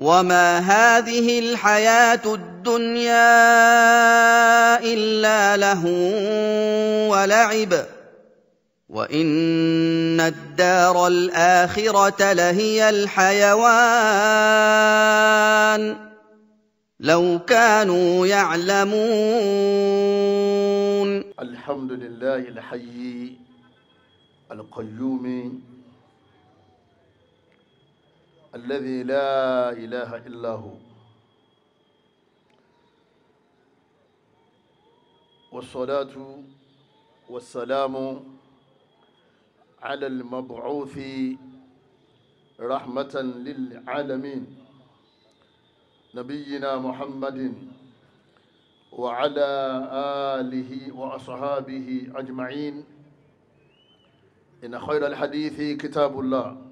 وما هذه الحياه الدنيا الا له ولعب وان الدار الاخره لهي الحيوان لو كانوا يعلمون الحمد لله الحي القيوم الذي لا إله إلا هو والصلاة والسلام على المبعوث رحمة للعالمين نبينا محمد وعلى آله وأصحابه أجمعين إن خير الحديث كتاب الله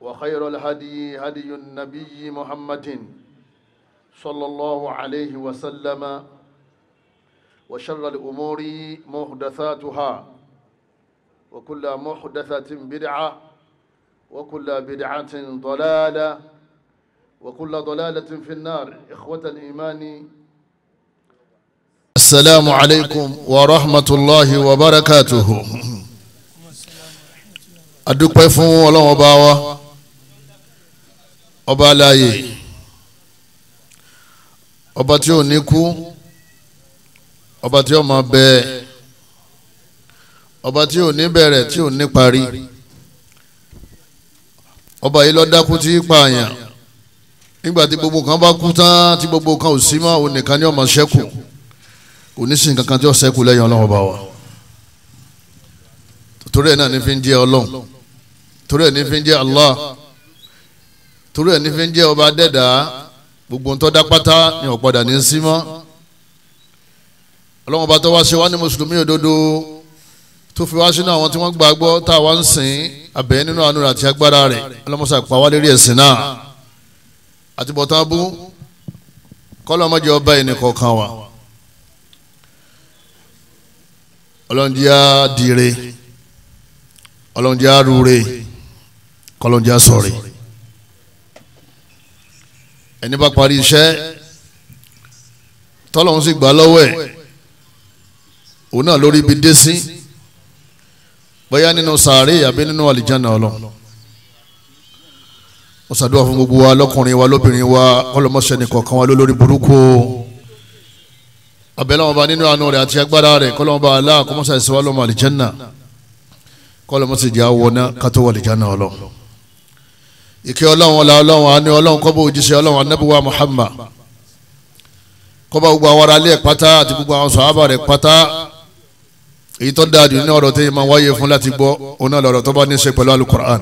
وخير الهدي هدي النبي محمد صلى الله عليه وسلم وشر الأمور محدثاتها وكل محدثة بدعة وكل بدعة ضلالة وكل ضلالة في النار إخوة الإيمان السلام عليكم ورحمة الله وبركاته أدوك بفهم ولو باوا ọba aláàyè ọba tí ò ní kú ọba tí ó máa bẹ ọba tí ò ní bẹ̀rẹ̀ tí ò ní parí ọba yìí ló dákú tí pààyàn nígbà tí gbogbo kan bá kú tán tí gbogbo kan ò sí mọ́ òun nìkan ni ó máa kò ní sìn kankan tí ó ṣẹ́kù lẹ́yìn ọlọ́run bá wa torí ẹ̀ náà ní fi ń jẹ́ ọlọ́run torí ẹ̀ ní fi ń jẹ́ Allah. Allah torí ẹni fi ń jẹ́ ọba dẹ́dà gbogbo ń tọ́da pátá ni ọ̀padà ní í sí mọ́ ọlọ́wọ́n bá tó wá ṣe wá ní mùsùlùmí òdodo tó fi wá sínú àwọn tí wọ́n gbàgbọ́ tá a wá ń sìn abẹ́ nínú àánú rẹ̀ àti agbára rẹ̀ ọlọ́mọṣà pa wá lérí ẹ̀sìn náà àti bọ̀tán bú kọ́lọ́ mọ́jọ ọba ẹni kọ̀ọ̀kan wa ọlọ́njẹ́ á dire ọlọ́njẹ́ á rure kọ́lọ́njẹ́ á sọ̀rẹ́ ẹni bá parí iṣẹ́ tọ́lọ́hún sì gbà lọ́wọ́ ẹ̀ òun náà lórí ibi dé sí bóyá nínú sàárè àbí nínú àlìjáná ọlọ mo ṣàdúrà fún gbogbo wa lọ́kùnrin wa lóbìnrin wa ọlọmọṣẹ́ nìkọ̀ọ̀kan wa lólórí burúkú abẹ́lẹ́ wọn bá nínú àánú rẹ̀ àti agbára rẹ̀ kọ́ bá aláà kọ́mọ́sá àlìjáná kọ́ ìjà wọná kátó wà àlìjáná ọlọ́ọ̀ ìkẹ́ ọlọ́run ọlá ọlọ́run àánú ọlọ́run kọ́bọ̀ òjíṣẹ́ ọlọ́run anábíwá Muhammad kọ́bọ̀ gbogbo àwọn aráalé ẹ̀ pátá àti gbogbo àwọn sọ̀hábà rẹ̀ pátá èyí tó dáa jù ní ọ̀rọ̀ tó yẹ máa wáyé fún láti gbọ́ òun náà lọ̀rọ̀ tó bá ní í ṣe pẹ̀lú alukur'an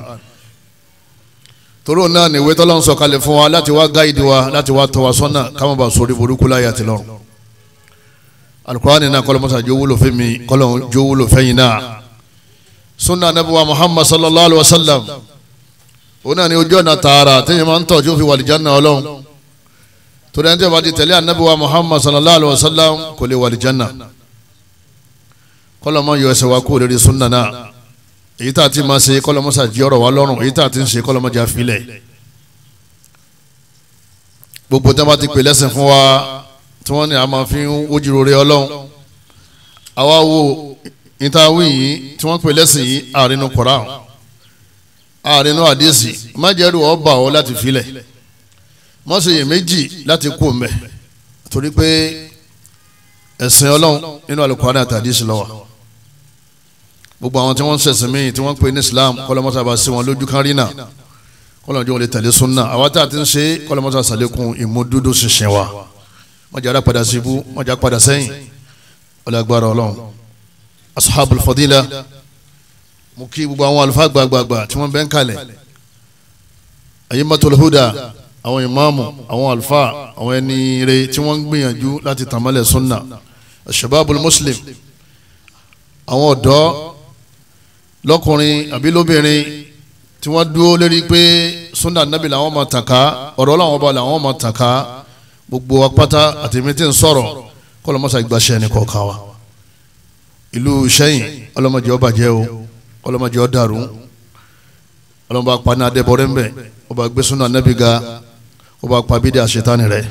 torí òun náà nìwé tọ́lọ́ ń sọ kalẹ̀ fún wa láti wá gáìdì wa láti wá tọ́ wa sọ́nà káwọn bá sórí burúkú láyà ti lọ́rùn alukur'an náà kọ́lọ́ mọ́sá jó wúlò fún mi kọ́lọ́ jó wúlò fẹ́yìn náà sunna anabiwa Muhammad sallallahu alayhi wa sallam òun náà ni ojú ọ̀nà tààrà téèyàn máa ń tọ̀ tí ó fi wàlìjánná ọlọ́run torí ẹni tí wọ́n ti tẹ̀lé anabiwa muhammad sallallahu alayhi wa sallam kò lè wàlìjánná kọ́lọ́mọ yọ ẹsẹ̀ wa kúrò lórí sunna náà èyí tá a ti máa ṣe kọ́lọ́mọ sàjí ọ̀rọ̀ wa lọ́rùn èyí tá a ti ń ṣe kọ́lọ́mọ jà filẹ̀ gbogbo tí wọ́n bá ti pè lẹ́sìn fún wa tí wọ́n ní a máa fi ń wójúro ọlọ́run àwa wo ìtawí yìí tí wọ́n pè lẹ́sìn yìí àrínú Kùránì ààrin inú àdìsí má jẹ́rù ọba ọ láti filẹ̀ má ṣe iyèméjì láti kú mẹ́ torí pé ẹ̀sìn ọlọ́run nínú Al-Qur'an àti àdìsí lọ́wọ́ gbogbo àwọn tí wọ́n ń ṣẹ̀sìn míì tí wọ́n ń pè ní Islam kọ́lọ́mọ́sá bá sí wọn lójú kan rí náà kọ́lọ́mọ́sá wọn lè tẹ̀lé sunna àwa tá a ti ń ṣe kọ́lọ́mọ́sá sàlékún ìmúdúdú ṣinṣin wa má jẹ́ ara padà síbú má jẹ́ padà sẹ́yìn ọlọ́gbàrá ọlọ́run ashabul fadila mo kí gbogbo àwọn àlùfáà gbàgbàgbà tí wọ́n bẹ́ ń kalẹ̀ Ayyimatul Huda àwọn ìmáàmù àwọn àlùfáà àwọn ẹni rẹ tí wọ́n ń gbìyànjú láti tàmálẹ̀ sunna shababul muslim àwọn ọ̀dọ́ lọ́kùnrin àbí lóbìnrin tí wọ́n dúró lérí pé sunna nabi làwọn máa tàka ọ̀rọ̀ làwọn ọba làwọn máa tàka gbogbo apáta àtẹ̀mí tí ń sọ̀rọ̀ kọ́lọ́mọ́sá ìgbàṣẹ́ ẹnì kọ̀ọ̀kan wa ìlú sẹ́yìn ọlọ́mọdé ọba jẹ́ o ọlọ́mọdé ọ̀ dàrú ọlọ́mọba paná adébọ̀rẹ́ ńbẹ ọba gbésùn náà nẹ́bí ga ọba pàbídé àṣetánì rẹ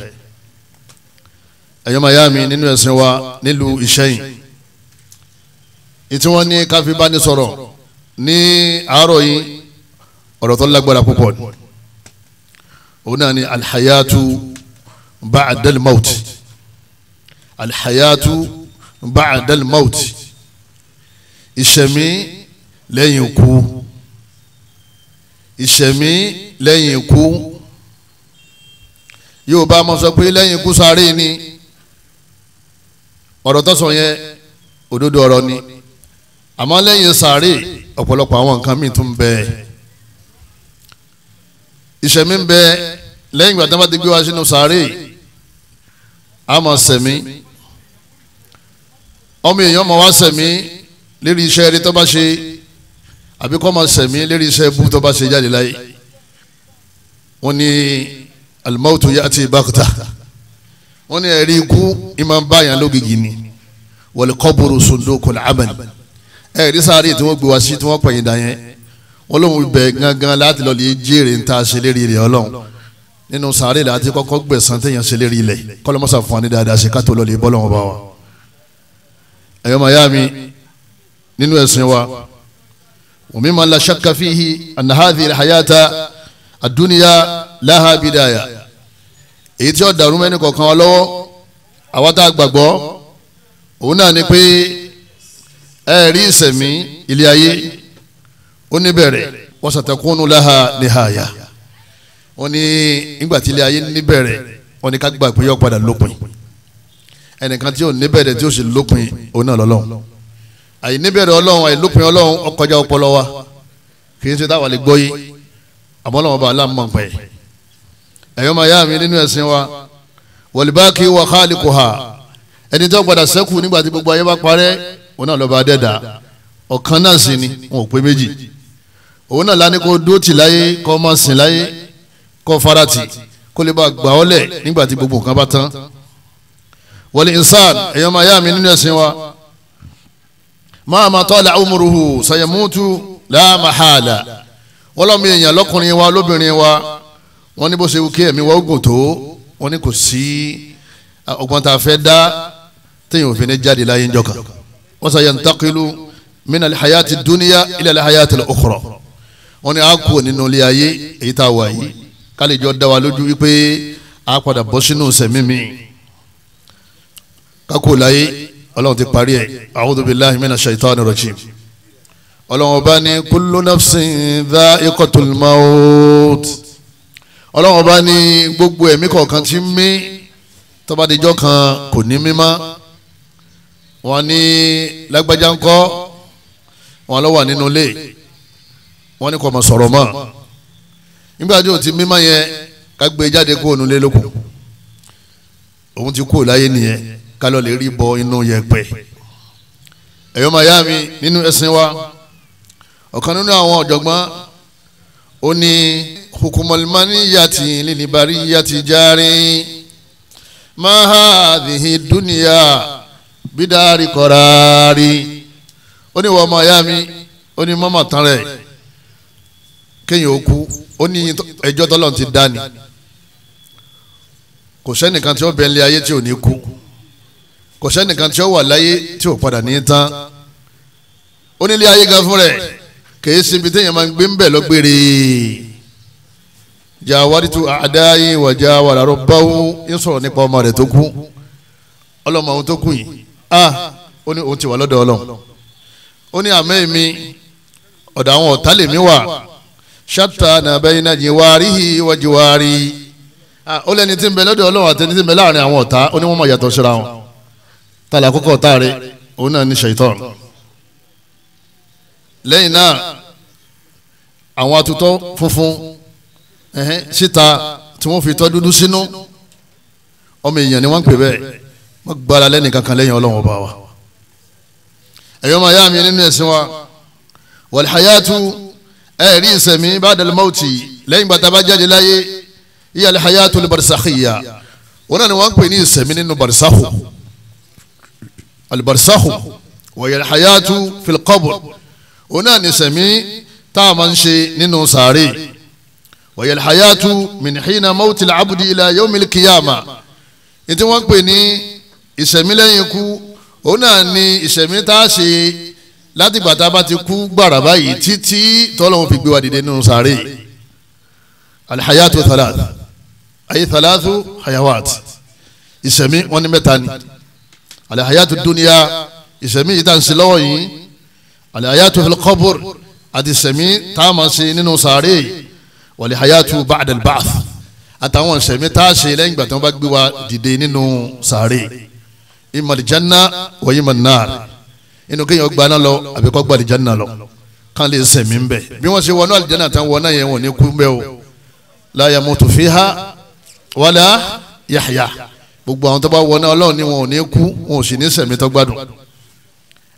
ẹ̀yọ́ màá yá mi nínú ẹ̀sìn wa nílùú Ìṣẹ́yìn ìtí wọ́n ní káfí bá ní sọ̀rọ̀ ní àárọ̀ yìí ọ̀rọ̀ tó lágbára púpọ̀ ni òun náà ni alhayatu ba'dal maut alhayatu ba'dal maut ìṣẹ̀mí lẹ́yìn ikú ìṣẹ̀mí lẹ́yìn ikú yóò bá mọ sọ pé lẹ́yìn ikú sáré ni ọ̀rọ̀ tó sọ yẹn òdodo ọ̀rọ̀ ni àmọ́ lẹ́yìn sáré ọ̀pọ̀lọpọ̀ àwọn nǹkan míì tún bẹ ìṣẹ̀mí ń bẹ lẹ́yìn ìgbà tí wọ́n bá ti gbé wa sínú sáré àmọ́ sẹ̀mí ọmọ èèyàn mọ̀ wá sẹ̀mí lérí iṣẹ́ rẹ tó bá ṣe àbí kọ́ máa sẹ̀mí lérí iṣẹ́ bú tó bá ṣe jáde láyé wọ́n ní alimawutu yati bakuta wọ́n ní ẹ̀rí ikú ìmọ̀ báyàn lógìgì ni wal qabru sundukul amal ẹ̀rí sáré tí wọ́n gbé wá sí tí wọ́n pẹ̀yìn dà yẹn wọ́n lóun bẹ̀ gangan láti lọ lè jèrè ń ta ṣe lérí rẹ̀ ọlọ́run nínú sáré láti kọ́kọ́ gbẹ̀sán téèyàn ṣe lérí ilẹ̀ kọ́lọ́mọ́sà ومما لا شك فيه أن هذه الحياة الدنيا لها بداية èyí tí ó dàrú mẹ́ni kọ̀ọ̀kan wa lọ́wọ́ àwa tá a gbàgbọ́ òun náà ni pé ẹ rí ìsẹ̀mí ilé ayé ó ní bẹ̀rẹ̀ wa satakunu laha nihaya wọ́n ní nígbà tí ilé ayé ní bẹ̀rẹ̀ wọ́n ní ká gbà pé yọ padà lópin ẹnìkan tí ò ní bẹ̀rẹ̀ tí ó sì lópin òun náà lọ́lọ́run àìníbẹ̀rẹ̀ ọlọ́run àìlópin ọlọ́run ọkọjá ọpọlọ wa kì í ṣe táwa lè gbọ́ yé àmọ́ ọlọ́run ọba aláàmọ̀ pẹ̀ ẹ̀yọ́ máa yá mi nínú ẹ̀sìn wa wọ̀lìbáàkì wà khaliqu ha ẹni tó padà sẹ́kù nígbà tí gbogbo ayé bá parẹ́ òun náà lọ́ba adẹ́dà ọ̀kan náà sì ni wọn ò pé méjì òun náà lánìí kó dóòtì láyé kó máa sìn láyé kó farati kó lè bá gbà ọ́ lẹ̀ nígbà tí gbogbo nǹkan bá tán wọ̀lì insan ẹ̀yọ́ máa mi nínú ẹ̀sìn wa máa ma tọ́lá umuruhu sayamutu láàmàhàlà wọ́n lọ́mọ èèyàn lọ́kùnrin wa lóbìnrin wa wọ́n ní bó ṣe kí ẹ̀mí wa ó gùn tó wọ́n ní kò sí ọgbọ́n tá a fẹ́ dá téèyàn òfin ní jáde láyé njọ́ka wọ́n sọ yẹn ntakilu mina lihayati duniya ila lihayati l'ukhra wọ́n ní a nínú ilé ayé èyí tá a wà yìí kálí jọ dá wa lójú wípé a padà bọ́ sínú sẹ̀mí mi kákó láyé ọlọ́run ti parí ẹ̀ a'udhu billahi minash shaitani rajim ọlọ́run ọba ní kullu nafsin dha'iqatul maut ọlọ́run ọba ní gbogbo ẹ̀mí kọ̀ọ̀kan tí ń mí tọ́badíjọ́ kan kò ní mímá wọn ní lágbájá ńkọ́ wọn lọ wà nínú ilé wọn ní kò mọ̀ sọ̀rọ̀ mọ́ nígbà tí o ti mímá yẹn ká e jáde kó onú lé lóko òun ti kú láyé nìyẹn kálọ̀ lè rí bọ inú yẹ̀pẹ̀ ẹ̀yọ́ màyá mi nínú ẹ̀sìn wa ọ̀kan nínú àwọn ọ̀jọ̀gbọ́n ó ní hukumalmani yati lilibari yati ha mahadihi duniya bidari kọraari ó ní wọ́n màyá mi ó ní mọ́mọ́ tán rẹ̀ kéèyàn ó kú ó ní ẹjọ́ tọ́lọ́ ti dá ni kò sẹ́nìkan tí ó bẹ̀ ń lé ayé tí ò ní kú kò sẹ́nìkan tí ó wà láyé tí ò padà ní í tán onílé ayé gan fún rẹ̀ kìí sinbi téèyàn máa ń gbé ń bẹ̀ lọ́gbére jàwárìtú àdáyé wàjà wàràrọ̀ báwo ń sọ̀rọ̀ nípa ọmọ rẹ̀ tó kú ọlọ́mọ ohun tó kù yìí a ó ní òun ti wà lọ́dọ̀ ọlọ́run ó ní àmẹ́ mi ọ̀dọ̀ àwọn ọ̀tá lèmi wà ṣáta nàbẹ́yìn náà jìwárí wàjìwárí ó lẹ́ni tí ń bẹ lọ́dọ̀ ọlọ́run àti ẹni tí ń bẹ láàrin àwọn ọ̀tá ó ní wọ́n mọ̀ yàtọ̀ síra wọn tala àkọ́kọ́ táàrí òun náà ní ṣèitán lẹ́yìn náà àwọn atutọ́ funfun síta tí wọ́n fi tọ́ dúdú sínú ọmọ èèyàn ni wọ́n ń pè bẹ́ẹ̀ wọ́n gbára lẹ́nì kankan lẹ́yìn ọlọ́run ọba wa ẹ̀yọ́ máa yá mi nínú ẹ̀sìn wa wàlhayatu ẹ̀rí ìsẹ̀mí ba'dal mauti lẹ́yìn bàtà bá jáde láyé ìyá alhayatu barisakhiya wọn náà ni wọ́n pè ní ìsẹ̀mí nínú barisakhu alibarisakhu wọ̀yẹ̀rẹ̀ hayatu filkọ́bùr òun náà ní sẹ̀mí tá a máa ń ṣe nínú sàárè wọ̀yẹ̀rẹ̀ hayatu minhina mawutil abudi ila yomil kiyama ní tí wọ́n ń pè ní ìsẹ̀mí lẹ́yìn ikú òun náà ní ìsẹ̀mí tá a ṣe láti ìgbà tá a fi gbé wa dìde nínú sàárè alihayatu ayi thalathu hayawat ìsẹ̀mí wọn ní mẹ́ta ni alihayatu dunia ìsẹ̀mí yìí tàn sí lọ́wọ́ yìí alihayatu filikọ́bùr àti ìsẹ̀mí tá a máa ṣe nínú sàárè walihayatu ba'dal ba'th àtàwọn ìsẹ̀mí tá a ṣe lẹ́yìn ìgbà tí wọ́n bá gbé wa dìde nínú sàárè imal janna wa imal nar inú kéèyàn gba náà lọ àbí kó gba alijanna lọ kán lè sẹ̀mí ń bẹ̀ bí alijanna tán wọ́n náà yẹn wọ́n ní o la yamutu fiha wala yahya gbogbo àwọn tó bá wọ náà ọlọ́run ni wọn ò ní kú wọn ò sì ní sẹ̀mí tó gbádùn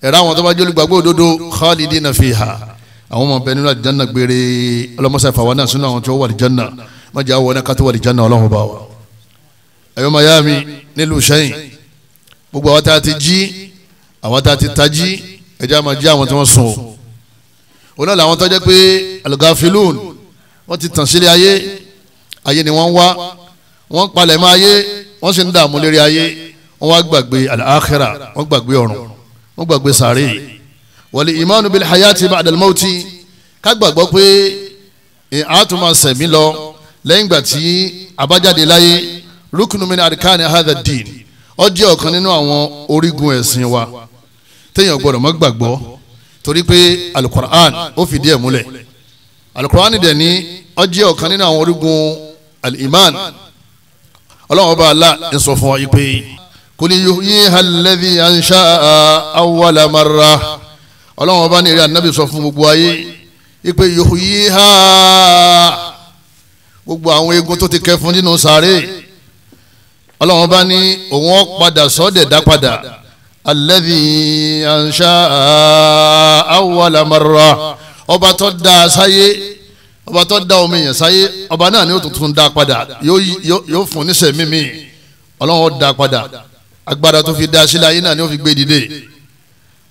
ẹ̀rọ àwọn tó bá jólú gbàgbọ́ òdodo khalidina fiha àwọn ọmọ bẹni láti janna gbére ọlọmọsá ìfàwọn náà sínú àwọn tí wọ́n wà ní janna má jẹ́ àwọn ẹ̀ka tó wà ní janna ọlọ́run bá wa. ẹ̀yọ́ máa yá mi nílùú sẹ́yìn gbogbo àwọn tá a ti jí àwọn tá a ti tají ẹ̀já máa jí àwọn tí wọ́n sùn o. náà làwọn tó pé al wọ́n ti tàn sílé ayé ayé ni wọ́n wá wọ́n palẹ̀ máa ayé wọ́n sì ń dààmú lérí ayé wọ́n wá gbàgbé al-akhirah wọ́n gbàgbé ọ̀run wọ́n gbàgbé sàárè wal imanu bil hayati ba'da al-mauti ká gbàgbọ́ pé àtúmọ̀ eh, sẹ̀mí lọ lẹ́yìn ìgbà tí àbájáde láyé rukunu min arkani hadha ad-din ó jẹ́ ọ̀kan nínú àwọn orígun ẹ̀sìn wa téèyàn gbọ́dọ̀ má gbàgbọ́ torí pé alukur'an ó fìdí ẹ̀ múlẹ̀ alukur'an dẹ̀ ní ó jẹ́ ọ̀kan nínú àwọn orígun al ọlọ́run ọba alá ń sọ fún wa yìí pé kul yuhyiha alladhi ansha'a awwala marra ọlọ́run ọba ní eré anabi sọ fún gbogbo ayé ipe yuhyiha gbogbo àwọn eegun tó ti kẹ fún nínú sàárè ọlọ́run bá ní òun ó padà sọ́dẹ̀ dá padà alladhi ansha'a awwala ọba tó dáa sáyé ọba tó dá omi yẹn sáyé ọba náà ni ó tuntun dá padà yóò fún níṣẹ́ mímí ọlọ́run dá padà agbára tó fi dá sílẹ̀ ayé náà ni ó fi gbé dìde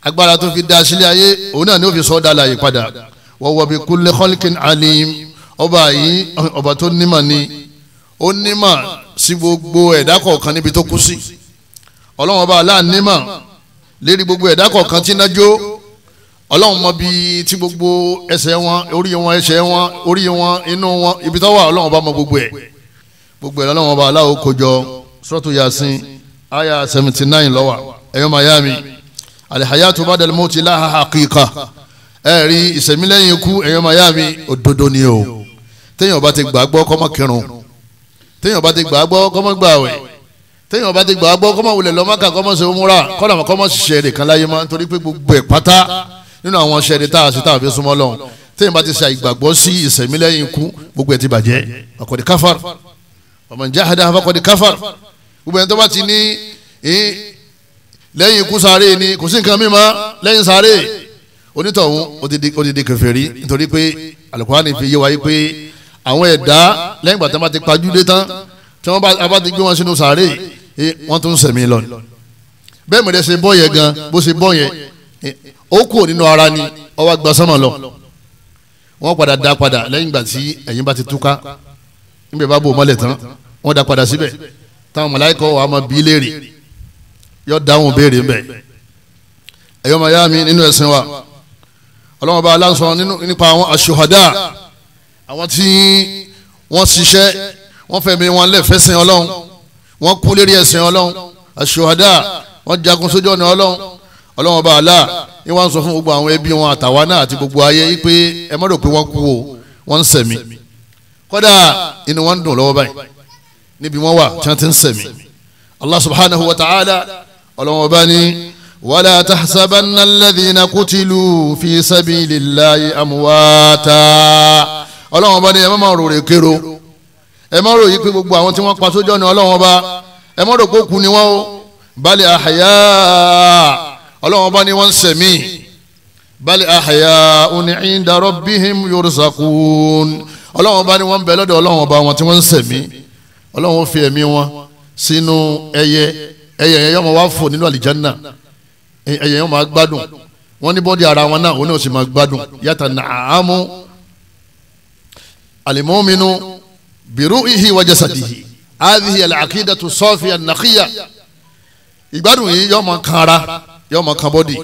agbára tó fi dá sílẹ̀ ayé òun náà ni ó fi sọ́ọ́ dá láàyè padà wa huwa bi kulli khalqin alim ọba yìí ọba tó nímọ̀ ni ó nímọ̀ sí gbogbo ẹ̀dá kọ̀ọ̀kan níbi tó kú sí ọlọ́run ọba aláànímọ̀ lérí gbogbo ẹ̀dá kọ̀ọ̀kan tí nájó ọlọ́run mọ bí tí gbogbo ẹsẹ̀ wọn orí wọn ẹsẹ̀ wọn orí wọn inú wọn ibi tó ọlọ́run bá mọ gbogbo ẹ̀ gbogbo ẹ̀ lọ́lọ́run bá aláwo kojọ suratu yasin aya seventy nine lọ́wà ẹ̀yọ́ mayami alihayatu badal moti laha hakika ẹ̀ rí ìsẹ̀mílẹ́yìn ikú ẹ̀yọ́ mayami òdodo ni o téèyàn bá ti gbàgbọ́ kọ́mọ kírun téèyàn bá ti gbàgbọ́ kọ́mọ gbàwẹ̀ téèyàn bá ti gbàgbọ́ kọ́mọ wulẹ̀ lọ́mọ́kà kọ́mọ sèwúmúra kọ́nà nínú àwọn ṣẹ́ni tá a ṣe tá a fi súnmọ́ lọ́hùn téèyàn bá ti ṣe ìgbàgbọ́ sí ìsẹ̀mí lẹ́yìn ikú gbogbo ẹ̀ ti bàjẹ́ àkọ́dí káfàr ọmọ njẹ́ àdá àkọ́dí káfàr gbogbo ẹni tó bá ti ní lẹ́yìn ikú sáré ni kò sí nǹkan mímọ́ lẹ́yìn sáré onítọ̀hún ó ti di kèfèrí nítorí pé Al-Qur'ani fi yé wa yí pé àwọn ẹ̀dá lẹ́yìn ìgbà tí wọ́n bá ti pajúdé tán tí wọ́n bá ti gbé wọn sínú sáré wọ́n tún sẹ̀mí lọ bẹ́ẹ̀ mẹ́rẹ̀ ṣe bọ́ yẹn gan bó ṣe bọ́ yẹn ó kúrò nínú ara ni ó wá gba sánmà lọ wọ́n padà dá padà lẹ́yìn ìgbà tí ẹ̀yin bá ti túká níbẹ̀ bá bò mọ́lẹ̀ tán wọ́n dá padà síbẹ̀ táwọn màláíkà wà máa bí léèrè yọ dáhùn béèrè ń ẹ̀yọ́ màá yá mi nínú ẹ̀sìn wa ọlọ́wọ́n bá aláǹsọ nípa àwọn aṣọ́hádà àwọn tí wọ́n ṣiṣẹ́ wọ́n fẹ̀mí wọn lẹ́fẹ̀sìn ọlọ́run wọ́n kú lérí ẹ̀sìn ọlọ́run aṣọ́hádà wọ́n jagun sójú ọ̀nà ọlọ́run ọlọ́wọ́n bá aláà ní wọ́n sọ fún gbogbo àwọn ẹbí wọn àtàwa náà àti gbogbo ayé yìí pé ẹ má rò pé wọ́n kú o wọ́n ń sẹ̀mí kódà inú wọn ń dùn lọ́wọ́ báyìí níbi wọ́n wà tí wọ́n ti ń sẹ̀mí Allah subhanahu wa ta'ala ọlọ́wọ́n bá ní wala tahsabanna alladhina kutilu fi sabilillahi amwata ọlọ́wọ́n bá ní ẹ má rò rè ẹ má rò yí pé gbogbo àwọn tí wọ́n pa sójú ọ̀nà ọlọ́wọ́n bá ẹ má rò pé òkú ni wọ́n o bal ahya ọlọ́run bá ní wọ́n ń sẹ̀mí bali ahaya oni inda rabbihim yurzakun ọlọ́run bá ní wọ́n ń bẹ lọ́dọ̀ ọlọ́run bá wọn tí wọ́n ń sẹ̀mí ọlọ́run fi ẹ̀mí wọn sínú ẹyẹ ẹyẹ yẹn yóò máa wá fò nínú àlìjánná ẹyẹ yẹn máa gbádùn wọ́n ní bọ́dí ara wọn náà òun náà sì máa gbádùn yàtà nàámú alimominu biru ihi wajasadihi adhihi alakidatu sọfiya nakiya ìgbádùn yìí yóò máa yóò máa kan bọ́dì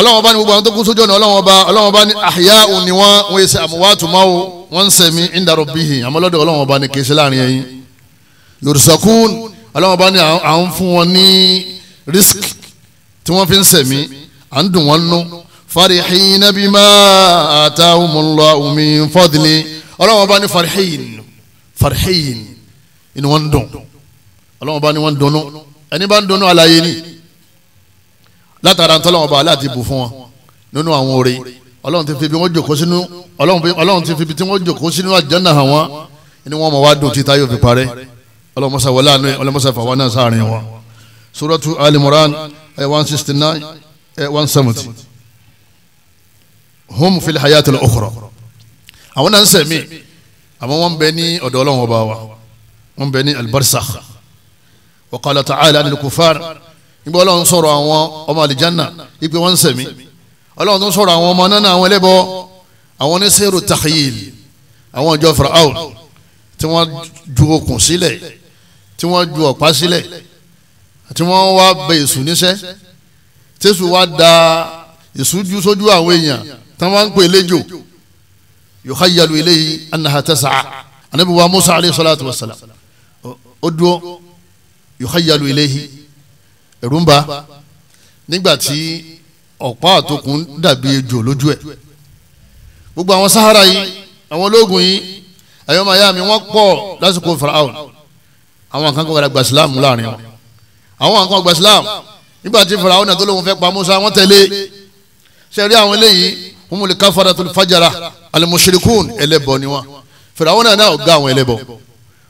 ọlọ́wọ́n bá ní gbogbo àwọn tó kú sójú ọ̀nà ọlọ́wọ́n bá ọlọ́wọ́n bá ní àyà òní wọn wọn yẹ sẹ àmúwàtú máa wò wọn ń sẹ̀mí ìdàrọ̀ bíhìn àmọ́ lọ́dọ̀ ọlọ́wọ́n bá ní kèsì láàrin ẹ̀yìn yorùsàkún ọlọ́wọ́n bá ní à ń fún wọn ní risk tí wọ́n fi ń sẹ̀mí à ń dùn wọn nú farihin farihin ẹni bá ń dunnú àlàyé ni látara ntọ́lọ́wọ́n bá aláàtì bù fún wọn nínú àwọn oore ọlọ́run ti fi bí wọ́n jòkó sínú ọlọ́run ti fi bí wọ́n jòkó sínú àjànnà hàn wọ́n ni wọ́n mọ̀ wá dùn títa yóò fi parẹ́ ọlọ́mọṣà wọlé àná ọlọ́mọṣà fàwọn náà sáàrin wọn. suratu alimoran one sixty nine one seventy hum fil hayatil ukhra àwọn náà ń sẹ̀mí àmọ́ wọ́n bẹ ní ọ̀dọ̀ ọlọ́run ọba wa wọ́n bẹ ní albarsakh وقال تعالى للكفار anil kufar níbi ọlọ́run sọ̀rọ̀ àwọn ọmọ àlìjánà ipe wọ́n ń sẹ̀mí ọlọ́run tó sọ̀rọ̀ àwọn ọmọ náà àwọn ẹlẹ́bọ àwọn oníṣẹ́rù takhayil àwọn ìjọ Fir'aun tí wọ́n ju okùn sílẹ̀ tí wọ́n ju ọ̀pá sílẹ̀ tí wọ́n wá bẹ èṣù níṣẹ́ tẹ́sù wá da èṣù ju sójú àwọn èèyàn tí wọ́n pè léjò yukhayyalu ilayhi annaha tas'a anabi wa Musa alayhi salatu wa salam ó dúró yukhayyalu ilayhi ẹ̀rù ń bà nígbà tí ọ̀pá àtòkùn dàbí ejò lójú ẹ̀ gbogbo àwọn sahara yìí àwọn ológun yìí ayọ́mọ ayá mi wọ́n pọ̀ lásìkò faraon àwọn kan kọ́ gba islam láàrin wọn àwọn kan gba islam nígbà tí faraon náà tó lóun fẹ́ pa musa wọ́n tẹ̀lé sẹ́rí àwọn eléyìí humul kafaratul fajara alimusirikun ẹlẹ́bọ ni wọn faraon náà náà ọ̀gá àwọn ẹlẹ́bọ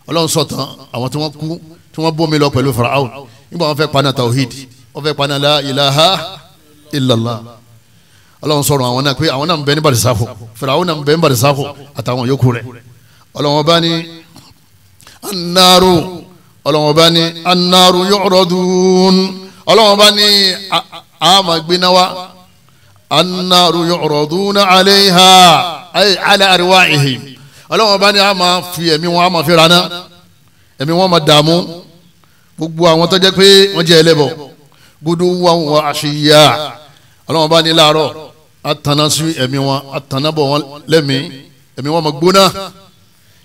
ọlọ́run sọ̀tàn àwọn tí wọ́n kú tí wọ́n bómi lọ pẹ̀lú Fáráò nígbà wọ́n fẹ́ paná tawhid wọ́n fẹ́ paná la ilaha illallah ọlọ́run sọ̀rọ̀ àwọn náà pé àwọn náà ń bẹ ní barisafo Fáráò náà ń bẹ ní barisafo àtàwọn yòókù rẹ̀ ọlọ́run bá ní annaru ọlọ́run bá ní annaru yu'radun ọlọ́run bá ní àmàgbénáwá annaru yu'raduna alayha ay ala arwa'ihim ọlọ́run bá ní àmà fi ẹ̀mí wọn àmà fi rana ẹ̀mí wọn máa dààmú gbogbo àwọn tó jẹ́ pé wọ́n jẹ́ ẹlẹ́bọ gbódò wà wọ́n àṣeyà ọlọ́wọ́n bá ní láàárọ̀ àtàná sí ẹ̀mí wọn àtàná bọ̀ wọn lẹ́mí ẹ̀mí wọn máa gbóná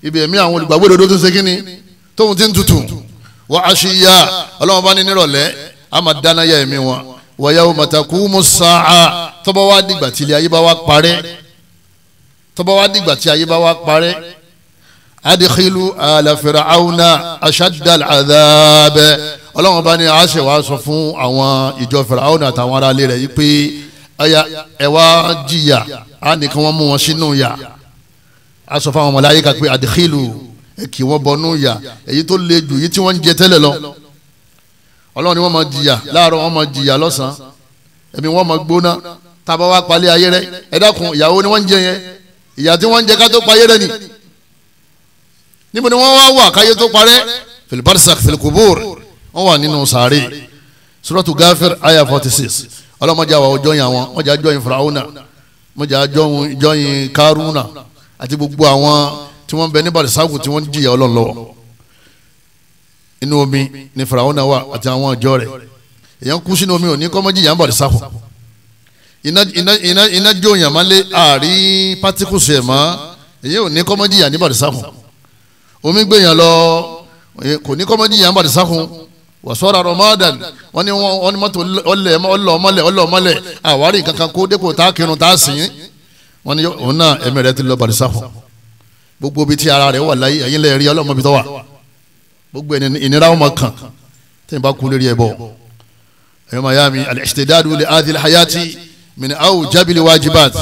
ibi ẹ̀mí àwọn olùgbàgbọ́ òdodo tó ṣe kíni tóun ti ń tutù wọ́n àṣeyà ọlọ́wọ́n bá ní nírọ̀lẹ́ a máa dáná yá ẹ̀mí wọn wa yawma taqumu sa'a tọ́ba wá dìgbà tí ayé bá wá parẹ́ tọ́ba wá dìgbà tí ayé bá wá parẹ́ adikilu alafira awuna asadal adaabẹ ọlọ́wọ́n bá ní aṣẹ wa sọ fún àwọn ìjọ fira awuna àtàwọn ará ilé rẹ̀ yìí pé ẹ̀yà ẹ̀wá jìyà á nìkan wọ́n mú wọn sínú yà á sọ fún àwọn màláíkà pé adikilu kì wọ́n bọnú yà èyí tó le jù yìí tí wọ́n ń jẹ tẹ́lẹ̀ lọ ọlọ́wọ́n ni wọ́n máa jìyà láàárọ̀ wọ́n máa jìyà lọ́sàn ẹ̀mí wọ́n máa níbo ni wọ́n wá wà káyé tó parẹ́ filibarisa filikubur wọ́n wà nínú sàárè suratu gafir aya forty six ọlọ́mọdé àwọn ọjọ́yìn àwọn mọ̀jà jọyìn faraona mọ̀jà jọyìn karuna àti gbogbo àwọn tí wọ́n bẹ ní barisaku tí wọ́n jìyà ọlọ́run lọ́wọ́ inú omi ni faraona wà àti àwọn ọjọ́ rẹ̀ èèyàn kú sínú omi ò ní kọ́mọ́jìyà ń barisaku iná iná iná iná àárín pátíkùsù ẹ̀ mọ́ èyí ò ní kọ́mọ́jìyà ní barisaku omi gbẹ̀yàn lọ eh, kò ní kọ́mọ́jì yàn bàtí sákun wàsọ́ra ramadan wọ́n ní wọ́n ní mọ́tò ọlẹ̀ ọlọ́ ọmọlẹ̀ ọlọ́ ọmọlẹ̀ àwárí kankan kó dépò tá a kírun tá a sìn wọ́n ní òun náà ẹ̀mí rẹ̀ ti lọ bàtí sákun gbogbo bíi ti ara rẹ̀ wà láyé ẹ̀yin lẹ́ẹ̀rí ọlọ́mọbi tó wà gbogbo ìnira ọmọ kan tẹ́yìn bá kú lórí ẹ̀ bọ̀ ẹ̀yọ́ mayami al-istidadu li adil hayati min aw jabili wajibat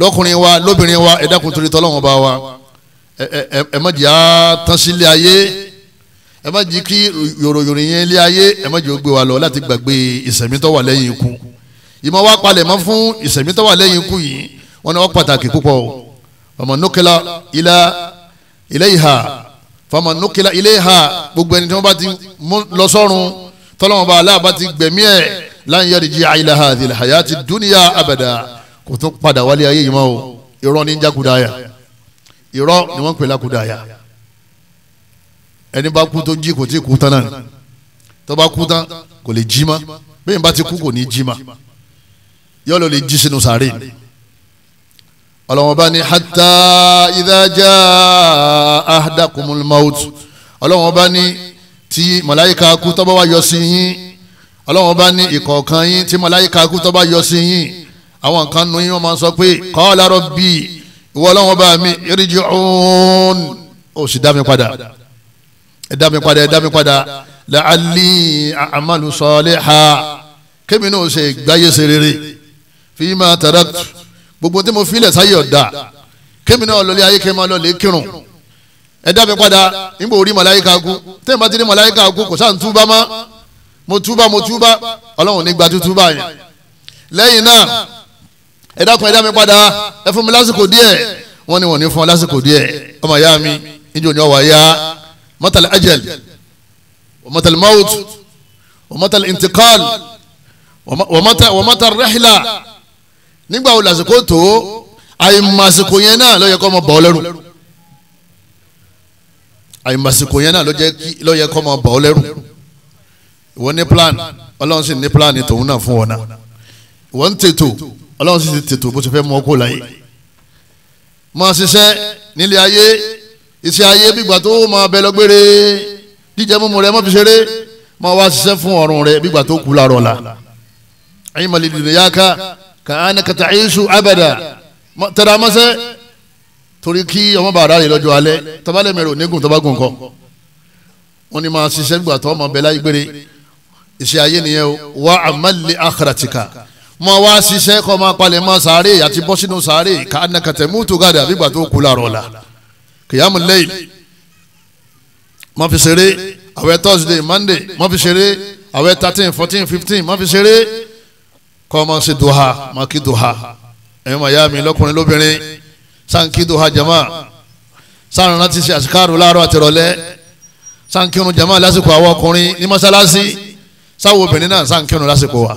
lọ́kùnrin wa lóbìnrin wa ẹ̀dákùn torítọ́ lọ́wọ́n bá wa ẹ má jẹ́ á tán sí ilé ayé ẹ má jẹ́ kí yòròyòrò yẹn ilé ayé ẹ má jẹ́ ó gbé wa lọ láti gbàgbé ìsẹ̀mí tó wà lẹ́yìn ikú ìmọ̀ wa palẹ̀ mọ́ fún ìsẹ̀mí tó wà lẹ́yìn ikú yìí wọ́n ní wọ́n pàtàkì púpọ̀ ọmọ nukila ilá ilé ìhà fọmọ nukila ilé ìhà gbogbo ẹni tí wọ́n bá ti lọ sọ́run tọ́lọ́mọba aláàbá ti gbẹ̀mí ẹ̀ láyé yẹ́rìjì àìlà irọ́ ni wọ́n ń pè lákúdàáyà ẹni bá kú tó jí kò tí ì kú tán náà ni tó bá kú tán kò lè jí mọ́ bẹ́ẹ̀ bá ti kú kò ní jí mọ́ yọ́ lè jí sínú sàárè ni ọlọ́wọ́n bá ní hatta idha jaa ahadakumul maut ọlọ́wọ́n bá ní tí màláyíká kú tó bá wá yọ sí yín ọlọ́wọ́n bá ní ìkọ̀ọ̀kan yín tí màláyíká kú tó bá yọ sí yín àwọn kan nu yín wọ́n máa sọ pé qala rabbi ìwọ ọlọ́wọ́n bá mi iríjì ọ̀hún ó sì dá mi padà ẹ dá mi padà ẹ dá mi padà làálí àmàlù sọ̀ọ́lẹ̀ ha kémi náà ṣe gbáyé ṣe rere fíìmà tàdátù gbogbo tí mo filẹ̀ sáyé ọ̀dà kémi náà lọlé ayé kémi náà lọlé kírun ẹ dá mi padà nígbà orí màláyíká kú tẹ́yìn ti rí màláyíká kú kò sáà ń túbá mọ́ mo túbá mo túbá ọlọ́run ní gba tútúbá yẹn lẹ́yìn náà ẹ dákun ẹ dá mi padà ẹ fún mi lásìkò díẹ̀ wọ́n ní wọ́n ní fún ọ lásìkò díẹ̀ ọmọ ìyá mi níjó ni ọwọ́ ya matal ajal wa maut wa intikal wa matal rihla nígbà wo lásìkò tó àyèmàsìkò yẹn náà ló yẹ kó ọmọ bọ̀ ọ́ lẹ́rù àyèmàsìkò yẹn náà ló yẹ kó ọmọ bọ̀ lẹ́rù ìwọ ní plan ọlọ́run sì ní plan tòun náà fún ọ náà ìwọ ń tètò ọlọ́run sì ti tètò bó ti fẹ́ mú ọkọ láyé máa ṣiṣẹ́ nílé ayé iṣẹ́ ayé bígbà tó máa bẹ lọ́gbére jíjẹ mímu rẹ má fi ṣeré máa wá ṣiṣẹ́ fún ọ̀run rẹ bígbà tó kú láàrọ̀ la ẹ̀yin màlẹ́ ìdílé yá ká ká á ní kàtà abẹ́dà tẹ̀ra mọ́sẹ́ torí kí ọmọ bàrà rẹ lọ́jọ́ alẹ́ tabalẹ̀ mẹ́rin onígun tabagun kọ́ wọ́n ní máa ṣiṣẹ́ gbàtọ́ máa bẹ láyé iṣẹ́ ayé nìyẹn o wá àmàlẹ́ àkàràtìkà mọ wá ṣiṣẹ́ kọ́ máa palẹ̀ mọ́ sàárè àti bọ́ sínú sàárè ká anakàtẹ̀ mútu gàdà àbígbà tó kú làrọ̀ la kìyàmù lẹ́yìn mọ́ fi ṣeré àwẹ̀ thursday monday mọ́ fi ṣeré àwẹ̀ thirteen fourteen fifteen mọ́ fi ṣeré kọ́ máa ṣe duha máa kí duha ẹ̀yin màá yá mi lọ́kùnrin lóbìnrin sáǹkì duha jama sáàrùn láti ṣe àṣìkáàrù láàárọ̀ àtìrọ̀lẹ́ sáǹkì irun jama lásìkò àwọn ọkùnrin ní mọ́sálásí sáwọn obìnrin náà sáǹkì irun lásìkò wa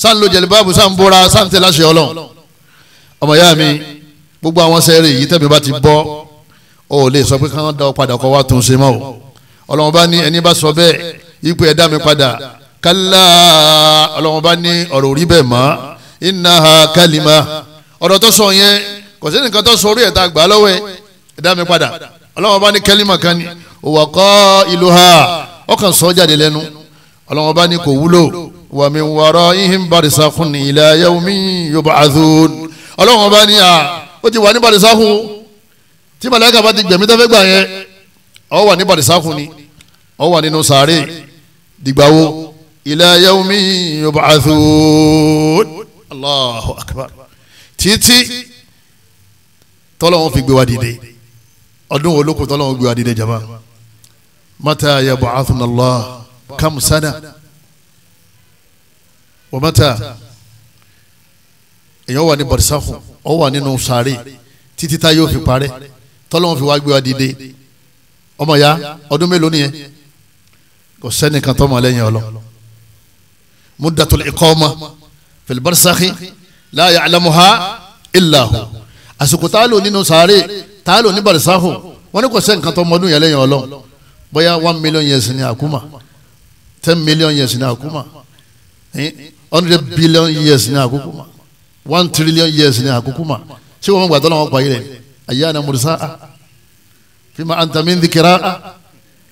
sáà ń lo jẹ̀lẹ́báàbù sáà ń bóra sáà ń tẹ̀ láṣẹ ọlọ́run ọmọ ìyá mi gbogbo àwọn sẹ́ẹ̀rì yìí tẹ̀mí bá ti bọ́ ọ ò lè sọ pé káwọn da ọ padà kọ́ wá tún ṣe mọ́ o ọlọ́run bá ní ẹni bá sọ bẹ́ẹ̀ ipò ẹ̀dá mi padà kálá ọlọ́run bá ní ọ̀rọ̀ orí bẹ́ẹ̀ mọ́ iná ha kálímà ọ̀rọ̀ tó sọ yẹn kò sí nìkan tó sọ orí ẹ̀dá gbà lọ́wọ́ ẹ̀dá mi wa min waraihim barisakun ila yawmi yub'athun ọlọ́run ọba ní a ó ti wà ní barisakun tí màláíkà bá ti gbẹ̀mí tẹ́fẹ́ gbà yẹn ọ wà ní barisakun ni ọ wà nínú sàárè dìgbàwo ila yawmi yub'athun Allahu akbar títí tọ́lọ́run fi gbé wa dìde ọdún wo ló gbé wa dìde jama mata yab'athuna Allah kam wọ́mọ́tà èèyàn wà ní bọ̀dísàkùn ọ wà nínú sàárè títí tá yóò fi parẹ́ tọ́lọ́wọ́n fi wá gbé wa dìde ọmọ ya ọdún mélòó nìyẹn kò sẹ́nìkan tọ́mọ lẹ́yìn ọlọ muddatul iqama fil barzakhi la ya'lamuha illa hu àsìkò tá a lò nínú sàárè tá a lò ní bọ̀dísàkùn wọ́n ní kò sẹ́nìkan tọ́mọ ọdún yẹn lẹ́yìn ọlọ bóyá one million years ni àkúmà ten million years ni àkúmà hundred billion years ní àkókò ma one trillion years ní àkókò ma ṣé wọn gbàdọ́ làwọn pààyè rẹ̀ ayé àná mùrùsá a fima anta min dhikra a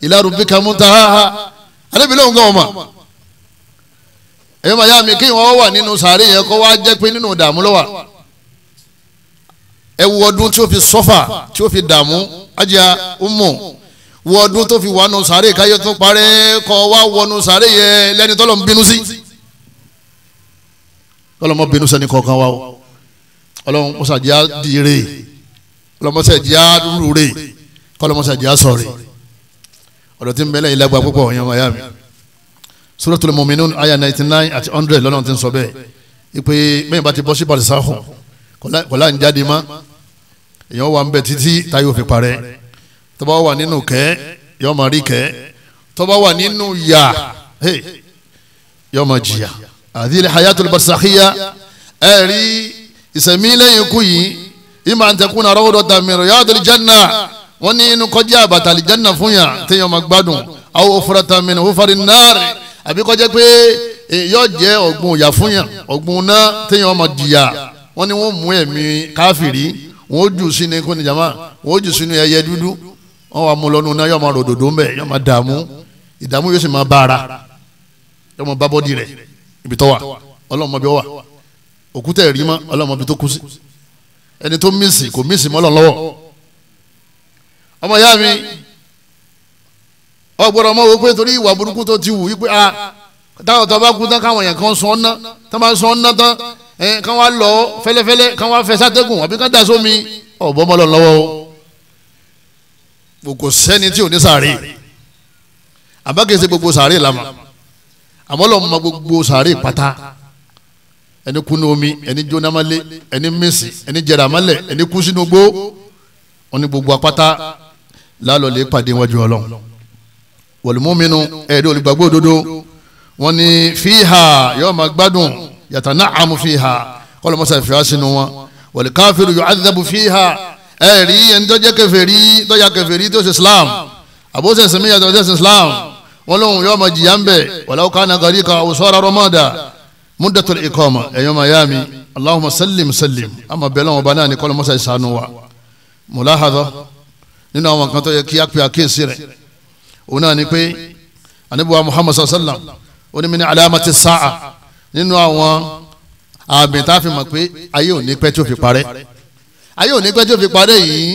ila rabbika muntahaha alẹ́bìlẹ̀ òun gan ọmọ ẹ̀yọ́ màyá mi kí wọ́n wà nínú sàárè yẹn kó wá jẹ́ pé nínú ìdààmú lọ́wọ́ ẹ wo ọdún tí ó fi sọ́fà tí ó fi dààmú ajá umu wo ọdún tó fi wà nù sàárè káyọ̀ tó parẹ́ kó wá wọnú sàárè yẹn lẹ́ni tọ́lọ̀ ń bínú sí. Si kọlọmọ bínú sẹ́ni kọ̀ọ̀kan wa o ọlọ́run mọ́sàdíà dìre ọlọ́mọsàdíà rúre kọlọmọsàdíà sọ̀rẹ̀ ọ̀dọ̀ tí ń bẹ́lẹ̀ yìí lágbá púpọ̀ ọ̀yàn wáyà mi Suratul Mu'minun aya ninety nine àti hundred lọ́nà tí ń sọ bẹ́ẹ̀ ipe mẹ́yìn bá ti bọ́ sí pàṣẹsáhùn kọ́lá ń jáde má èèyàn wà ń bẹ títí táyé òfin parẹ́ tó bá wà nínú kẹ́ yọ́ọ́ máa rí kẹ́ tó wà nínú yà yọ́ọ́ máa jìyà àdìlẹ̀ hayatul barzakhiya ẹ rí ìsẹ̀mí lẹ́yìn ikú yìí ìmọ̀ àǹtẹ̀kùn náà rọ́wọ́dọ̀ tàmírò yàtọ̀ janna wọ́n ní inú kọjá àbàtà àlìjánà fún yà téèyàn máa gbádùn àwọn òfurà tàmínà òfurà náírà àbí kọjá pé yóò jẹ́ ọ̀gbun ìyà fún yà ọ̀gbun náà téèyàn máa jìyà wọ́n ní wọ́n mú ẹ̀mí káfìrí wọ́n ó jù sínú ikú ni jama wọ́n ó jù sínú ẹyẹ dúdú wọ́n wà mú lọ́nu náà yóò máa ròdòdó ńbẹ yóò máa dààmú ìdààmú yóò sì máa bá ara yóò máa bá bọ́dì rẹ̀ ibi tó wà ọlọ́run mọbi ó wà òkúta ẹ̀rí mọ́ ọlọ́run mọbi tó kú sí ẹni tó mísì kò mísì mọ́ ọlọ́run lọ́wọ́ ọmọ ìyá mi ọgbọ́dọ̀ ọmọ wo pé torí ìwà burúkú tó ti wù yí pé a ah, táwọn tó bá kú tán káwọn èèyàn kan sọ ọ́ ná tán bá sọ ọ́ ná tán ẹ kán wá lọ fẹlẹfẹlẹ kán wá fẹ sátẹkùn àbí kán daṣọ mi ọbọ mọ lọnà o kò sẹ́ni tí ò ní sàárè àbákẹ́sẹ̀ gbogbo sàárè la àmọ́ lọ́ọ́ ma gbogbo sàárè pátá ẹni kunu omi ẹni jónámálé ẹni mísì ẹni jẹràmálẹ ẹni kú sínú gbó wọn ni gbogbo apáta lálọ́ lè pàdé wájú ọlọ́run wọ̀lùmọ́mínú ẹ̀ẹ́dẹ́ olùgbàgbọ́ òdodo wọn ni fíhà yóò máa gbádùn yàtọ̀ náà àmú fíhà kọ́lọ́mọ́sá ìfìhà sínú wọn wọ̀lù káfíìrù yóò àdìdàbù fíhà ẹ̀ẹ́rì ẹni tó jẹ́ kèfèrí tó tó ṣe Islam àbóṣe ìsinmi yàtọ̀ ṣe Islam wọ́n lóhùn yóò máa jìyà ń bẹ̀ wàláwù kánà gàrí ka àwòsọ́ra rọ́mọ́dà múdàtúrò ìkọ́mà ẹ̀yọ́ mayami allahumma sallim sallim ama bẹ́ẹ̀ lọ́wọ́ bá náà ní kọ́lọ́ mọ́sá ìsànú wa mùláhàdọ́ nínú àwọn kan tó yẹ kí á pè àkéèsí rẹ̀ òun náà ni pé anabiwa muhammad sallam onímìnira alamati sa'a nínú àwọn àmì tá a fi mọ̀ pé ayé ò ní tí ó fi parẹ́ ayé ò ní tí ó fi parẹ́ yìí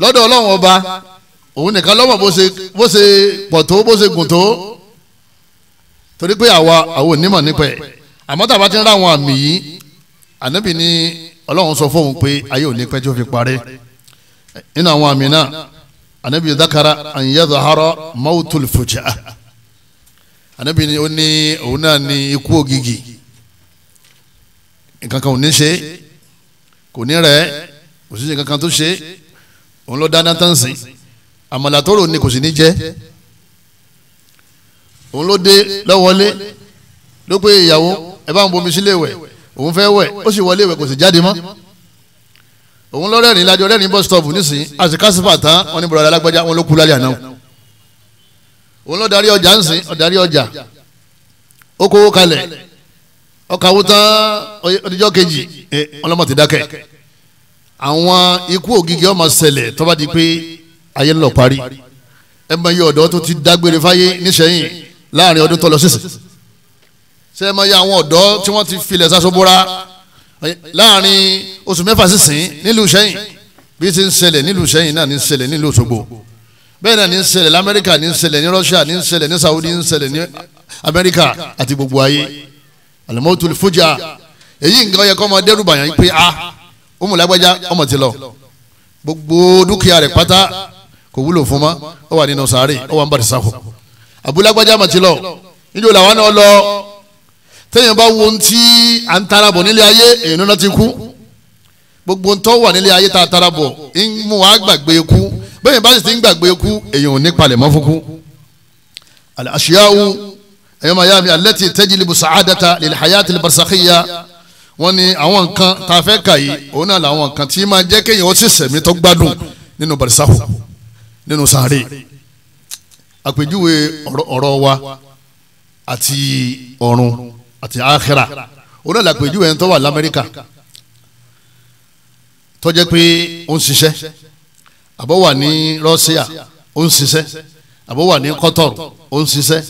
lọ́dọ̀ ọlọ́run ọba òun nìkan lọ́mọ bó ṣe bó ṣe pọ̀ tó bó ṣe gùn tó torí pé àwa àwọn onímọ̀ nípa ẹ̀ àmọ́ tá a bá ti ń ra àwọn àmì yìí ànábì ní ọlọ́run sọ fóun pé ayé òní pẹ́ tí ó fi parẹ́ nínú àwọn àmì náà ànábì dákàrà àyẹ̀dọ̀hárọ̀ mọ́wútùl fújà ànábì ní ó ní òun náà ní ikú ògìgì nǹkan kan ò ní ṣe kò ní rẹ̀ kò sí nǹkan kan tó ṣe òun ló dáná tán sìn àmàlà tó rò ní kò sì ní jẹ́ òun ló dé lọ́wọ́lé ló pé ìyàwó ẹ bá ń bomi sílé wẹ̀ òun fẹ́ wẹ̀ ó sì wọlé wẹ̀ kò sì jáde mọ́ òun lọ rẹ́rìn lájọ rẹ́rìn bus stop nísìnyí àsìkásífà tán wọn ní bùrọ̀dá alágbájá wọn ló kú lálẹ́ àná òun lọ darí ọjà ńsìn ọ̀darí ọjà ó kówó kalẹ̀ ọkàwó tán ọdíjọ́ kejì ọlọ́mọ ti dákẹ́ àwọn ikú ògìgì ọmọ ṣẹlẹ̀ tó di pé ayé ńlọ parí ẹ mọ iye ọ̀dọ́ tó ti dágbére fáyé níṣẹ́yìn láàrin ọdún tó lọ sísè ṣé ẹ mọ iye àwọn ọ̀dọ́ tí wọ́n ti filẹ̀ sáṣọ bóra láàrin oṣù mẹ́fà sísìn nílùú ṣẹ́yìn bí ti ń ṣẹlẹ̀ nílùú ṣẹ́yìn náà ní ń ṣẹlẹ̀ nílùú Òṣogbo bẹ́ẹ̀ náà ní ń ṣẹlẹ̀ lamẹ́ríkà ní ń ní Russia ní ń ní Saudi ní ń ní Amẹ́ríkà àti gbogbo ayé alimọ́tul fújà èyí nǹkan yẹ kọ́ ọmọ dẹ́rùbà yẹn pé a ah, ó mú lágbájá ọmọ ti lọ gbogbo dúkìá rẹ̀ pátá kò wúlò fún ma ó wà nínú sàárè ó wà ń bàrẹ̀ sáfò abúlágbájá mà ti lọ níjó làwọn náà lọ téèyàn bá wo ohun tí à ń tara bọ̀ nílé ayé èèyàn náà ti kú gbogbo ń tọ́ wà nílé ayé tá a tara bọ̀ ń mú wa gbàgbé kú bẹ́ẹ̀ bá sì ti ń gbàgbé kú èèyàn ò ní palẹ̀ mọ́ fún kú ẹ̀yọ́mọ̀ ayá mi alẹ́ ti tẹ́jìlì bùsàádàta lèlè hayati barsakhiya wọ́n ní àwọn nǹkan tá a fẹ́ kà yìí òun náà làwọn nǹkan tí máa jẹ́ kéèyàn ó sì sẹ̀mí tó gbádùn nínú barisakhu nínú sáré àpèjúwe ọ̀rọ̀ wa àti ọ̀run àti àkhírà oní àlàpèjúwe ẹni tó wà lamẹ́ríkà tó jẹ́ pé ó ń ṣiṣẹ́ àbọ̀ wà ní rọ́ṣíà ó ń ṣiṣẹ́ àbọ̀ wà ní kọ́tọ̀r ó ń ṣiṣẹ́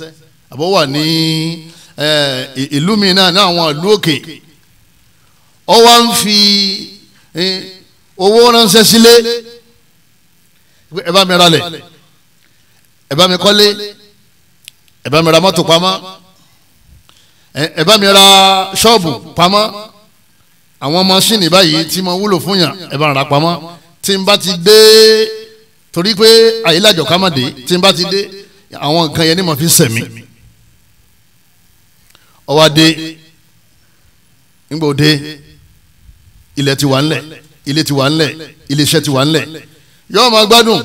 àbọ̀ wà ní ìlú mi náà ní àwọn ìlú òkè ọ wá ń fi owó ránṣẹ́ sílé ẹ bá mi ralẹ̀ ẹ bá mi kọ́lé ẹ bá mi ra mọ́tò pamọ́ ẹ bá mi ra ṣọ́ọ̀bù pamọ́ àwọn maṣíìnì báyìí tí mo wúlò fún yàn ẹ bá ra pamọ́ tí n bá ti dé torí pé àyílájọ ká má dé tí n bá ti dé àwọn nǹkan yẹn ni mo fi sẹ̀mí ọwọ́ adé nígbà òde ilẹ̀ ti wà ńlẹ̀ ilé ti wà ńlẹ̀ iléeṣẹ́ ti wà ńlẹ̀ yóò máa gbádùn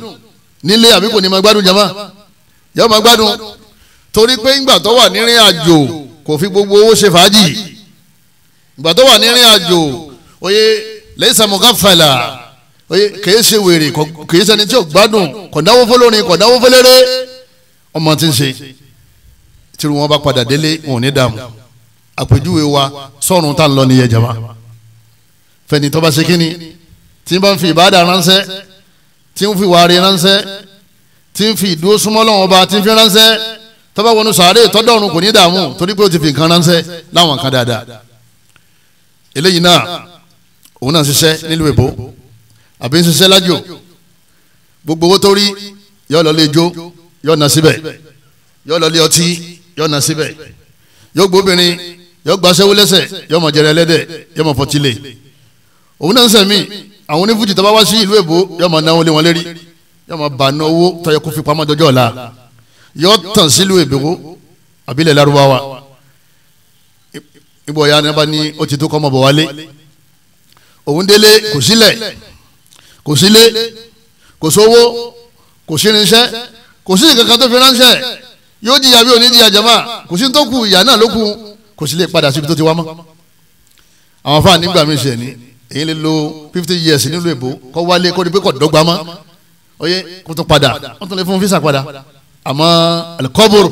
nílé àbí kò ní máa gbádùn jama yóò máa gbádùn torí pé ìgbà tó wà nírìn àjò kò fi gbogbo owó ṣe fàájì ìgbà tó wà nírìn àjò oye lẹ́sà mọ̀gáfàlà oye kìí ṣe wèrè kìí ṣe ẹni tí ò gbádùn kọ̀dáwó fọlọ́rin kọ̀dáwó fọlẹ́rẹ́ ọmọ tí ń ṣe tírú wọn bá padà délé wọn ò ní dààmú àpèjúwe wa sọ́run tá ń lọ nìyẹn jama fẹ́ni bá ṣe kínni tí n bá ń fi ìbáàdà ránṣẹ́ tí ń fi wàrí ránṣẹ́ tí ń fi ìdúró súnmọ́ lọ́wọ́ ọba tí ń fi ránṣẹ́ tọ́ba wọnú sàárè tọ́dọ̀run kò ní dààmú torí pé ó ti fi nǹkan ránṣẹ́ láwọn kan dáadáa eléyìí náà òun náà ṣiṣẹ́ nílùú èbó àbí ń ṣiṣẹ́ lájò gbogbo owó tó rí yóò lọ lé ijó yóò nà síbẹ̀ yóò lọ lé ọtí yóò nà síbẹ̀ yóò gbóbìnrin yóò gbaṣẹ́wó lẹ́sẹ̀ yóò mọ̀ jẹrẹ ẹlẹ́dẹ̀ yóò mọ̀ fọtílẹ̀ òun náà ń sẹ̀mí àwọn onífújì tó bá wá sí ìlú èbó yóò máa náwó lé wọn lérí yóò máa bàánú owó tó yẹ kó fi pamọ́ dọjọ́ ọ̀la yóò tàn sílùú èbó àbílẹ̀ lárúbáwá ibò ya nípa ni ó ti tó kọ́ ọmọbọ̀ wálé òun délé kò sílẹ̀ kò sílé kò sówó kò sírinṣẹ́ kò sí nǹkan kan tó fi ránṣẹ́ yóò jìyà bí òní jìyà jama kò sí tó kù ìyà náà ló kù kò sílé padà síbi tó ti wá mọ́ àwọn fáà nígbà míì ṣe èyí lè lo fifty years nílùú èbó kọ́ wálé kọ́ ni pé kọ́ dọ́gba mọ́ oyè kó tó padà wọ́n tún lè fún fisa padà àmọ́ alikọ́bùrù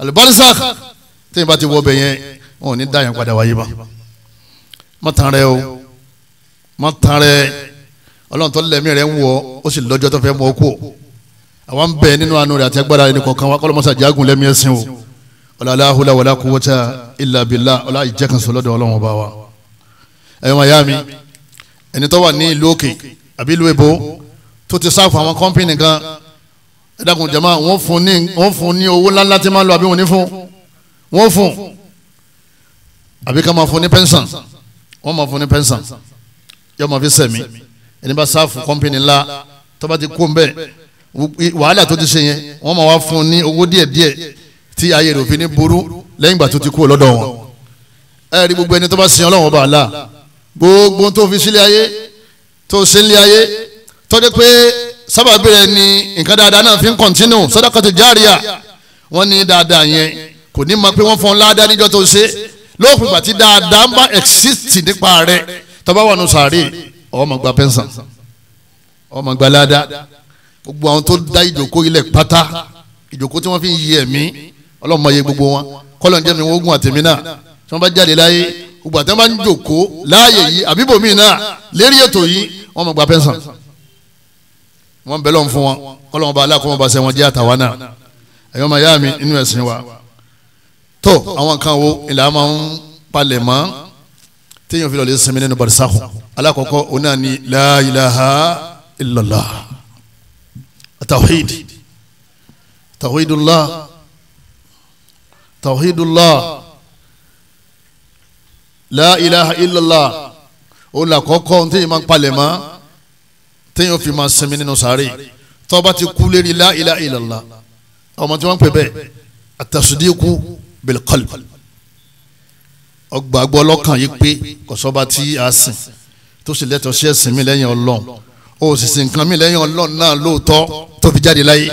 alibarisa tẹ́yìn bá ti wọ bẹ̀ yẹn wọn ò ní dáyàn padà wáyé bá má tán rẹ o má tán rẹ ọlọ́run tó lẹ́mí rẹ ń wọ ó sì lọ́jọ́ tó fẹ́ mọ́ ọ kú o àwọn ń bẹ nínú àánú rẹ àti agbára ẹni kọ̀ọ̀kan wa kọ́lọ́mọ́sá jágùn lẹ́mí ẹ̀sìn o ọ̀làlá hula wàlá kúwọ́tà ìlà bìlà ọ̀là ìjẹ́kànsó lọ́dọ̀ ọlọ́run ọba wa ẹ̀yọ́ mayami ẹni tó wà ní ìlú òkè àbí ìlú èbó tó ti sáfù àwọn kọ́ńpìnì kan ẹ dákun jama wọ́n fún ní wọ́n fún ní owó ńláńlá tí máa lọ àbí wọ́n ní fún wọ́n fún àbí ká máa fún ní pẹ́ńsàn wọ́n máa fún ní pẹ́ńsàn yọ máa fi sẹ̀mí ẹni bá sáfù kọ́ńpìnì ńlá tó bá ti kó ń bẹ̀ wàhálà tó ti ṣe yẹn wọ́n máa wá fún ní owó díẹ̀díẹ̀ tí ayé rẹ̀ òfin ní burú lẹ́yìn ìgbà tó ti kú lọ́dọ̀ wọn ẹ gbogbo ẹni tó bá sin Ọlọ́run ọba àlá gbogbo tó fi sílé ayé tó sílé ayé tọ́jú pé sábàbí rẹ ni nǹkan dáadáa náà fi ń kọ̀ntínú sọ́dọ̀kọ̀tì járíà wọ́n ní dáadáa yẹn kò ní mọ̀ pé wọ́n fọ́n ládàá níjọ́ tó ṣe lóòpin ìgbà tí dáadáa ń bá exist nípa rẹ tọ́ba wà nù sàárè ọmọ gba pẹ́ńsàn ọmọ gba ládàá gbogbo àwọn tó dá ìjòkó ilẹ̀ pátá ìjòkó tí wọ́n fi ń yí ẹ̀mí ọlọ́mọ yẹ gbogbo wọn kọ́lọ̀ ń gbogbo àti wọn bá ń jòkó láàyè yìí àbíbòmí náà lérí ètò yìí wọn mọ̀ gba pẹ́ńsàn wọn bẹ lọ́n fún wọn kọ́lọ́n bá aláàkọ́ wọn bá sẹ́ wọn jẹ́ àtàwọn náà ẹ̀yọ́ máa yá mi nínú ẹ̀sìn wa tó àwọn kan wo ìlà máa ń palẹ̀ mọ́ téèyàn fi lọ́ọ́ lè sinmi nínú barisakhu alákọ̀ọ́kọ́ òun náà ni la ilaha illallah tawhid tawhidullah tawhidullah la ilaha illallah ó là kọ́kọ́ tí yìí máa ń palẹ̀ mọ́ tí yìí ó fi máa sinmi nínú sáré tó bá ti kú lérí la ilaha illallah ọmọ tí wọ́n ń pè bẹ́ẹ̀ àtàsídìkú bilqalb ọgbàgbọ́ ọlọ́kàn yìí pé kọ̀sọ́ba tí a sìn tó sì lẹ́tọ̀ọ́ sí ẹ̀sìn mi lẹ́yìn ọlọ́run ó sì sìn nǹkan mi lẹ́yìn ọlọ́run náà lóòótọ́ tó fi jáde láyé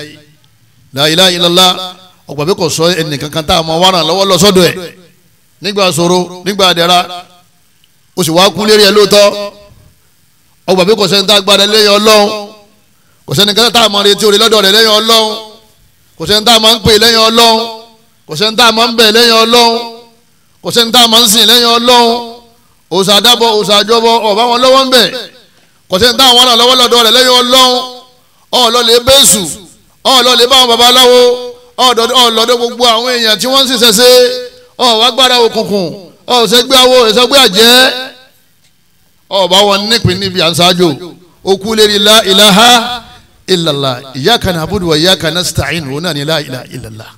la ilaha illallah kò sọ ẹnìkankan nígbà ṣòro nígbà dẹ̀ra o sì wá kú lérí ẹ lóòótọ́ ọgbà bí kò sẹ́ni tá a gbára lẹ́yìn ọlọ́run kò sẹ́ni kẹ́tẹ́ tá a máa retí orí lọ́dọ̀ rẹ̀ lẹ́yìn ọlọ́run kò sẹ́ni tá a máa ń pè lẹ́yìn ọlọ́run kò sẹ́ni tá a máa ń bẹ̀ lẹ́yìn ọlọ́run kò sẹ́ni tá a máa ń sìn lẹ́yìn ọlọ́run òòṣà dábọ̀ òòṣà àjọbọ ọ̀bá wọn lọ́wọ́ ń bẹ̀ kò sẹ́ni tá a wọn ọ wá gbára òkùnkùn ọ ṣẹgbẹ́ awo ṣẹgbẹ́ àjẹ́ ọ bá wọn nípìn níbi ànsájò okú lérí la ilaha illallah iyyaka na'budu wa iyyaka nasta'in òun náà ní la ilaha illallah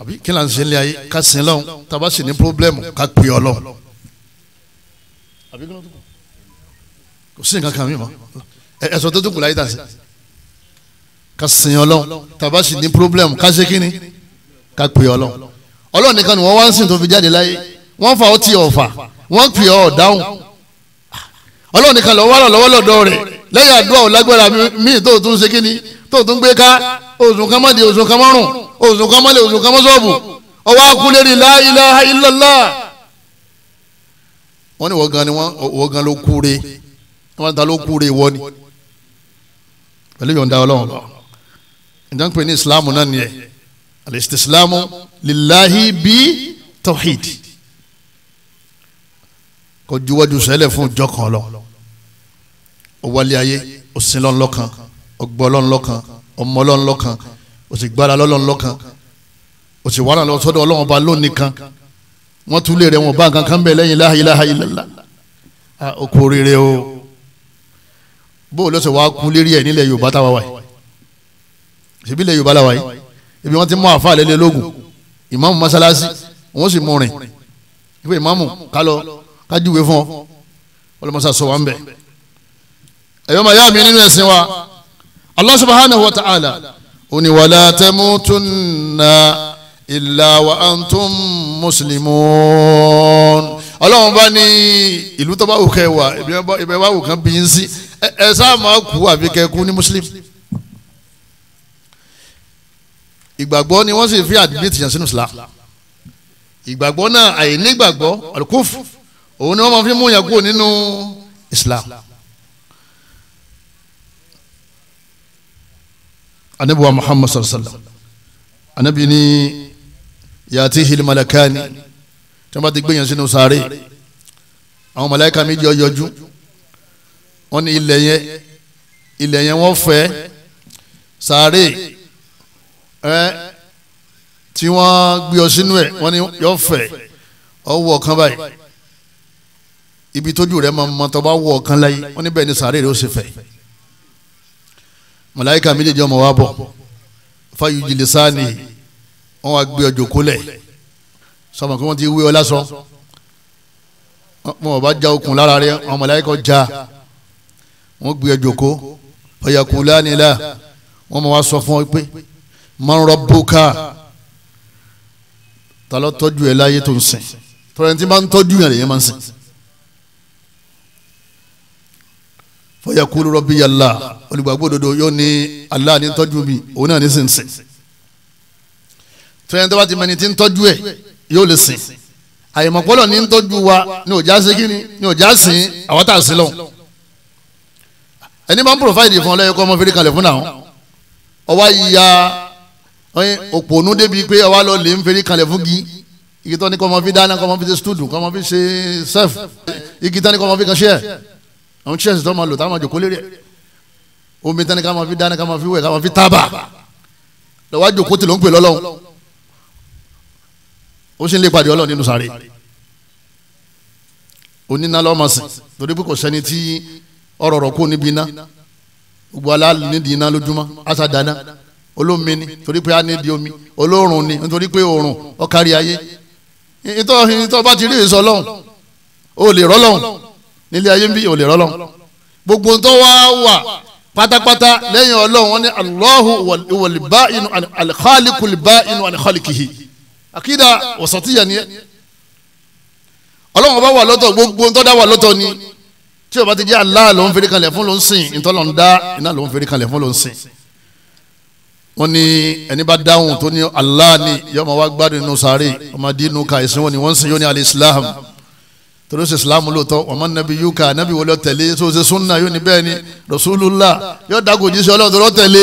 àbí kí là ń sin ilé ayé ká sin lọ́hùn tàbá sì ní pírọ́blẹ́mù ká pè ọ lọ́hùn àbí kí ló tó kò sí nǹkan kan mi mọ́ ẹ̀sọ́ tó tún láyé tà sí ká sin ọ lọ́hùn tàbá sì ní pírọ́blẹ́mù ká ṣe kí ká pè ọlọ́run ọlọ́run nìkan ni wọ́n wá ń sìn tó fi jáde láyé wọ́n fa ọtí ọ̀fà wọ́n pè ọ̀ dáhùn ọlọ́run nìkan lọ́wọ́ wà lọ́wọ́ lọ́dọ̀ rẹ̀ lẹ́yìn àdúrà ò lágbára míì tó tún ṣe kíni tó tún gbé ká oṣù kan mọ́dé oṣù kan mọ́rùn oṣù kan mọ́lẹ̀ oṣù kan mọ́sọ́ọ̀bù ọwọ́ akúlẹ̀ rí la ilaha illallah wọ́n ní wọ́n gan ni wọ́n gan ló kúre wọ́n ta ló kúre wọ́n ni pẹ̀lú yọ̀ǹda ọlọ́run lọ ìjọba ń pè ní ìsìláàmù náà nìyẹn alistislamu lillahi bi tawhid kò juwọ́jú sẹ́lẹ̀ fún ìjọ kan lọ ó wálé ayé ó sin lọ́n lọ́kan ó gbọ́ lọ́n lọ́kan ó mọ lọ́n lọ́kan ó sì gbára lọ́n lọ́kan ó sì ba lónìí kan wọ́n tún lè rẹ̀ wọ́n bá kan bẹ̀ lẹ́yìn la ilaha illallah ó kú oríire o bó o lọ́sọ̀ wá kú lérí ẹ̀ nílẹ̀ yorùbá táwa wáyé ṣèbí ilẹ̀ yorùbá làwáyé ibi wọn ti mú àfa àlẹ́lẹ́ lógun ìmáàmù mọ́sálásí wọn sì mú rìn ìwé ìmáàmù kálọ kájúwe fún ọ ọlọmọsá sọ wà ń bẹ. ẹ̀yọ́ màá yá mi nínú ẹ̀sìn wa Allah subhanahu wa ta'ala òní wala tamutunna illa wa antum muslimun ọlọ́run bá ní ìlú tó bá wù kẹ́ wà ìbẹ̀ wù kán bí yín sí ẹ̀ ẹ̀ sáà máa kú àbíkẹ́ kú ní mùsùlùmí ìgbàgbọ́ ni wọ́n sì fi àdìdì tìyàn sínú Islam ìgbàgbọ́ náà àìnígbàgbọ́ alukuf òun ni wọ́n máa fi mú yàn kúrò nínú Islam. anabi wa Muhammad sallallahu alaihi wa sallam anabi ni yàtí hilimalakani tí wọ́n bá ti gbẹ̀yàn sínú sáré àwọn màláíkà méjì ọyọjú wọ́n ní ilẹ̀ yẹn ilẹ̀ yẹn wọ́n fẹ́ sáré ẹ tí wọ́n gbé ọ sínú ẹ̀ wọ́n ní yọ fẹ̀ ọ wọ ọ̀kan báyìí ibi tójú rẹ̀ máa mọ tó bá wọ ọ̀kan láyé wọ́n níbẹ̀ ni sàárè rẹ̀ ó sì fẹ̀ màláíkà méjèèjì ọmọ wa bọ̀ fayujilisani wọ́n wá gbé ọ jókòó lẹ̀ sọmọ kí wọ́n ti wé ọ lásán wọn bá já okùn lára rẹ̀ àwọn màláíkà já wọ́n gbé ọ jókòó ọ̀yàkùn lánìlá wọ́n mọ̀ wá sọ fún ọ pé man rabbuka ta ló tọ́jú ẹ láyé tó ń sìn tọ́lẹ̀ tí máa ń tọ́jú yẹn lèyẹn máa ń sìn. fa yaqulu rabbiya Allah olùgbàgbọ́ òdodo yóò ní Allah ní tọ́jú mi òun náà ní sìn sìn. tọ́lẹ̀ tí wọ́n ti mẹ́ni tí ń tọ́jú ẹ̀ yóò lè sìn àyèmọ̀pọ̀lọ̀ ní tọ́jú wa ní òjá sí kí ni ní òjá sìn àwọn tá a sí lọ. ẹni máa ń pòròfáìdì fún ọ ọmọ fèrè kalẹ̀ fún náà ọwọ́ ayíya ọyẹ òpònú débi pé ọwọ́ lọ lè ń ferí kalẹ̀ fún gi igi tó ní kọ́ ọmọ fi dáná kọ́ ọmọ fi ṣe stúdù kọ́ ọmọ fi ṣe sẹ́f igi tó ní kọ́ ọmọ fi kan ṣẹ́ẹ̀ àwọn ṣẹ́ẹ̀sì tó máa lò táwọn àjòkó lérè omi tó ní ká máa fi dáná ká máa fi wẹ̀ ká máa fi tábà lọ́wọ́ àjòkó tí ló ń pè lọ́lọ́run ó sì ń lè pàdé ọlọ́run nínú sáré oníná lọ́mọ̀sìn torí pé kò sẹ́ni tí ọ̀rọ̀ ọ̀rọ̀ kò níbi iná gbogbo alá nídìí iná lójúmọ́ àṣà dáná olómi ni torí pé a ní di omi olóòrùn ni nítorí pé òòrùn ọkàrí ayé ìtọ́ bá ti rí èso ọlọ́run o lè rọ́lọ́run nílé ayé ń bí o lè rọ́lọ́run gbogbo tó wá wà pátápátá lẹ́yìn ọlọ́run wọn ni Allahu wàlíbá inú alikálikuliba inú alikálikuhi akídà wọ̀sọ̀tìyà ni ẹ ọlọ́run bá wà lọ́tọ̀ gbogbo tó dá wà lọ́tọ̀ ni tí o bá ti jẹ́ Allah ló ń feere kalẹ̀ fún ló ń sìn ìtọ́lọ́ ń dá iná ló ń kalẹ̀ fún ló sìn wọ́n ní ẹni bá dáhùn tó ní Allah ni yóò máa wá gbádùn inú sáré ọmọdé inú ka ẹ̀sìn wọn ni wọ́n ń sìn yóò ní alẹ́ islam torí ṣe islam lóòótọ́ ọmọ nàbí yúkà nàbí wọlé tẹ̀lé tó ṣe súnà yóò ní bẹ́ẹ̀ ni rasulullah yóò dákò jíṣẹ́ ọlọ́run tó rọ́ tẹ̀lé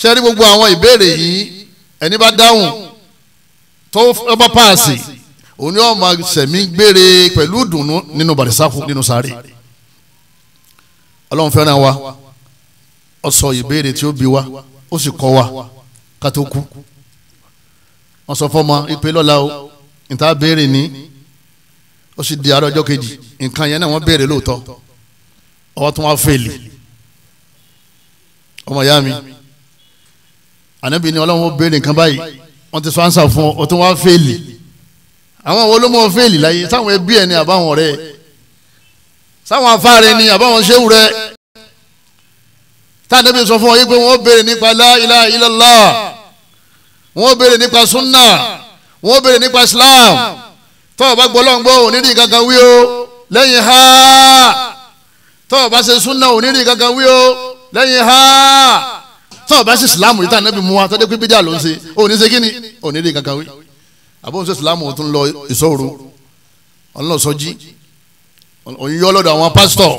ṣé rí gbogbo àwọn ìbéèrè yìí ẹni bá dáhùn tó ọba paasi òun ni ọmọ sẹ̀mí gbére pẹ̀lú dùnú nínú barisafu nínú sáré ọlọ́run fẹ́ràn wa ó sọ ìbéèrè tí ó bi wa ó sì kọ́ wa ká tó kú wọ́n sọ fọ́mọ ipe lọ́la o níta béèrè ní ó sì di àárọ̀ ọjọ́ kejì nǹkan yẹn náà wọ́n béèrè lóòótọ́ ọwọ́ tó wá fèlè ọmọ ìyá mi ànábì ni ọlọ́run ó béèrè nǹkan báyìí wọ́n ti sọ ánsà fún ọ tó wá fèlè àwọn wo ló mọ fèlè láyé sáwọn ẹbí ẹ ní àbáwọn ọ̀rẹ́ sáwọn afáàrẹ ní àbáwọn ṣéwù rẹ tànàbí sọ fún ọ yìí pé wọ́n béèrè nípa la ilaha illallah wọ́n béèrè nípa sunna wọ́n béèrè nípa islam tọ́ọ̀ bá gbọ́ lọ́ngbọ́ onídìí kankan wí o lẹ́yìn ha tọ́ọ̀ bá ṣe sunna onídìí kankan wí o lẹ́yìn ha tọ́ọ̀ bá ṣe islam yìí tànàbí mu wa tọ́jú pé bíjà ló ń ṣe òní ṣe kí ni onídìí kankan wí àbọ̀ ṣe islam tó ń lọ ìṣòro ọlọ́sọjí òun yọ lọ́dọ̀ àwọn pásítọ̀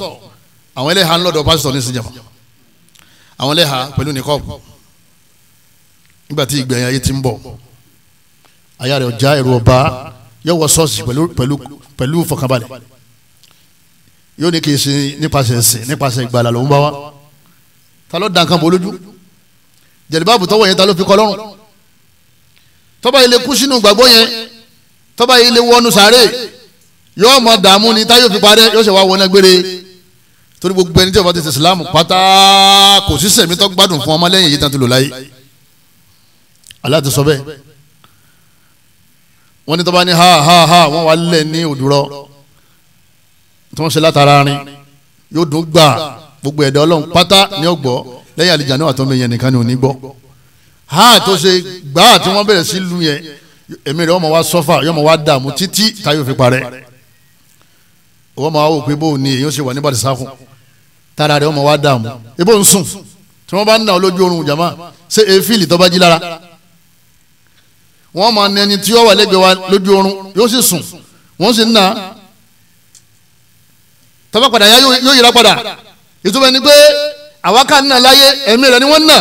àwọn ẹlẹ́hàn lọ́dọ̀ pásítọ̀ ní sinjama àwọn lẹ́hà pẹ̀lú nìkọ́ọ̀bù nígbà tí ìgbẹ̀yìn ayé ti ń bọ̀ aya rẹ̀ ọjà ẹ̀rù ọba yóò wọ ṣọ́ọ̀ṣì pẹ̀lú pẹ̀lú pẹ̀lú fọkànbalẹ̀ yóò ní kì í ṣe nípasẹ̀ ẹ̀sìn nípasẹ̀ ìgbàlà ló ń bá wa ta ló dàn kan bò lójú tọwọ́ yẹn ta ló fi kọ́ lọ́rùn tọ́ba ilé kú sínú gbàgbọ́ yẹn tọ́ba ilé wọnú sàárè yóò mọ dààmú ni táyọ̀ fi parẹ́ yóò ṣe wá wọnà gbére torí gbogbo ẹni tí ó ti ṣe Islam pátá kò sí sẹ̀mí tó gbádùn fún ọmọlẹ́yìn yìí tán ti lò láyé Allah ti sọ bẹ́ẹ̀ wọ́n ní tó ní ha ha ha wọ́n wà lẹ̀ ní òdùrọ̀ tí wọ́n ṣe látara rin yóò dùn gbà gbogbo ẹ̀dá ọlọ́run pátá ní ọgbọ́ lẹ́yìn àlìjáná àtọ́mọ yẹn nìkan ni ò ní ha tó ṣe gbà tí wọ́n bẹ̀rẹ̀ sí lu yẹn èmi rẹ̀ ọmọ wa sọ́fà yọmọ wa dààmú títí táyọ̀ fi parẹ́ wọ́n máa wò pé bóun ni èyí ó ṣe wà ní bàdìsáfún tára rẹ̀ ọmọ wa dààmú ebó ń sùn tí wọ́n bá ń nà ọ lójú oorun jama ṣe efili tó bá jí lára wọ́n máa ní ẹni tí ó wà lẹ́gbẹ̀ẹ́ wa lójú oorun yóò sì sùn wọ́n sì ń nà tọ́ba padà yá yóò yíra padà ìtumọ̀ ẹni pé àwa ká nà láyé ẹ̀mí rẹ̀ ni wọ́n nà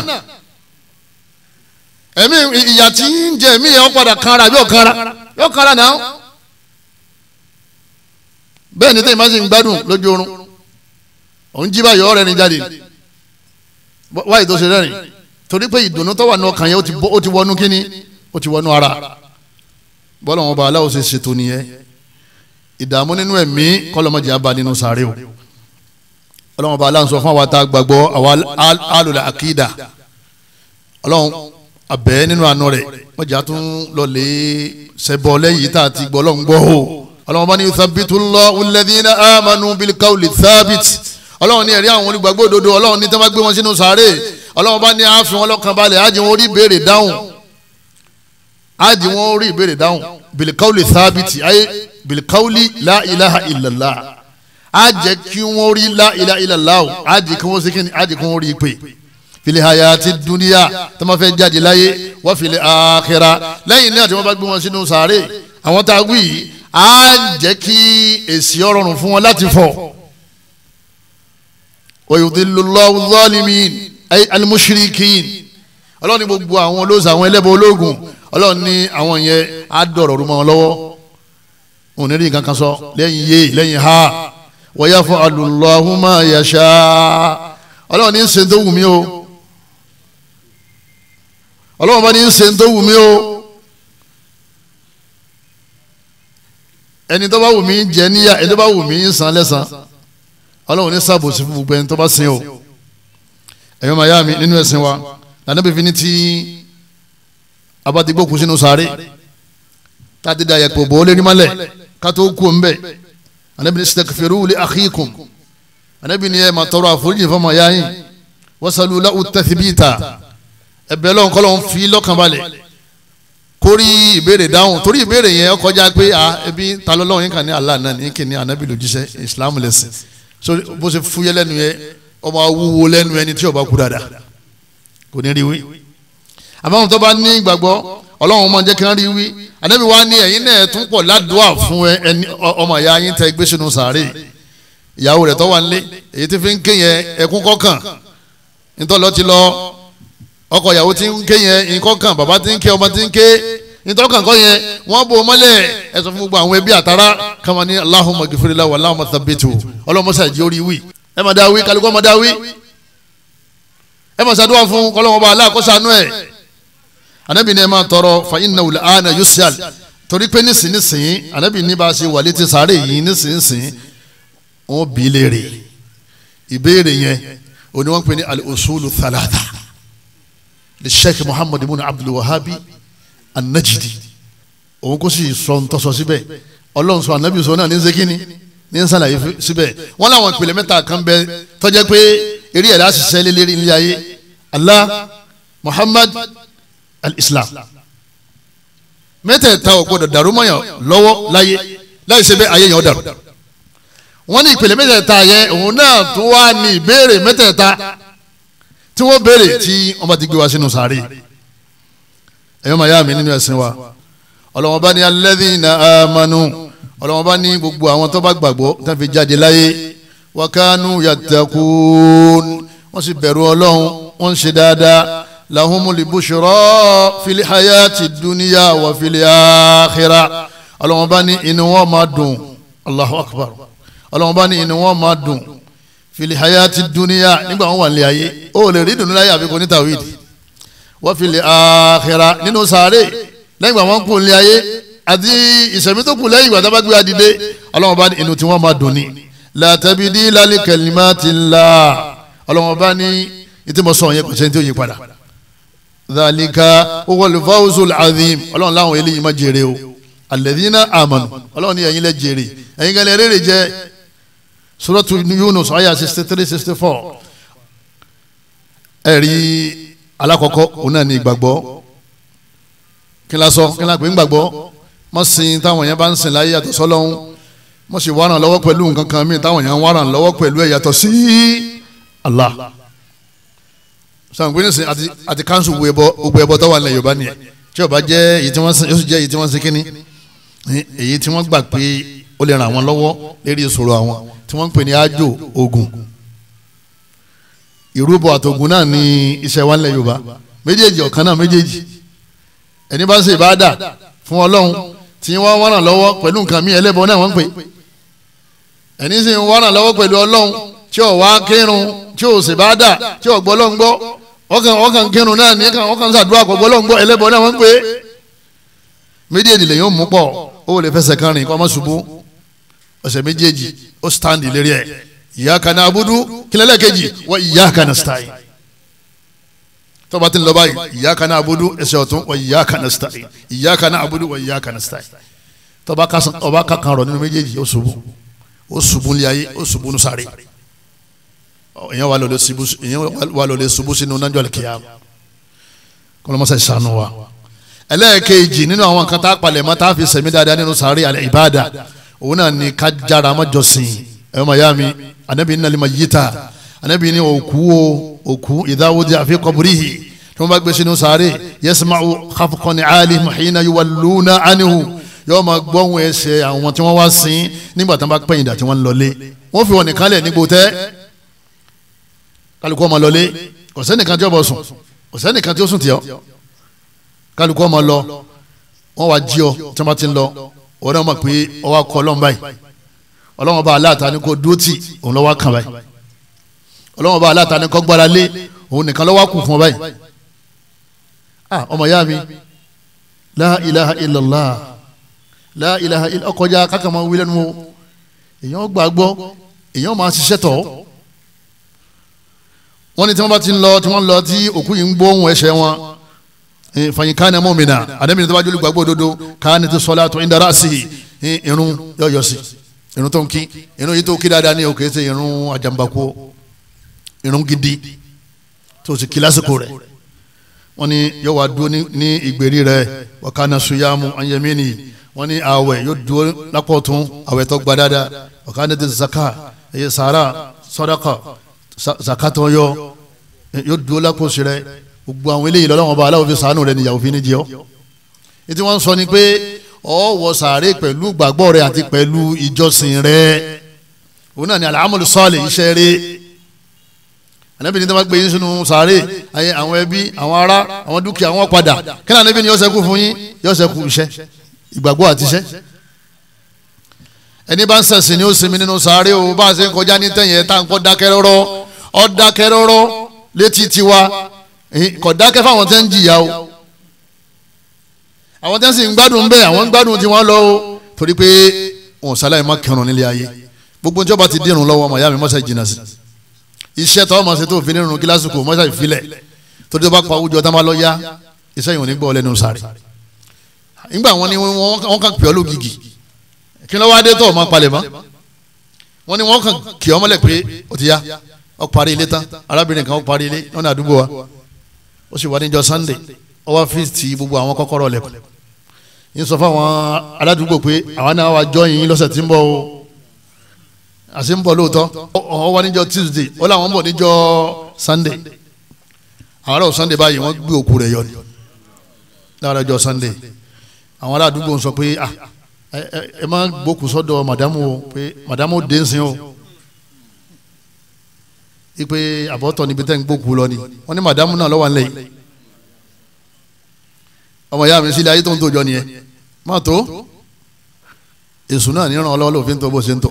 ẹ̀mí ìyà tí ń jẹ ẹ̀mí yẹn padà kanra àbí ọ̀kanra yóò kanra náà bẹ́ẹ̀ ni tẹ́yìn máa ń gbádùn lójú oorun òun jí báyìí ọ̀rẹ́ ni jáde wáyé tó ṣe rẹ́rìn torí pé ìdùnnú tó wà ní ọkàn yẹn ó ti wọnú kíni ó ti wọnú ara bọ́lá wọn bá aláwọ̀ ṣe ṣètò nìyẹn ìdààmú nínú ẹ̀mí kọ́lọ́mọdé abá nínú sáré o ọlọ́wọ́n bá aláǹsọ fún àwa tá a gbàgbọ́ àwa alùlà àkìdà ọlọ́wọ́n abẹ́ nínú àánú rẹ̀ mọ̀jà tún lọ́lẹ̀ ṣẹbọ lẹ́yìn tá a ti gbọ́ ọlọ́wọ́n o ọlọ́wọ́n bá ní yuthabbitu Allahu alladhina amanu bil qawli thabit ọlọ́run ní ẹ̀rí àwọn olùgbàgbọ́ òdodo ọlọ́run ní tí wọ́n bá gbé wọn sínú sàárè ọlọ́run bá ní àáfin wọn lọ́kàn balẹ̀ ájì wọn orí ìbéèrè dáhùn ájì wọn orí ìbéèrè dáhùn bilikauli sábìtì ayé bilikauli láìláha ìlàlá ájẹ kí wọn rí láìláha ìlàlá o ájì kí wọn sékìní ájì kí wọn rí pé filihaya ti dúníyà tí wọn fẹ́ jáde láyé wọ́n fili àkẹ́ra lẹ́yìn náà tí wọ́n bá gbé wọn sínú sàárè àwọn tá a wí yìí á kí èsì ọ̀rọ̀rùn fún wọn láti fọ̀ ويضل الله الظالمين أي المشركين ọlọ́run ní gbogbo àwọn olóòsàn àwọn ẹlẹ́bọ ológun ọlọ́run ní àwọn yẹn á dọ̀rọ̀ rú mọ́ wọn lọ́wọ́ òun ní rí nǹkan kan sọ lẹ́yìn yé lẹ́yìn ha wọ́yá fún alùlọ́húnmá yàṣá ọlọ́run ní ṣe tó wù mí o ọlọ́run bá ní ṣe tó wù mí o ẹni tó bá wù mí jẹ níyà ẹni tó bá wù mí ń san lẹ́sàn-án ọlọ́run ní sábò sí gbogbo ẹni tó bá sin o ẹ̀yọ́ máa yá mi nínú ẹ̀sìn wa lànàbí fi ní tí abadigbó kù sínú sáré tádídá yẹpẹ̀ bò lé nímọ̀lẹ̀ ká kú ọ̀nbẹ̀ ànábì ní sitakifiru li akhikum ànábì ní ẹ̀ máa tọrọ àforíjì fún ọmọ yáyìn wasalu lahu tathbita ẹ̀bẹ̀ lọ́n kọ́ lọ́n fi lọ́kàn balẹ̀ kórí ìbéèrè dáhùn torí ìbéèrè yẹn ó pé a ah, ẹbí ta yín kàn ní Allah náà ní kìnìún ànábì lójúṣe Islam lẹ́sìn so bó ṣe fúyẹ́ lẹ́nu yẹ ọmọ awúwo lẹ́nu ẹni tí ó bá kú dáadáa kò ní rí wí àmọ́ àwọn tó bá ní ìgbàgbọ́ ọlọ́run máa jẹ́ kí wọ́n rí wí ànábì wa ní ẹ̀yin náà tún pọ̀ ládùúà fún ẹni ọmọ ìyá yín tẹ gbé sínú sàárè ìyàwó rẹ̀ tó wà nílé èyí tí fi ń ké yẹn ẹkún kọ́kàn nítorí lọ́ ti lọ ọkọ ìyàwó ti ń ké yẹn ìkọ́kàn bàbá ti ń ké ọmọ ti ń ké ìtọ́kànkọ́ yẹn wọ́n bò mọ́lẹ̀ ẹ̀sùn fún gbogbo àwọn ẹbí àtàrà kama ní Allahumma gifirila wa Allahumma thabitu ọlọ́mọṣà ìjì orí wì ẹ máa dáwí kálukọ́ máa dáwí ẹ máa ṣàdúrà fún kọ́lọ́wọ́n bá aláàkọ́sánú ẹ̀ anábì ní ẹ máa tọrọ fa inna wùlẹ̀ ana yusal torí pé nísinsìnyí anábì ní bá a ṣe wà létí sáré yìí nísinsìnyí wọ́n bí léèrè ìbéèrè yẹn òní wọ́n pè ní al-usulu Sheikh Muhammad ibn Abdul Wahabi anajidi òun kò sì sọ ntọ́sọ síbẹ̀ ọlọ́run sọ anabi sọ náà ní nsekini ní nsàlàyé síbẹ̀ wọn làwọn ìpìlẹ̀ mẹ́ta kan bẹ tọ́jẹ́ pé eré ẹ̀dá ṣiṣẹ́ lélẹ́rìí ilé ayé Allah Muhammad al-Islam mẹ́tẹ̀ẹ̀ta ò gbọ́dọ̀ dàrú mọ́yàn lọ́wọ́ láyé láì ṣe bẹ́ẹ̀ ayé yẹn ó dàrú wọ́n ní ìpìlẹ̀ mẹ́tẹ̀ẹ̀ta yẹn òun náà tún wá ní ìbéèrè mẹ́tẹ̀ẹ̀ta tí wọ́n béèrè tí wọ́n bá ti gbé wa sínú sàárè ẹ̀yọ́ màá yá mi nínú ẹ̀sìn wa ọlọ́wọ́n bá ní alladhina amanu ọlọ́wọ́n bá ní gbogbo àwọn tó bá gbàgbọ́ tó fi jáde láyé wa kanu yattaqun wọ́n sì bẹ̀rù ọlọ́run wọ́n ń ṣe dáadáa lahumul bushra fil hayati dunya wa fil akhirah ọlọ́wọ́n bá ní inú wọn máa dùn Allahu akbar ọlọ́wọ́n bá inú wọn máa dùn fil hayati dunya nígbà wọn wà ní ayé ó lè rí dùnú láyé àfikún ní tàwídìí wọ́n fi lè àkẹ́ra nínú sàárè lẹ́yìn ìgbà wọn kù ní ayé àti ìṣẹ̀mí tó kù lẹ́yìn ìgbà tábàgbé adìde ọlọ́run bá ní inú tí wọ́n máa dùn ní. làtẹ́bídì lálẹ́ kẹlìmá ti la ọlọ́run bá ní yẹn kò sẹ́ni tí ó yí padà. dhalika huwal fawzul ọlọ́run láwọn eléyìí má jèrè o alladhina amanu ọlọ́run ní ẹ̀yin lẹ jèrè ẹ̀yin gẹ́lẹ́ rere jẹ́ suratu Yunus ayah sixty three ẹ̀rí alakọkọ òun náà ní ìgbàgbọ́ kí n la sọ kí n la pè ń gbàgbọ́ mọ sin táwọn yẹn bá ń sin láyé yàtọ̀ sọ́lọ́hún mọ sì wàràn lọ́wọ́ pẹ̀lú nǹkan kan míì táwọn yẹn wàràn lọ́wọ́ pẹ̀lú ẹ̀ yàtọ̀ sí Allah sàǹgbé nísìn àti àti kánṣu gbogbo ẹbọ tó wà nílẹ̀ Yorùbá nìyẹn tí Yorùbá jẹ́ èyí tí wọ́n sin yóò sì jẹ́ èyí tí wọ́n sin kínní èyí tí wọ́n gbà pé ó lè ràn àwọn lọ́wọ́ lérí ìṣòro àwọn tí wọ́n ń pè ní àjò ogun ìrúbọ àtògùn náà ní iṣẹ́ wa nílẹ̀ yorùbá méjèèjì ọ̀kan náà méjèèjì ẹni bá ń ṣe ìbáàdà fún ọlọ́run tí wọ́n wọ́n ràn lọ́wọ́ pẹ̀lú nǹkan mí ẹlẹ́bọ náà wọ́n ń pè ẹni sì ń wọ́n ràn lọ́wọ́ pẹ̀lú ọlọ́run tí ò wá kírun tí ò ṣe ìbáàdà tí ò gbọ́lọ́n gbọ́ ọkàn ọkàn kírun náà ní ọkàn ọkàn ṣàdúrà kò gbọ́lọ́n gbọ́ ẹlẹ́bọ náà wọ́n pè méjèèjì lè yóò mú pọ̀ ó lè fẹsẹ̀ kan rìn kọ́ ọmọ iyyaka abudu kílẹ̀lẹ̀ kejì wa iyyaka nasta'in tọ́ba tí ń lọ báyìí iyyaka na'budu ẹsẹ̀ ọ̀tún wa iyyaka nasta'in iyyaka na'budu wa iyyaka nasta'in tọ́ba ọba kankan rọ̀ nínú méjèèjì ó ṣubú ó ṣubú ní ayé ó ṣubú ní sáré èèyàn wà lọ́lẹ̀ ṣubú sínú nájọ́ kìá kọ́lọ́mọ́sá ìṣàánú wa ẹlẹ́ẹ̀kejì nínú àwọn nǹkan tá a palẹ̀ mọ́ tá a fi sẹ̀mí dáadáa nínú sáré àlẹ́ ìbáàdà òun náà ni ká jára mọ́jọ́sìn ẹ ma yá mi anabi ní nàlẹ́ ma yí ta anabi ní òkú o òkú ìdáwọ́dì àfi kọ́bùrìhì tí wọ́n bá gbé sínú sáré yasma'u khafqan ali muhina yuwalluna anihu yóò máa gbọ́hùn ẹsẹ̀ àwọn tí wọ́n wá sin nígbà tí wọ́n bá pẹ̀yìn dà tí wọ́n ń lọlé wọ́n fi wọn nìkan lẹ̀ nígbò tẹ́ kálukú ọmọ lọlé kò sẹ́nìkan tí ó bọ̀ sùn kò sẹ́nìkan tí ó sùn tiọ́ kálukú ọmọ lọ wọ́n wá jí ọ tí wọ́n bá ti lọ wọ́n náà mọ̀ pé ọwọ́ akọ ọlọ́run báyìí ọlọ́wọ́n bá aláàtà ni kò dúró tì òun lọ́wọ́ kàn báyìí ọlọ́wọ́n bá aláàtà ni kò gbára lé òun nìkan lọ́wọ́ kù fún báyìí ah ọmọ ya mi la ilaha illallah la ilaha illallah ọkọjá kákà máa wí lẹ́nu o èèyàn gbàgbọ́ èèyàn máa ṣiṣẹ́ tọ̀ wọ́n ní tí wọ́n bá ti ń lọ tí wọ́n lọ tí òkú yìí ń gbóhùn ẹ̀ṣẹ̀ wọn fàyín káàní mọ́mìnà àdẹ́mìnira tó bá jólú gbàgbọ́ òdodo káàní tó sọ́lá tó ń dará irun yọ̀yọ̀ sí i irun tó ń kí irun yìí tó kí dáadáa ní òkè ṣe irun àjàmbákú irun gidi tó sì kí lásìkò rẹ̀ wọ́n ní yóò wá dúró ní ìgbèrí rẹ̀ wakana suyamu anyamini wọ́n ní àwẹ̀ yóò dúró lápọ̀tún àwẹ̀ tó gba dáadáa wakana ti zaka eye sara sọdaka zaka tó yọ yóò dúró lápòsí rẹ̀ gbogbo àwọn eléyìí lọ́wọ́ bá aláwọ̀ fi sànù rẹ̀ níyàwó fi ní jẹ́ ọ́ ètí wọ́n sọ ni pé ọ wọ sàárè pẹ̀lú gbàgbọ́ rẹ àti pẹ̀lú ìjọsìn rẹ òun náà ni al-amalu salih iṣẹ́ rẹ ànábì ní tí wọ́n gbé yín sínú sàárè ayé àwọn ẹbí àwọn ará àwọn dúkìá wọn padà kí ni ànábì ní yóò ṣẹ́kù fún yín yóò ṣẹ́kù iṣẹ́ ìgbàgbọ́ àti iṣẹ́ ẹni bá ń ṣẹ̀sìn ni ó sinmi nínú sàárè o bá a ṣe ń kọjá ní tẹ̀yẹ tá à kọ́ dákẹ́ rọ́rọ́ ọ dákẹ́ rọ́rọ́ létí tiwa kọ̀ dákẹ́ fáwọn tẹ́ ń jìyà o àwọn tẹ́sí ń gbádùn bẹ́ẹ̀ àwọn ń gbádùn tí wọ́n lọ o torí pé wọn sáláì má kẹrùn nílé ayé gbogbo ìjọba ti dìrùn lọ́wọ́ ọmọ ìyá mi mọ́sá ìjìnà sí iṣẹ́ tó ọmọ ṣe tó fi nínú kíláàsì kò mọ́sá ìfilẹ̀ torí tó bá pa àwùjọ tá má lọ yá iṣẹ́ yìí ò ní gbọ́ lẹ́nu sáré nígbà wọn ni wọn kàn pè ọ́ lógìgì kí ló wá dé tó ọmọ palẹ̀ mọ́ wọn ni wọn kàn kì ọmọ pé ó ti yá ó parí ilé tán arábìnrin kan ó parí ilé lọ́nà àdúgbò wa ó sì wà níjọ Sunday ọ́fíìsì ti gbogbo àwọn kọ́kọ́rọ́ lẹ̀kọ́ ń sọ fáwọn aládùúgbò pé àwọn náà wá jọ yín lọ́sẹ̀ tí ń bọ̀ o àti ń bọ̀ lóòótọ́ ọ̀hún wá níjọ́ Tuesday ó láwọn ń bọ̀ níjọ́ Sunday àwọn aráàlú Sunday báyìí wọ́n gbé òkú rẹ̀ yọ ni lára ọjọ́ Sunday àwọn aládùúgbò ń sọ pé ah ẹ má gbókù sọ́dọ̀ màdámù o pé màdámù dé ń sin o ipe àbọ̀tọ̀ níbi tẹ́ ń gbókù lọ ni wọ́n ní màdámù náà lọ́wọ́ ńlẹ̀ yìí ọmọ ìyá mi sílẹ̀ ayé tó ń tòjọ nìyẹn má tó èsù náà níran ọlọ́wọ́ lòfin tó bó ṣe ń tò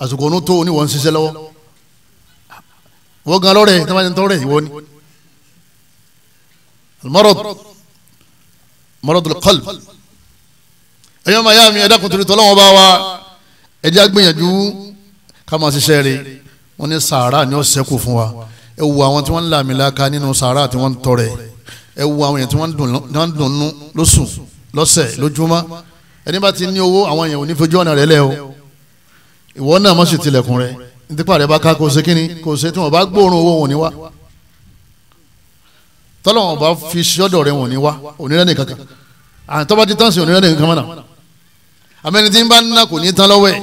àsìkò ònú tó oníwọ̀n ń ṣiṣẹ́ lọ́wọ́ wọ́n gan lọ́rẹ̀ tí wọ́n ti ń tọ́rẹ̀ ìwọ ni. mọ́rọ̀ mọ́rọ̀ tó lọ kọ́lù ẹ̀yọ́ máa yá mi ẹ̀dá kùtùrù tó lọ́wọ́ bá wa ẹ̀jẹ̀ agbìyànjú ká máa ṣiṣẹ́ rẹ̀ wọ́n ní sàárà ni ó ṣẹ́kù fún wa ẹ wo àwọn tí wọ́n ń làmìlaka nínú sàárà tí wọ́n ń tọrẹ̀ yìí ẹ wo àwọn èèyàn tí wọ́n ń dùn nú lóṣù lọ́sẹ̀ lójúmọ́ ẹni bá ti ní owó àwọn èèyàn ò ní fojú ọ̀nà rẹ lẹ́ o ìwọ náà mọ̀ sí tilẹ̀kùn rẹ nípa rẹ bá ká kó o ṣe kíni kó o ṣe tí wọn bá gbóòórùn owó wọn ò ní wá tọ́lọ́wọ́n bá fi ṣọ́dọ̀ rẹ wọn ò ní wá onírẹ́ nìkan àwọn tọ́ba ti tán sí onírẹ́ nìkan mọ́nà àmẹ́ni tí ń bá nínà kò ní tán lọ́wọ́ ẹ̀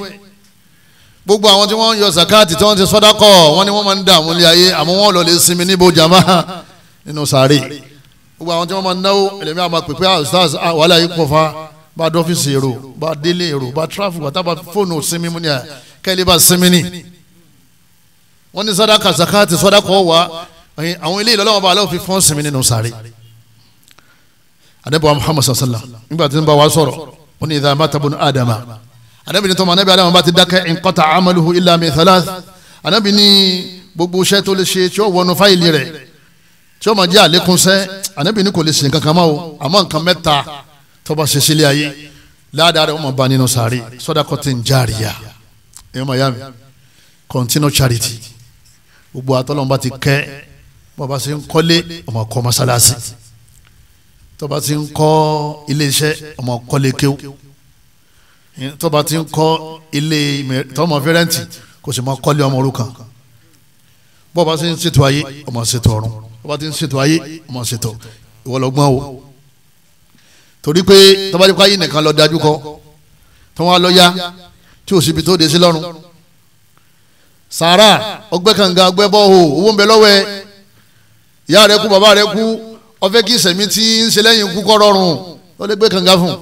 gbogbo àwọn tí wọ́n ń yọ zakati tí wọ́n ti sọ́dá kọ́ wọ́n ní wọ́n máa ń dààmú lé ayé àmọ́ wọ́n lọ lè sinmi níbo jàmbá nínú sàárè gbogbo àwọn tí wọ́n máa náwó ẹlẹ́mìí àwọn pèpè àzaz wàhálà yìí pọ̀ fa bá a dọ́fíìsì èrò bá a délé èrò bá a tráfù bá a tábà fóònù sinmi mu ni à kẹ́lẹ́ bá a sinmi ni. wọ́n ní sadaka zakati sadaka ọ̀wá àwọn ilé ìlọ́lọ́wọ́ bá a lọ́wọ́ fi fọ́n sinmi nínú sáré. anabi wa muhammad nígbà tí n bá wa sọ̀rọ̀ wọ́n ní idha mata bunu adama anabi ni tọ́mọ anabi adama bá ti dákẹ́ inqata amaluhu illa min thalath anabi ni gbogbo iṣẹ́ tó lè ṣe tí ó wọnú fáìlì rẹ̀ tí ó máa jẹ́ àlékún sẹ́ ànábì ní kò lè sìn kankan máa o àmọ́ nǹkan mẹ́ta tó bá ṣe sílé ayé ládàá rẹ̀ wọ́n máa bá nínú sàárè sadaqatin jariya ẹ̀yọ́ máa yá mi continue charity gbogbo àtọ́lọ́mọba ti kẹ́ bàbá ṣe ń kọ́lé ọmọ kọ́ mọ́sálásí tọba ti ń kọ́ iléeṣẹ́ ọmọ kọ́lé kéwú tọba ti ń kọ́ ilé tọmọ fẹ́rẹ́ǹtì kò sì mọ kọ́lé ọmọ òrukàn bọ́ba ṣe ń ṣètò ayé ọmọ ṣètò ọ̀run ọba ti ń ṣètò ayé ọmọ ṣètò ìwọ lọ́gbọ́n o torí pé tọ́bajúkọ ayé nìkan lọ dájú kọ tí wọ́n á lọ yá tí ò síbi tó dé sí lọ́rùn sàárà ọgbẹ́ kànga ọgbẹ́ bọ́ọ̀ owó ń bẹ lọ́wọ́ ẹ ìyá rẹ kú bàbá rẹ kú ó kí ìsẹ̀mí tí ń ṣe lẹ́yìn kú kọ́ rọrùn ó lè gbé kànga fún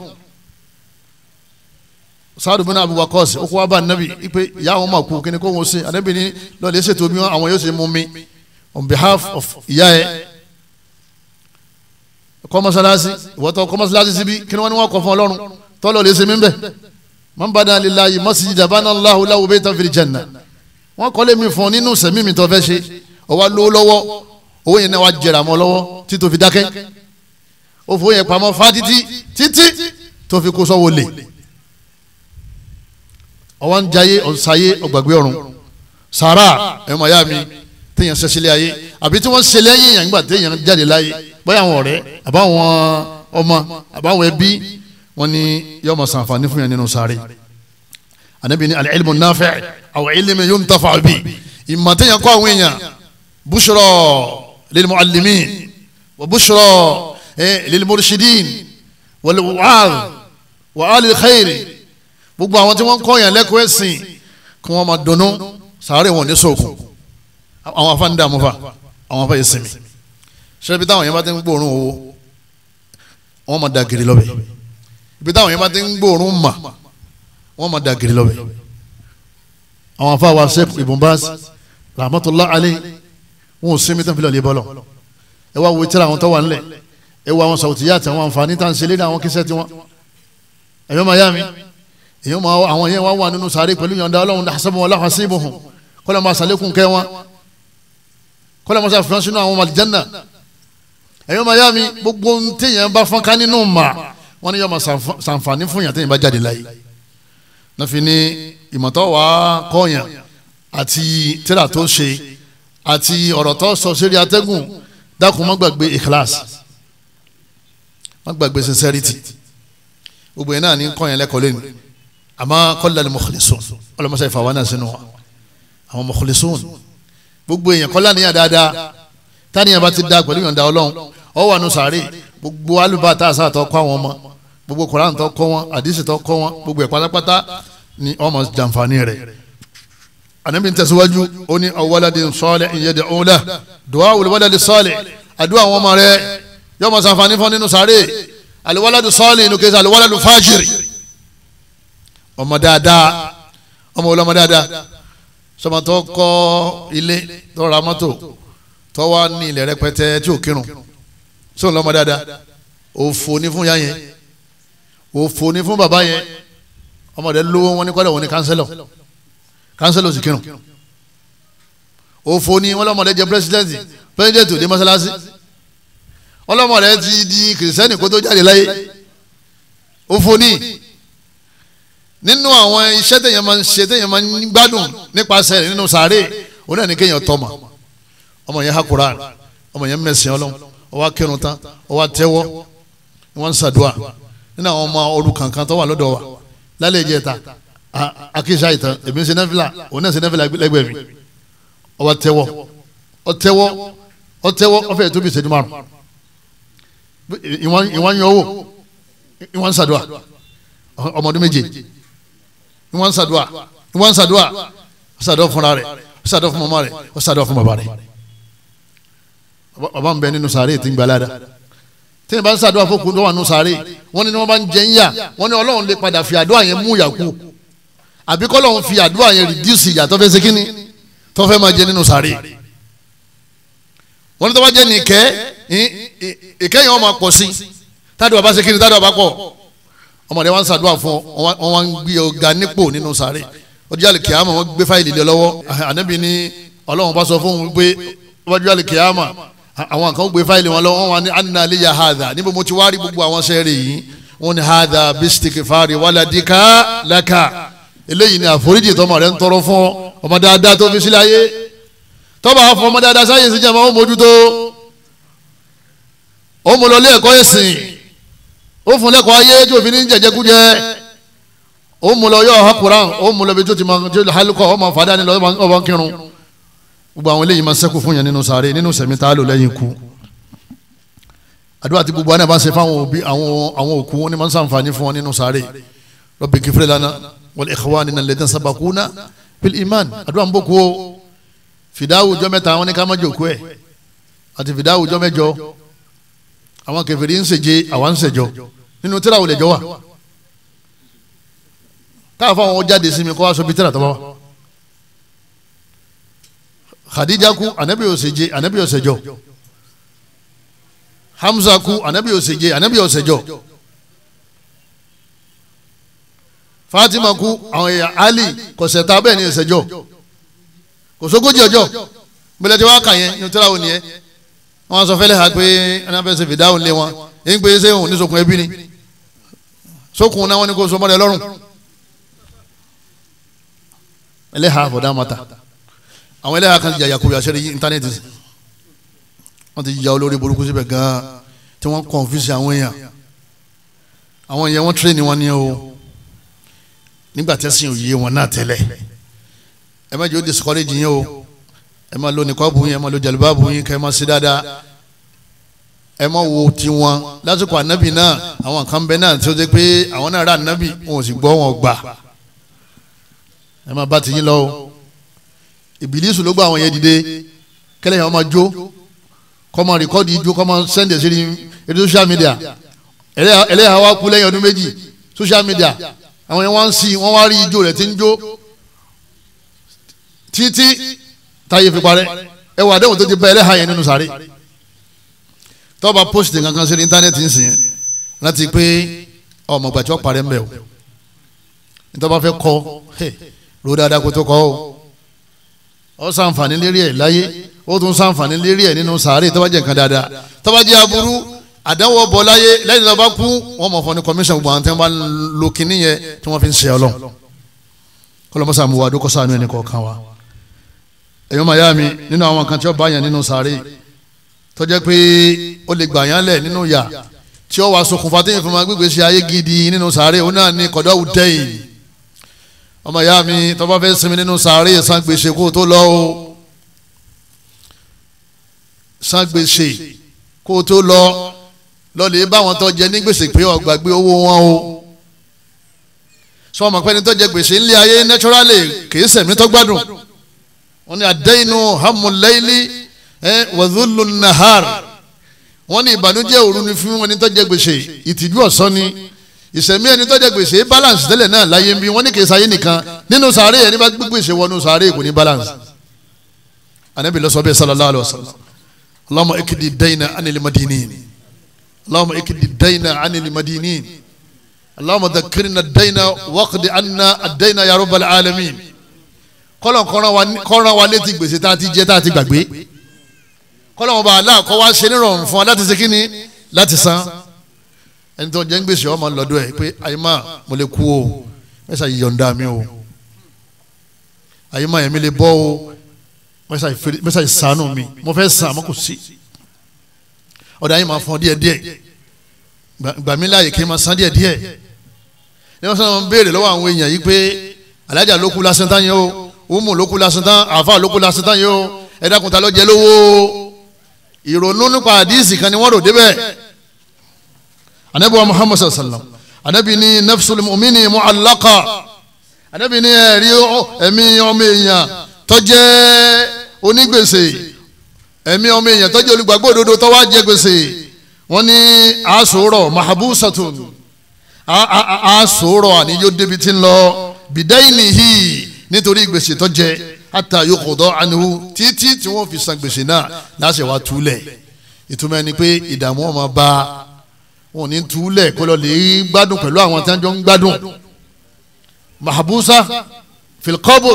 sáàdù bin Abu Waqqas ó kó wá bá nàbì ipe ìyá àwọn máa kú kí ni kó wọn ṣe àdébìnrin lọ́ọ̀lẹ́sẹ̀ tó mi àwọn yóò ṣe mú mi on behalf of ìyá ẹ kọ́ mọ́sálásí ìwọ́tọ̀ kọ́ mọ́sálásí síbi kí ni wọ́n ní wọ́n kọ́ fún ọlọ́run tọ́lọ̀ lè ṣe mí bẹ́ẹ̀ man bana lillahi masjidan bana Allahu lahu baytan fil janna wọ́n kọ́ lé mi fún ọ nínú sẹ̀mí mi tó fẹ́ ṣe ọwọ́ lówó lọ́wọ́ owó yẹn náà wàá jẹrà mọ́ lọ́wọ́ tí tó fi dákẹ́ ó fowó yẹn pamọ́ fá títí títí tó fi kó sọ́wọ́ lè ọwọ́ ń jayé ọ̀sáyé ọ̀gbàgbé ọ̀run sàrà ẹ̀ mi téèyàn ṣẹṣẹlẹ ayé àbí tí wọ́n ṣe lẹ́yìn èèyàn nígbà téèyàn jáde láyé bóyá àwọn ọ̀rẹ́ àbáwọn ọmọ àbáwọn ẹbí wọ́n ní yóò máa ṣàǹfààní fún yẹn nínú sáré anabi ni al-ilmu nafi' aw ilmi yuntafa'u bi ìmọ̀ téèyàn kọ́ àwọn èèyàn bushra lil mu'allimin wa bushra lil murshidin wal wa'az wa gbogbo àwọn tí wọ́n kọ́ yẹn lẹ́kọ̀ọ́ ẹ̀sìn kí wọ́n máa dunnú sáré wọn ní sọ̀kùn àwọn afa ń dààmú fa àwọn afa yìí sinmi ṣẹbi táwọn yẹn bá ti ń gbóòórùn owó wọn máa da gèrè lọ́bẹ̀ ibi táwọn yẹn bá ti ń gbóòórùn mà wọn máa da gèrè lọ́bẹ̀ àwọn afa wa Sheikh Ibn Baz rahmatullahi alayhi wọn ò sinmi tán fi lọ́ọ́ lè bọ́ lọ ẹ wá wo tíra àwọn tó wà nílẹ̀ ẹ wá àwọn sàwùtì yá àti àwọn àǹfààní tá à ń ṣe lédè àwọn kíṣẹ́ tiwọn ẹ̀yọ́ máa yá mi èyí máa àwọn yẹn wá wà nínú sàárè pẹ̀lú yọ̀ǹda ọlọ́run hasabu wọn láhàsíbù hàn kọ́lá máa sàlékún kẹ́ kọ́lá mọ́sá fi hàn sínú àwọn màlìjánà ẹ̀yọ́ máa yá mi gbogbo ohun téèyàn bá fọ́nká nínú mà wọ́n ní yọ máa sàǹfààní fún yàn téèyàn bá jáde láyé náà fi ní ìmọ̀tọ́ wà á kọ́yàn àti tírà tó ṣe àti ọ̀rọ̀ tó sọ sí atẹ́gùn dákun má gbàgbé ikhlas má gbàgbé sincerity gbogbo yẹn náà ní kọ́yàn lẹ́kọ̀ọ́ lẹ́nu àmọ́ kọ́lá ni mukhlisun ọlọ́mọṣẹ́ ìfàwọn náà sínú àwọn mukhlisun gbogbo èèyàn kọ́ lánìyàn dáadáa táníyàn bá ti da pẹ̀lú ìyọ̀ǹda ọlọ́run ọ wà nù sàárè gbogbo alùbá tá a sá àtọ́ kọ́ àwọn ọmọ gbogbo koran tó kọ́ wọn àdìsí tó kọ́ wọn gbogbo ẹ̀ pátápátá ni ọmọ jàǹfààní rẹ̀ ànábì ń tẹ̀síwájú ó ní ọ̀wọ́ládé sọ́ọ̀lẹ̀ ìyẹ́dẹ̀ ọ̀la dùwà olùwọ́ládé sọ́ọ̀lẹ̀ àdúrà àwọn ọmọ rẹ̀ yóò mọ̀ sàǹfààní fún nínú sàárè àlùwọ́ládé sọ́ọ̀lẹ̀ inú kejì àlùwọ́ládé sọmọ tó kọ́ ilé tó ra mọ́tò tó wá ní ilẹ̀ rẹpẹtẹ tí ò kírun sóun lọ́mọ dáadáa òfò ní fún ya yẹn òfò ní fún bàbá yẹn ọmọ rẹ lówó wọn ní kọ́dọ̀ wọn ní kánsẹ́lọ̀ kánsẹ́lọ̀ sì kírun òfò ní wọn lọ́mọ rẹ jẹ pírẹsidẹ́ntì pírẹsidẹ́ntì òde mọ́sálásí ọlọ́mọ ti di kìrìsẹ́nì kó tó jáde láyé òfò ní nínú àwọn iṣẹ́ téèyàn máa ń ṣe téèyàn máa ń gbádùn nípasẹ̀ rẹ̀ nínú sàárè òun náà ní kéèyàn tọ́mọ ọmọ yẹn ha Qur'an ọmọ yẹn mẹsìn Ọlọ́run ó wá kírun tán ó wá tẹ́wọ́ ni wọ́n ń ṣàdúà nínú àwọn ọmọ olùkànkan tó wà lọ́dọ̀ wa lálẹ́ ìjẹta akíṣà ìtàn èmi ń ṣe nẹ́fìlà òun náà ṣe nẹ́fìlà lẹ́gbẹ̀ẹ́ mi ó wá tẹ́wọ́ ó tẹ́wọ́ ó tẹ́wọ́ ó fẹ́ẹ́ tóbi ìṣẹ́jú márùn ìwọ́n yọ owó ìwọ́n ń ṣàdúà ọmọdún méje ni wọ́n ń ṣàdúà ni wọ́n ń ṣàdúà ó ṣàdúà fúnra rẹ̀ ó ṣàdúà fún màmá rẹ̀ ó ṣàdúà fún bàbá rẹ̀ bàbá mi bẹ nínú sàárè tí ń gbalada tí n bá ń ṣàdúà fún kundó wà nínú sàárè wọ́n ní wọ́n bá ń jẹ ń yà wọ́n ní ọlọ́run lè padà fi àdúà yẹn mú yà kú àbí kọ́lọ́run fi àdúà yẹn rìdíùsì yà tọ́fẹ́ ṣe kínní tọ́fẹ́ máa jẹ nínú sàárè wọ́n ní tọ́ bá jẹ́ nìkẹ́ ìkẹ́yìn ọmọ pọ̀ sí tádùn àbá ṣe kínní tádùn àbá pọ̀ ọmọdé wa ń ṣàdúrà fún wọn wá ń gbé ọ̀gá nípò nínú sáré ọjọ́ àlìkìyàmọ̀ wọn gbé fáìlì lé lọ́wọ́ ànábì ní ọlọ́run bá sọ fún wọn pé ọjọ́ àlìkìyàmọ̀ àwọn kan gbé fáìlì wọn lọ́wọ́ wọn ní anna aliya hadha níbo mo ti wá rí gbogbo àwọn sẹ́ẹ̀rì yìí wọn ní hadha bistiki fari waladika laka eléyìí ni àforíjì tọmọ rẹ ń tọrọ fún ọmọ dáadáa tó fi sílẹ̀ ayé tọ́ba afọ ọmọ dáadáa sáyẹ̀nsì jẹ́ ó fún lẹ́kọ̀ọ́ ayé tí òfin ní jẹjẹkújẹ ó mú lọ yọ ọ̀hán kuran ó mú lọ bí tó ti máa tó hálùkọ ọmọ fàdá ni lọ ọmọ kírun gbogbo àwọn eléyìí máa ṣẹ́kù fún yẹn nínú sàárè nínú sẹ̀mí tá a lò lẹ́yìn ikú àdúrà tí gbogbo àná bá ṣe fáwọn òbí àwọn àwọn òkú ni máa ń sàǹfààní fún wọn nínú sàárè Rabbi ghfir lana wal ikhwanina alladhina sabaquna bil iman àdúrà ń bò kú o fìdáwù jọ mẹ́ta àwọn ní ká má jòkó ẹ̀ àti fìdáwù jọ mẹ́jọ àwọn kèfèrí ń ṣèje àwa ń ṣèjọ nínú tíra olè jọ wa káàfọ àwọn jáde sí mi kó wá sọ bí tíra tó bá wa Khadija kú anabi òsèjé anabi òsèjọ Hamza kú anabi òsèjé anabi òsèjọ Fatima kú àwọn èèyàn Ali kọsẹta bẹ́ẹ̀ ni òsèjọ kò sógójì ọjọ́ wa kà yẹn nínú tíra olè yẹn wọn sọ fẹlẹ ha pé ẹnabẹsẹ fìdáhùn lé wọn èyí pé ṣé òun ní sokùn ẹbí ni sókun náà wọn ni kò so mọ́lẹ̀ lọ́rùn ẹlẹ́hà àbọ̀dá mata àwọn ẹlẹ́hà kan ti jàyà kúrò àṣẹ íńtánẹ́ẹ̀tì wọ́n ti ya olórí burúkú síbẹ̀ gan-an tí wọ́n kọ̀ǹfìsì àwọn èèyàn àwọn èèyàn wọ́n tírè ní wọn ní o nígbà tẹ́sán òye wọn náà tẹ́lẹ̀ ẹ má jẹ́ ó discourage yín o ẹ má lo nìkọ́ọ̀bù yín ẹ má lo jàlúbáàbù yín kẹ́ ẹ má sí dáadáa ẹ mọ wo tiwọn lásìkò ànábì náà àwọn kan bẹ náà tí ó jẹ pé àwọn náà rà ànábì wọn ò sì gbọ́ wọn gbà ẹ máa bá tiyín lọ o ìbílísù ló gbọ́ àwọn yẹn dìde kẹlẹ́ yẹn ọmọ jó kọ́ máa rìkọ́dì ijó kọ́ máa sẹ́ndẹ̀ sí ẹ̀rí social media ẹlẹ́yà wa kú lẹ́yìn ọdún méjì social media àwọn yẹn wá ń sìn wọ́n wá rí ijó rẹ̀ tí ń jó títí táyé fi parẹ́ ẹ wà àdéhùn tó ti bá ẹlẹ́hà yẹn nínú sàárè tó bá post kankan sí íńtánẹ́ẹ̀tì ń sìn láti pé ọmọ gbàtí ọ̀pá rẹ̀ ń bẹ̀ o ní tó bá fẹ́ kọ́ ro dáadáa kó tó kọ́ o ó sàǹfààní lérí ẹ̀ láyé ó tún sàǹfààní lérí ẹ̀ nínú sàárè tó bá jẹ́ nǹkan dáadáa tó bá jẹ́ aburú àdánwò bọ̀ láyé lẹ́yìn tó bá kú wọ́n mọ̀ fún ni commission gbogbo àwọn tí wọ́n bá ń lo kinní yẹn tí wọ́n fi ń ṣe ọlọ́ kọlọmọsà mu wa dókòsà nù ẹnì kọ̀ọ̀kan wa èyí ó mi nínú àwọn kan tí ó bá yẹn nínú sàárè tó jẹ́ pé ó lè gbà yán lẹ̀ nínú yà tí ó wàá ṣokùnfà téèyàn fi máa ṣe ayé gidi nínú sàárè òun náà ní kọ̀dọ̀ òdẹ́yìn ọmọ ìyá mi tó bá fẹ́ sinmi nínú sàárè san gbèsè kó tó lọ o san gbèsè kó tó lọ lọ́ọ̀lẹ́ báwọn tó jẹ ní gbèsè pé ọ̀gbàgbé owó wọn o sọ pẹ́ni tó jẹ gbèsè ńlẹ̀ ayé naturally kì sẹ̀mí tó gbádùn wọn ni àdéhìnú hamulaili ẹ wàzúlù nahar wọ́n ní ìbànújẹ́ òru ni fún ẹni tó jẹ gbèsè ìtìjú ọ̀sán ni ìsẹ̀mí ẹni tó jẹ gbèsè balance tẹ́lẹ̀ náà láyé ń bí wọ́n ní kì í nìkan nínú sàárè ẹni bá gbèsè wọnú sàárè kò ní balance anabi lọ sọ bẹ́ẹ̀ sallallahu alayhi wa sallam ekidi dayna anil madinin ekidi dayna anil madinin allahumma dhakirna dayna anna ad-dayna alamin kọ́lọ̀ kọ́ran wa létí gbèsè tá a ti jẹ tá a ti gbàgbé kọ́lọ́wọ́n bá aláà kọ́ wá ṣe nírọ̀rùn fún wa láti ṣe kíni láti san ẹni tó jẹ́ ń gbèsè ọmọ lọ́dọ̀ ẹ̀ pé àyèmá mo lè kú o mẹ́sà yọ̀ǹda mi o àyèmá yẹn mi lè bọ́ o mẹ́sà ìsànù mi mo fẹ́ sàn àmọ́ kò sí ọ̀dọ̀ àyèmá fún ọ díẹ̀díẹ̀ gbàmí láàyè kí n máa san díẹ̀díẹ̀ ní wọ́n sọ́nà béèrè lọ́wọ́ àwọn èèyàn yìí pé alájà ló kú lásán tán yẹn o umu ló kú lásán tán àfa ló kú lásán tán yẹn o ẹ̀dá kùtà ló jẹ lówó o ìrònú nípa àdìsí kan ni wọ́n rò débẹ̀ anabi wa muhammad sallallahu alaihi wa sallam anabi ni nafsul mu'mini mu'allaqa anabi ni ẹ̀rí ẹ̀mí ọmọ èèyàn tó jẹ́ onígbèsè ẹ̀mí ọmọ èèyàn tó jẹ́ olùgbàgbọ́ òdodo tó wá jẹ gbèsè wọ́n ní àásòrò mahabusatun àásòrò àníyó débi tí ń lọ bìdẹ́yìn nìyí nítorí gbèsè tó hatta yuqda anhu títí tí wọ́n fi san gbèsè náà láṣẹ wa túlẹ̀ ìtumọ̀ ẹni pé ìdààmú ọmọ bá wọn ní túlẹ̀ kó lọ lè gbádùn pẹ̀lú àwọn tí wọ́n jọ ń gbádùn mahabusa fil qabr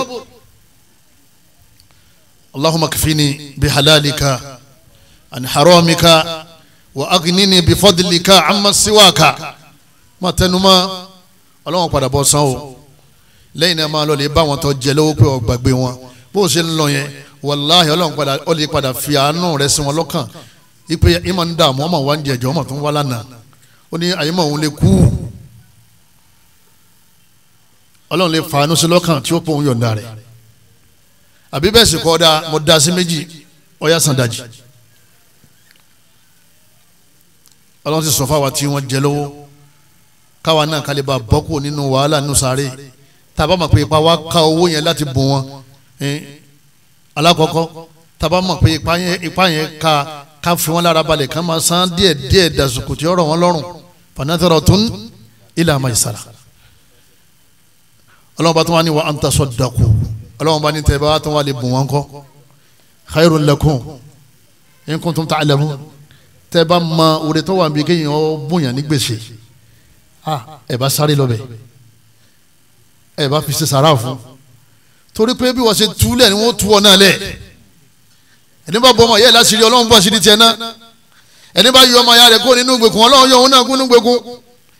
allahumma kfini bihalalika an haramika wa aghnini bifadlika amma siwaka mọ̀tẹ́numọ́ ọlọ́wọ́n padà bọ́ sanwó lẹ́yìn náà máa lọ lè bá wọn tọ́ jẹ lówó pé ọgbàgbé wọn bó o ṣe ń lọ yẹn wàláhì ọlọ́run padà ó lè padà fi àánú rẹ̀ sí wọn lọ́kàn ipe ìmọ̀ ń dààmú ọmọ wa ń jẹ̀jọ́ ọmọ tó ń wá lánàá ó ní àyèmọ̀ òun lè kú ọlọ́run lè fàánú sí lọ́kàn tí ó pọ̀ òun yọ̀ǹda rẹ̀ àbí bẹ́ẹ̀ sì kọ́ da mo da sí méjì ọyá sàn dajì ọlọ́run sì sọ fáwa tí wọ́n jẹ lówó káwa náà kálí Taba mọ̀ pé ipa wa ka owó yẹn láti bùn wọn alákọ̀ọ́kọ́ tàbá mọ̀ pé ipa yẹn ka ká fi wọn lára balẹ̀ ká máa san díẹ̀ díẹ̀ dàsùkù tí ó rọ̀ wọ́n lọ́rùn fanatharatun ila maisara ọlọ́run bá tún wá ní wa an tasaddaqu ọlọ́run bá ní tẹ̀ bá tún wá lè bùn wọn kọ́ khairun lakum in kuntum ta'lamun tẹ́ bá mọ òde tó wà bí kéèyàn ó bùn yàn ní gbèsè ah, ẹ bá sáré lọ bẹ́ẹ̀ ẹ bá fi ṣe sàrà fún torí pé bí wọ́n ṣe túlẹ̀ ni wọ́n tú ọ náà lẹ̀ ẹni bá bọ́ ọmọ yẹ́ láṣìírí ọlọ́run bá ṣìírí tiẹ̀ náà ẹni bá yọ ọmọ ya rẹ̀ kó nínú ìgbèkùn ọlọ́run yọ òun náà kó nínú ìgbèkùn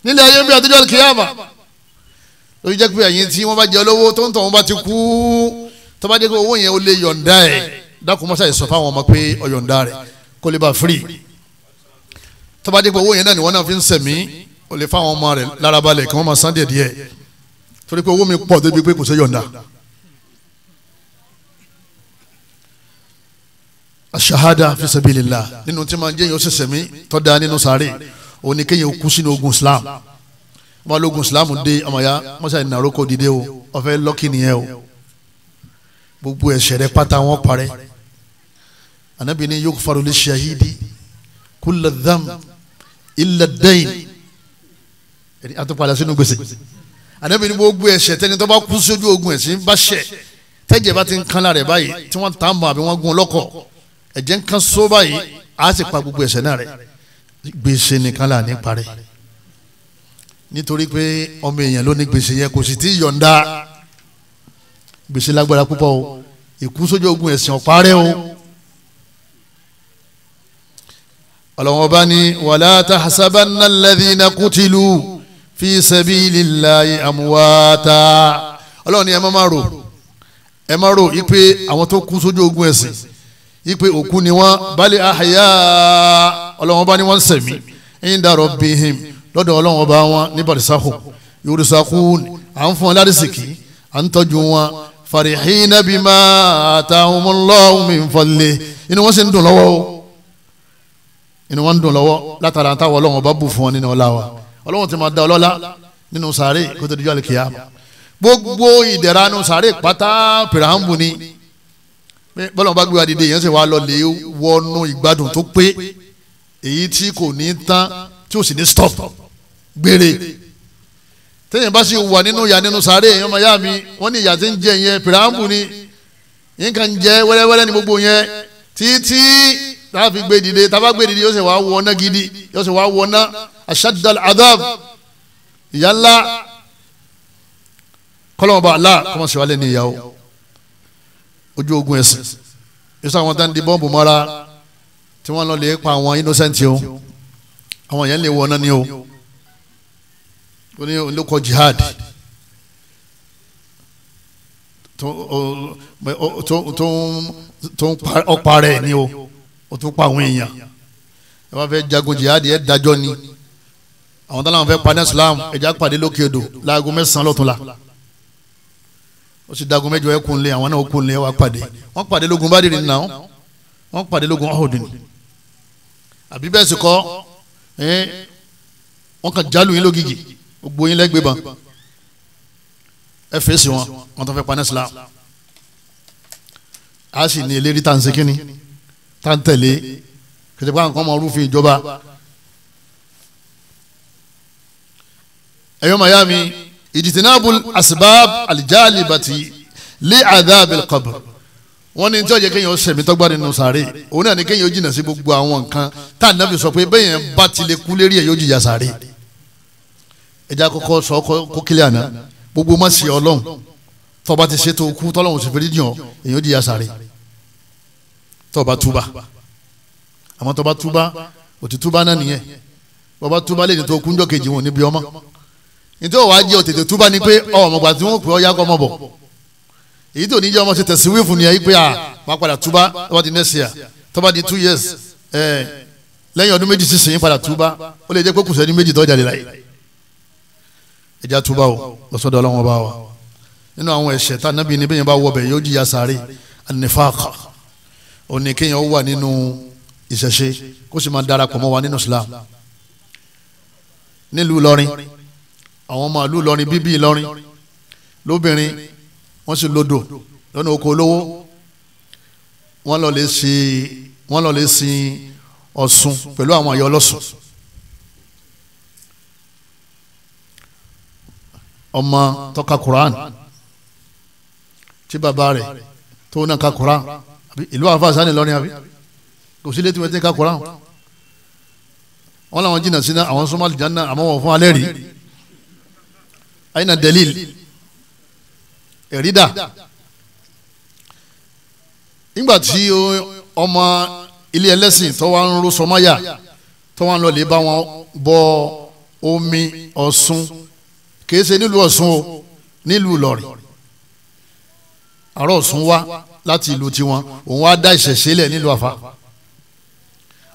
nílẹ̀ ayé bí àtijọ́ kìyàmà lórí jẹ́ pé ẹ̀yin tí wọ́n bá jẹ olówó tó ń tọ̀ wọ́n bá ti kú tó bá jẹ́ pé owó yẹn ó lè yọ̀ǹda ẹ̀ dákun ni wọ́n náà fi ń sẹ̀mí ó lè fáwọn ọmọ rẹ̀ lárabalẹ̀ torí pé owó mi pọ̀ débi pé kò ṣe yọ̀ǹda. asahada fi sabilillah nínú tí máa ń jẹ́yìn ó ṣẹ̀ṣẹ̀ mí tọ́da nínú sáré òun ni kéèyàn kú sínú ogun islam wọn lógun islam dé ọmọ ya wọn ṣàyìn dìde o ọfẹ lọkì nìyẹn o gbogbo ẹ̀ṣẹ̀ rẹ̀ pátá wọn parẹ́ anabi ni yukfaru li shahidi kulla dham illa àtúpalẹ̀ sínú gbèsè ànábì ní gbogbo ẹ̀ṣẹ̀ tẹ́ni tó bá kú sójú ogun ẹ̀sìn bá ṣẹ̀ tẹ́jẹ̀ bá ti ń kan lára ẹ̀ báyìí tí wọ́n ta mọ̀ àbí wọ́n gun lọ́kọ̀ ẹ̀jẹ̀ ń kan só báyìí á sì pa gbogbo ẹ̀ṣẹ̀ náà rẹ̀ gbèsè nìkan là ní parẹ́ nítorí pé ọmọ èèyàn ló ní gbèsè yẹn kò sì tí yọ̀ǹda gbèsè lágbára púpọ̀ o ìkú sójú ogun ẹ̀sìn ọ̀parẹ́ o ọlọ́wọ́n bá ní wàlá tahsabanna alladhina qutilu fi sabilillahi amwata ọlọ́run ni ẹ má má rò ẹ má rò ipe àwọn tó kú sójú ogun ẹ̀sìn ipe òkú ni wọ́n bali ahya ọlọ́run bá ní wọ́n sẹ̀mí inda rabbihim lọ́dọ̀ ọlọ́run bá wọn ní barisahu yursaqun à ń fún wọn lárísìkì à ń tọ́jú wọn farihina bima atahumullahu min fadli inú wọn sì ń dùn lọ́wọ́ inú wọn ń dùn lọ́wọ́ látara àtàwọn ọlọ́run bá bù fún wọn nínú ọlá wa ọlọ́run ti máa da ọlọ́lá nínú sàárè kó tó di ọjọ́ àlùkìyà gbogbo ìdẹ̀ra nínú sàárè pátá pìràmù ni bọ́lá wọn bá gbé wa dìde yẹn sì wá lọ lè wọnú ìgbádùn tó pé èyí tí kò ní tán tí ò sì ní stop gbére téèyàn bá sì wà nínú ìyà nínú sàárè èèyàn ọmọ ìyá mi wọ́n ní ìyà tí ń jẹ yẹn pìràmù ni nǹkan jẹ wẹ́rẹ́wẹ́rẹ́ ni gbogbo yẹn títí tá a fi gbé dìde tá a bá gbé dìde yóò sì wá wọná gidi yóò sì wá wọná ashadda al-adhab ìyà ńlá kọ́lọ́mọba Allah kọ́mọ sí wàlẹ́ ní ìyàwó ojú ogun ẹ̀sìn yíṣọ́ àwọn tá ń di bọ́ǹbù mọ́ra tí wọ́n lọ lè pa àwọn innocent o àwọn yẹn lè wọ náà ni o ó ní olókọ jihad tó ń ọ̀parẹ́ ni o ó tún pa àwọn èèyàn ẹ bá fẹ́ jagun jihad ẹ dájọ́ ni àwọn táwọn fẹ́ padà Islam ẹ̀já pàdé lókè odò láago mẹ́sàn-án la, ó sì dagun mẹ́jọ ẹ̀ kún lé àwọn náà kún lé wa pàdé wọ́n pàdé lógun Bádìrì nìyà wọ́n pàdé lógun Ọ̀hùdù ni àbí bẹ́ẹ̀ sì kọ́ wọ́n kàn jálù yín lógìgì gbogbo yín lẹ́gbẹ̀ẹ́ bàn ẹ fèsì wọn wọn tó fẹ́ padà Islam a sì ní eléré tá à ń ṣe tá à tẹ̀lé kìtìpá nǹkan ọmọ orúfin ìjọba. ẹ̀yọ́ mayami ìdìtìnàbù asibab alijalibati lé adábìl qabr wọ́n ní tí ó yẹ kéèyàn sẹ̀mí tọ́gbà nínú sàárè òun náà ní kéèyàn jìnnà sí gbogbo àwọn nǹkan tá a nàbì sọ pé bẹ́yẹn bá tilẹ̀ kú lérí ẹ̀ yóò jìyà sàárè ẹja kọ́kọ́ sọ kó kílẹ̀ àná gbogbo má sí ọlọ́run tọ́ba ti ṣètò kú tọ́lọ́run sì fẹ́rẹ́ jìyàn èyàn jìyà sàárè tọ́ba túba àmọ́ tọ́ba túba òtítúba náà nìyẹn bọ́ba túba lè ní tó kúnjọ́ kejì wọn níbi ọmọ nítorí ọ̀wá jẹ́ òtètè túbá ni pé ọmọgbà tí wọ́n pè ọ́ yákọ́ ọmọ bọ̀ èyí tó níjẹ́ ọmọ ti tẹ̀sí wíìfù ni ẹ̀ pé à máa padà túbá tó bá di next year tó bá di two years ẹ̀ lẹ́yìn ọdún méjì sísìn padà túbá ó lè jẹ́ pé kùsẹ́ ní méjì tọ́jà lè láyé ẹ̀já túbá o lọ́sọ̀dọ̀ ọlọ́run ọba wa nínú àwọn ẹ̀ṣẹ̀ tá nábì ni bẹ́yẹn bá wọ bẹ̀ yóò jìyà sáré ànífàkà òní kéèyàn wà nínú ìṣẹ̀ṣe kó sì máa darapọ̀ mọ́ wa nínú Islam nílùú Ìlọrin àwọn ọmọ ìlú Ìlọrin bíbí Ìlọrin lóbìnrin wọ́n sì lodò lọ́nà oko olówó wọ́n lọ lè ṣe wọ́n lọ lè sin Ọ̀ṣun pẹ̀lú àwọn àyọ ọlọ́sùn ọmọ tó Quran tí bàbá rẹ̀ tó náà ka Quran ìlú àwọn afáàsá ni lọ́rin àbí kò sí létí wọn ti ka Quran wọn làwọn jìnnà sí náà àwọn sọmọ àlìjáná àmọ́ wọn fún alẹ́ rí. Aina delil erida, nígbà tí ọmọ ilé ẹlẹ́sìn tó wá ń ró sọmáyà tó wá ń lọlé bá wọn bọ omi ọ̀ṣun kìí ṣe nílùú ọ̀ṣun o nílùú ìlọrin àárọ̀ ọ̀ṣun wá láti ìlú tiwọn òun wá dá ìṣẹ̀ṣẹ̀lẹ̀ nílùú àfa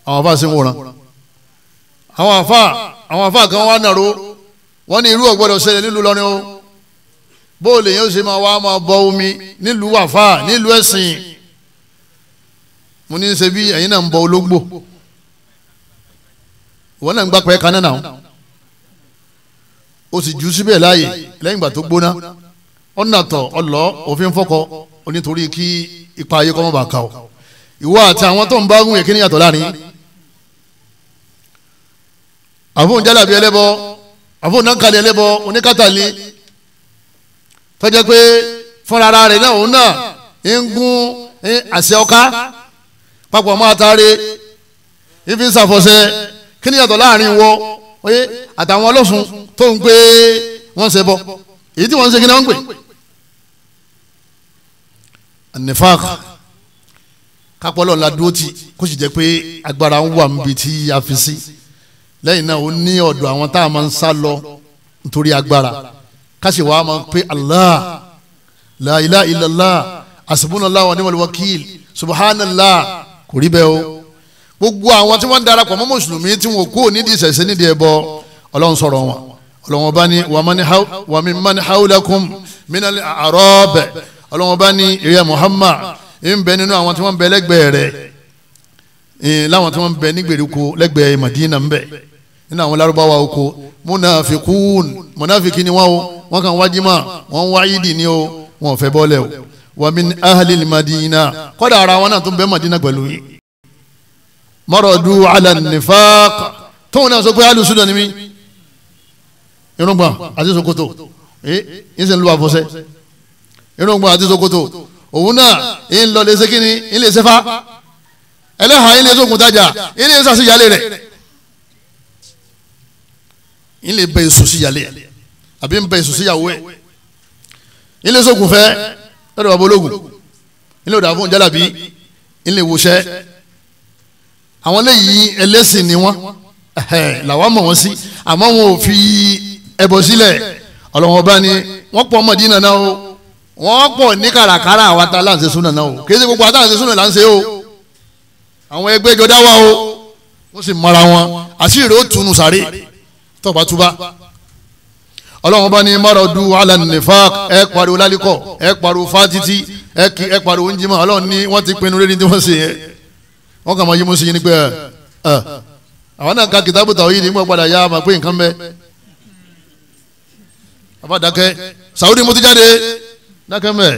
àwọn àfa sì ń wòran àwọn àfa àwọn àfa kan wá nàró wọ́n ní irú ọ̀gbọ́dọ̀ ṣẹlẹ̀ nílùú lọ́rin o bóòlù yẹn ó ṣe máa wá máa bọ omi nílùú wàfà nílùú ẹ̀sìn mo ní í ṣe bí ẹ̀yin náà ń bọ ológbò ìwọ náà ń gbà pé ẹ̀ka náà náà o sì jù síbẹ̀ láàyè lẹ́yìn ìgbà tó gbóná ọ̀nà ọ̀lọ́ òfin fọ́kọ onítorí kí ipa ayé kọ́ mọ́ bàa o ìwọ àti àwọn tó ń bá gún yẹn kí ni yàtọ̀ láàrin àbúrò ń jálàbí ẹlẹ́bọ àfọwọ́n náà kalẹ̀ lẹ́bọ oníkàtàlí tọ́jà pé fúnra rẹ̀ náà òun náà ń gún àṣẹ ọ̀ká papọ̀ máa taari ifi ń ṣàfọ̀ṣẹ kí ni yàtọ̀ láàrin wọ oye àtàwọn ọlọ́sùn tó ń pé wọ́n ṣe bọ èyí tí wọ́n ń ṣe kí ni wọ́n ń pè anifak kápọ́lọ́ la dúró ti kó sì jẹ́ pé agbára ń wà níbi tí a fi sí. Si lẹ́yìn náà ó ní ọ̀dọ̀ àwọn tá a máa ń sá lọ nítorí agbára káṣí wàá máa pé allah la ilaha illallah asubunallah wa niwal wakil kò rí bẹ́ẹ̀ o gbogbo àwọn tí wọ́n ń darapọ̀ mọ́ mùsùlùmí tí wọ́n kú nídìí ìṣẹ̀ṣẹ̀ nídìí ẹ̀bọ ọlọ́run sọ̀rọ̀ wọn ọlọ́run bá ní wa mimman hawlakum minal a'rab ọlọ́run bá ní ìrẹ́ muhammad ń bẹ nínú àwọn tí wọ́n ń bẹ lẹ́gbẹ̀ẹ́ rẹ̀ láwọn tí wọ́n ń bẹ nígbèríko lẹ́gbẹ̀ẹ́ madina ń bẹ nínú àwọn lárúbáwá oko munafikun munafiki ni wọn o wọn kàn wájú mà wọn wá yídì ni o wọn fẹ́ bọ́lẹ̀ o wa min ahli madina kọ́dà ara wọn náà tún bẹ́ẹ̀ madina pẹ̀lú yìí maradu ala tóun náà sọ pé alu sudan mi irungba àti ṣòkòtò ee n ń lu àfọ̀ṣẹ irungba àti ṣòkòtò òun náà ń lọ lè ṣe ń lè fa ẹlẹ́hàn ń lè ṣe òkúta ń lè ṣe rẹ̀ n lè bẹ èso sí yàlẹ àbí n bẹ èso sí yàwó ẹ n lè sókun fẹ lọ́dọ̀ bàbá ológun n lè dà fún jálàbí n lè wòṣẹ àwọn eléyìí ẹlẹ́sìn ni wọ́n làwọn mọ̀ wọ́n sí àmọ́ wọn ò fi ẹbọ sílẹ̀ ọlọ́wọ́n bá wọ́n pọ̀ Mádínà náà o wọ́n pọ̀ ní kàràkàrà àwa ta là ń ṣe o kì gbogbo àtàwọn ṣe súnà là ń o àwọn ẹgbẹ́ ìjọ wa o wọ́n sì mara wọn àṣírí ó tunu sáré tó bá túbá ọlọ́run bá ní márọ̀dù alánìfàk ẹ pariwo lálíkọ̀ ẹ pariwo fátítì ẹ kí ẹ pariwo ńjímà ọlọ́run ní wọ́n ti pinnu lórí ní tí wọ́n ṣe yẹn wọ́n kàn máa yí mú sí yín pé ẹ àwọn náà ka kìtàbù tàwhídì nígbà padà yá máa pé nǹkan bẹ́ẹ̀ àbádàkẹ́ sàwùdí mo ti jáde dákẹ́ mẹ́ẹ̀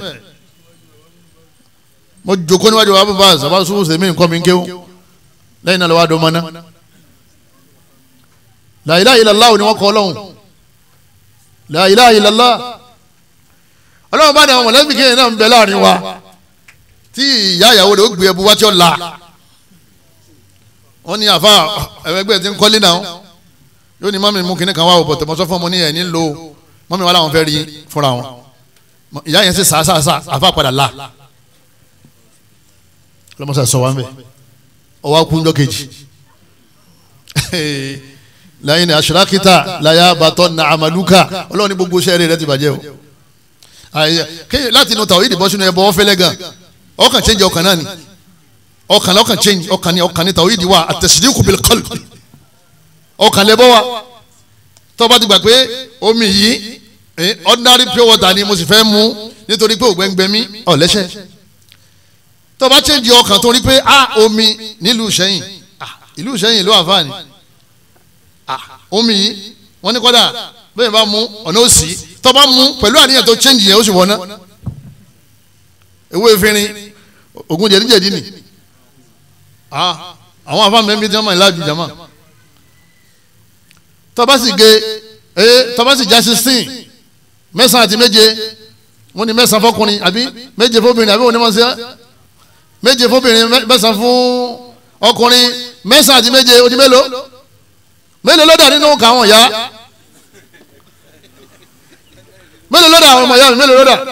mo jòkó níwájú wa bàbá sàbá sùwùsẹ̀ mi nǹkan mi ń kéwò lẹ́yìn náà lọ́wọ́ àdó mọ́ná la ilaha illallah ni wọ́n kọ́ ọlọ́run la ilaha illallah ọlọ́run bá ní àwọn mọ̀lẹ́bí kéèyàn náà ń bẹ láàrin wa tí ìyá ìyàwó rẹ̀ ó gbé ẹbu wá tí ó la wọ́n ní àfa ẹ̀rẹ́gbẹ́ ti ń kọ́lé náà yóò ní mọ́mí mú kinní kan wá òbọ̀tẹ̀ mọ́sọ́ fún ọmọ ní ẹ̀ nílò mọ́mí wa làwọn fẹ́ rí fúnra wọn ìyá yẹn sì sàásàásà àfa padà la ọlọ́mọsà sọ wá ń bẹ̀ ọwọ́ kúnjọ́ kejì. lẹ́yìn ní aṣọ́rakítà láyà àbátọ́ na àmàlúkà ọlọ́run ní gbogbo sẹ́ẹ̀rì rẹ ti bàjẹ́ o láti inú tàwídì bọ́ sínú ẹbọ ọ̀fẹ́lẹ́ gan ọkàn change ọkàn náà ni ọkàn lọ́kàn change ọkàn ni ọkàn ni tàwídì wà àtẹ̀sídìkù bil qalb ọkàn lẹ́bọ̀ wa tó bá ti gbà pé omi yìí ordinary pure water ni mo sì fẹ́ mu nítorí pé ògbẹ́ngbẹ́ mi ọ̀ lẹ́sẹ̀ tó bá change ọkàn torí pé ah omi nílùú sẹ́yìn ah, ìlú sẹ́yìn ló àǹfààní omi yìí wọ́n ní kọ́dà bẹ́ẹ̀ bá mú ọ̀nà òsì tó bá mú pẹ̀lú àníyàn tó change yẹn ó sì wọ̀ná ewé efirin oògùn jẹ̀díjẹ̀dí ni àwọn afáàmì ẹ̀mí tí wọ́n máa ń lájú jama tó bá sì ge tó bá sì já sixteen mẹ́sàn-án àti méje wọ́n ní mẹ́sàn-án fọkùnrin àbí méje fóbìnrin àbí wọ́n ní wọ́n ṣe méje fóbìnrin mẹ́sàn-án fún ọkùnrin mẹ́sàn-án àti méje ó di mélòó mélòó lọ́dà nínú òǹkà àwọn ìyá mélòó lọ́dà àwọn ọmọ ìyá mi mélòó lọ́dà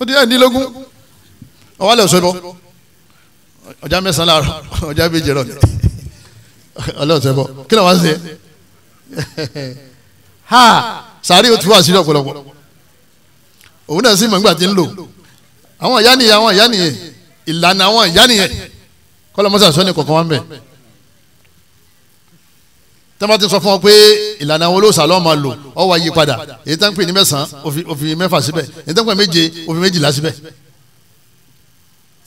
ó di ẹ̀ẹ́dínlógún ọwọ́ alẹ́ òṣèlú ọjà mẹ́sàn-án láàárọ̀ ọjà méje rọ̀ ọlọ́ọ̀sẹ̀ bọ̀ kí ló wá ń ṣe ha sàárì òtún wá sílẹ̀ ọ̀pọ̀lọpọ̀ òun náà sì mọ̀ nígbà tí ń lò àwọn ìyá nìyẹn àwọn ìyá nìyẹn ìlànà àwọn ìyá nìyẹn kọ́lọ́mọ́sà sọ́ni kọ̀ọ̀kan wá ń bẹ̀ tẹ́lẹ̀ ti sọ fún ọ pé ìlànà àwọn olóòṣà lọ́ọ́ máa lò ọ wá yí padà èyí tá ń pè ní mẹ́sàn-án ó fi mẹ́fà síbẹ̀ èyí tá ń pè méje ó méjìlá síbẹ̀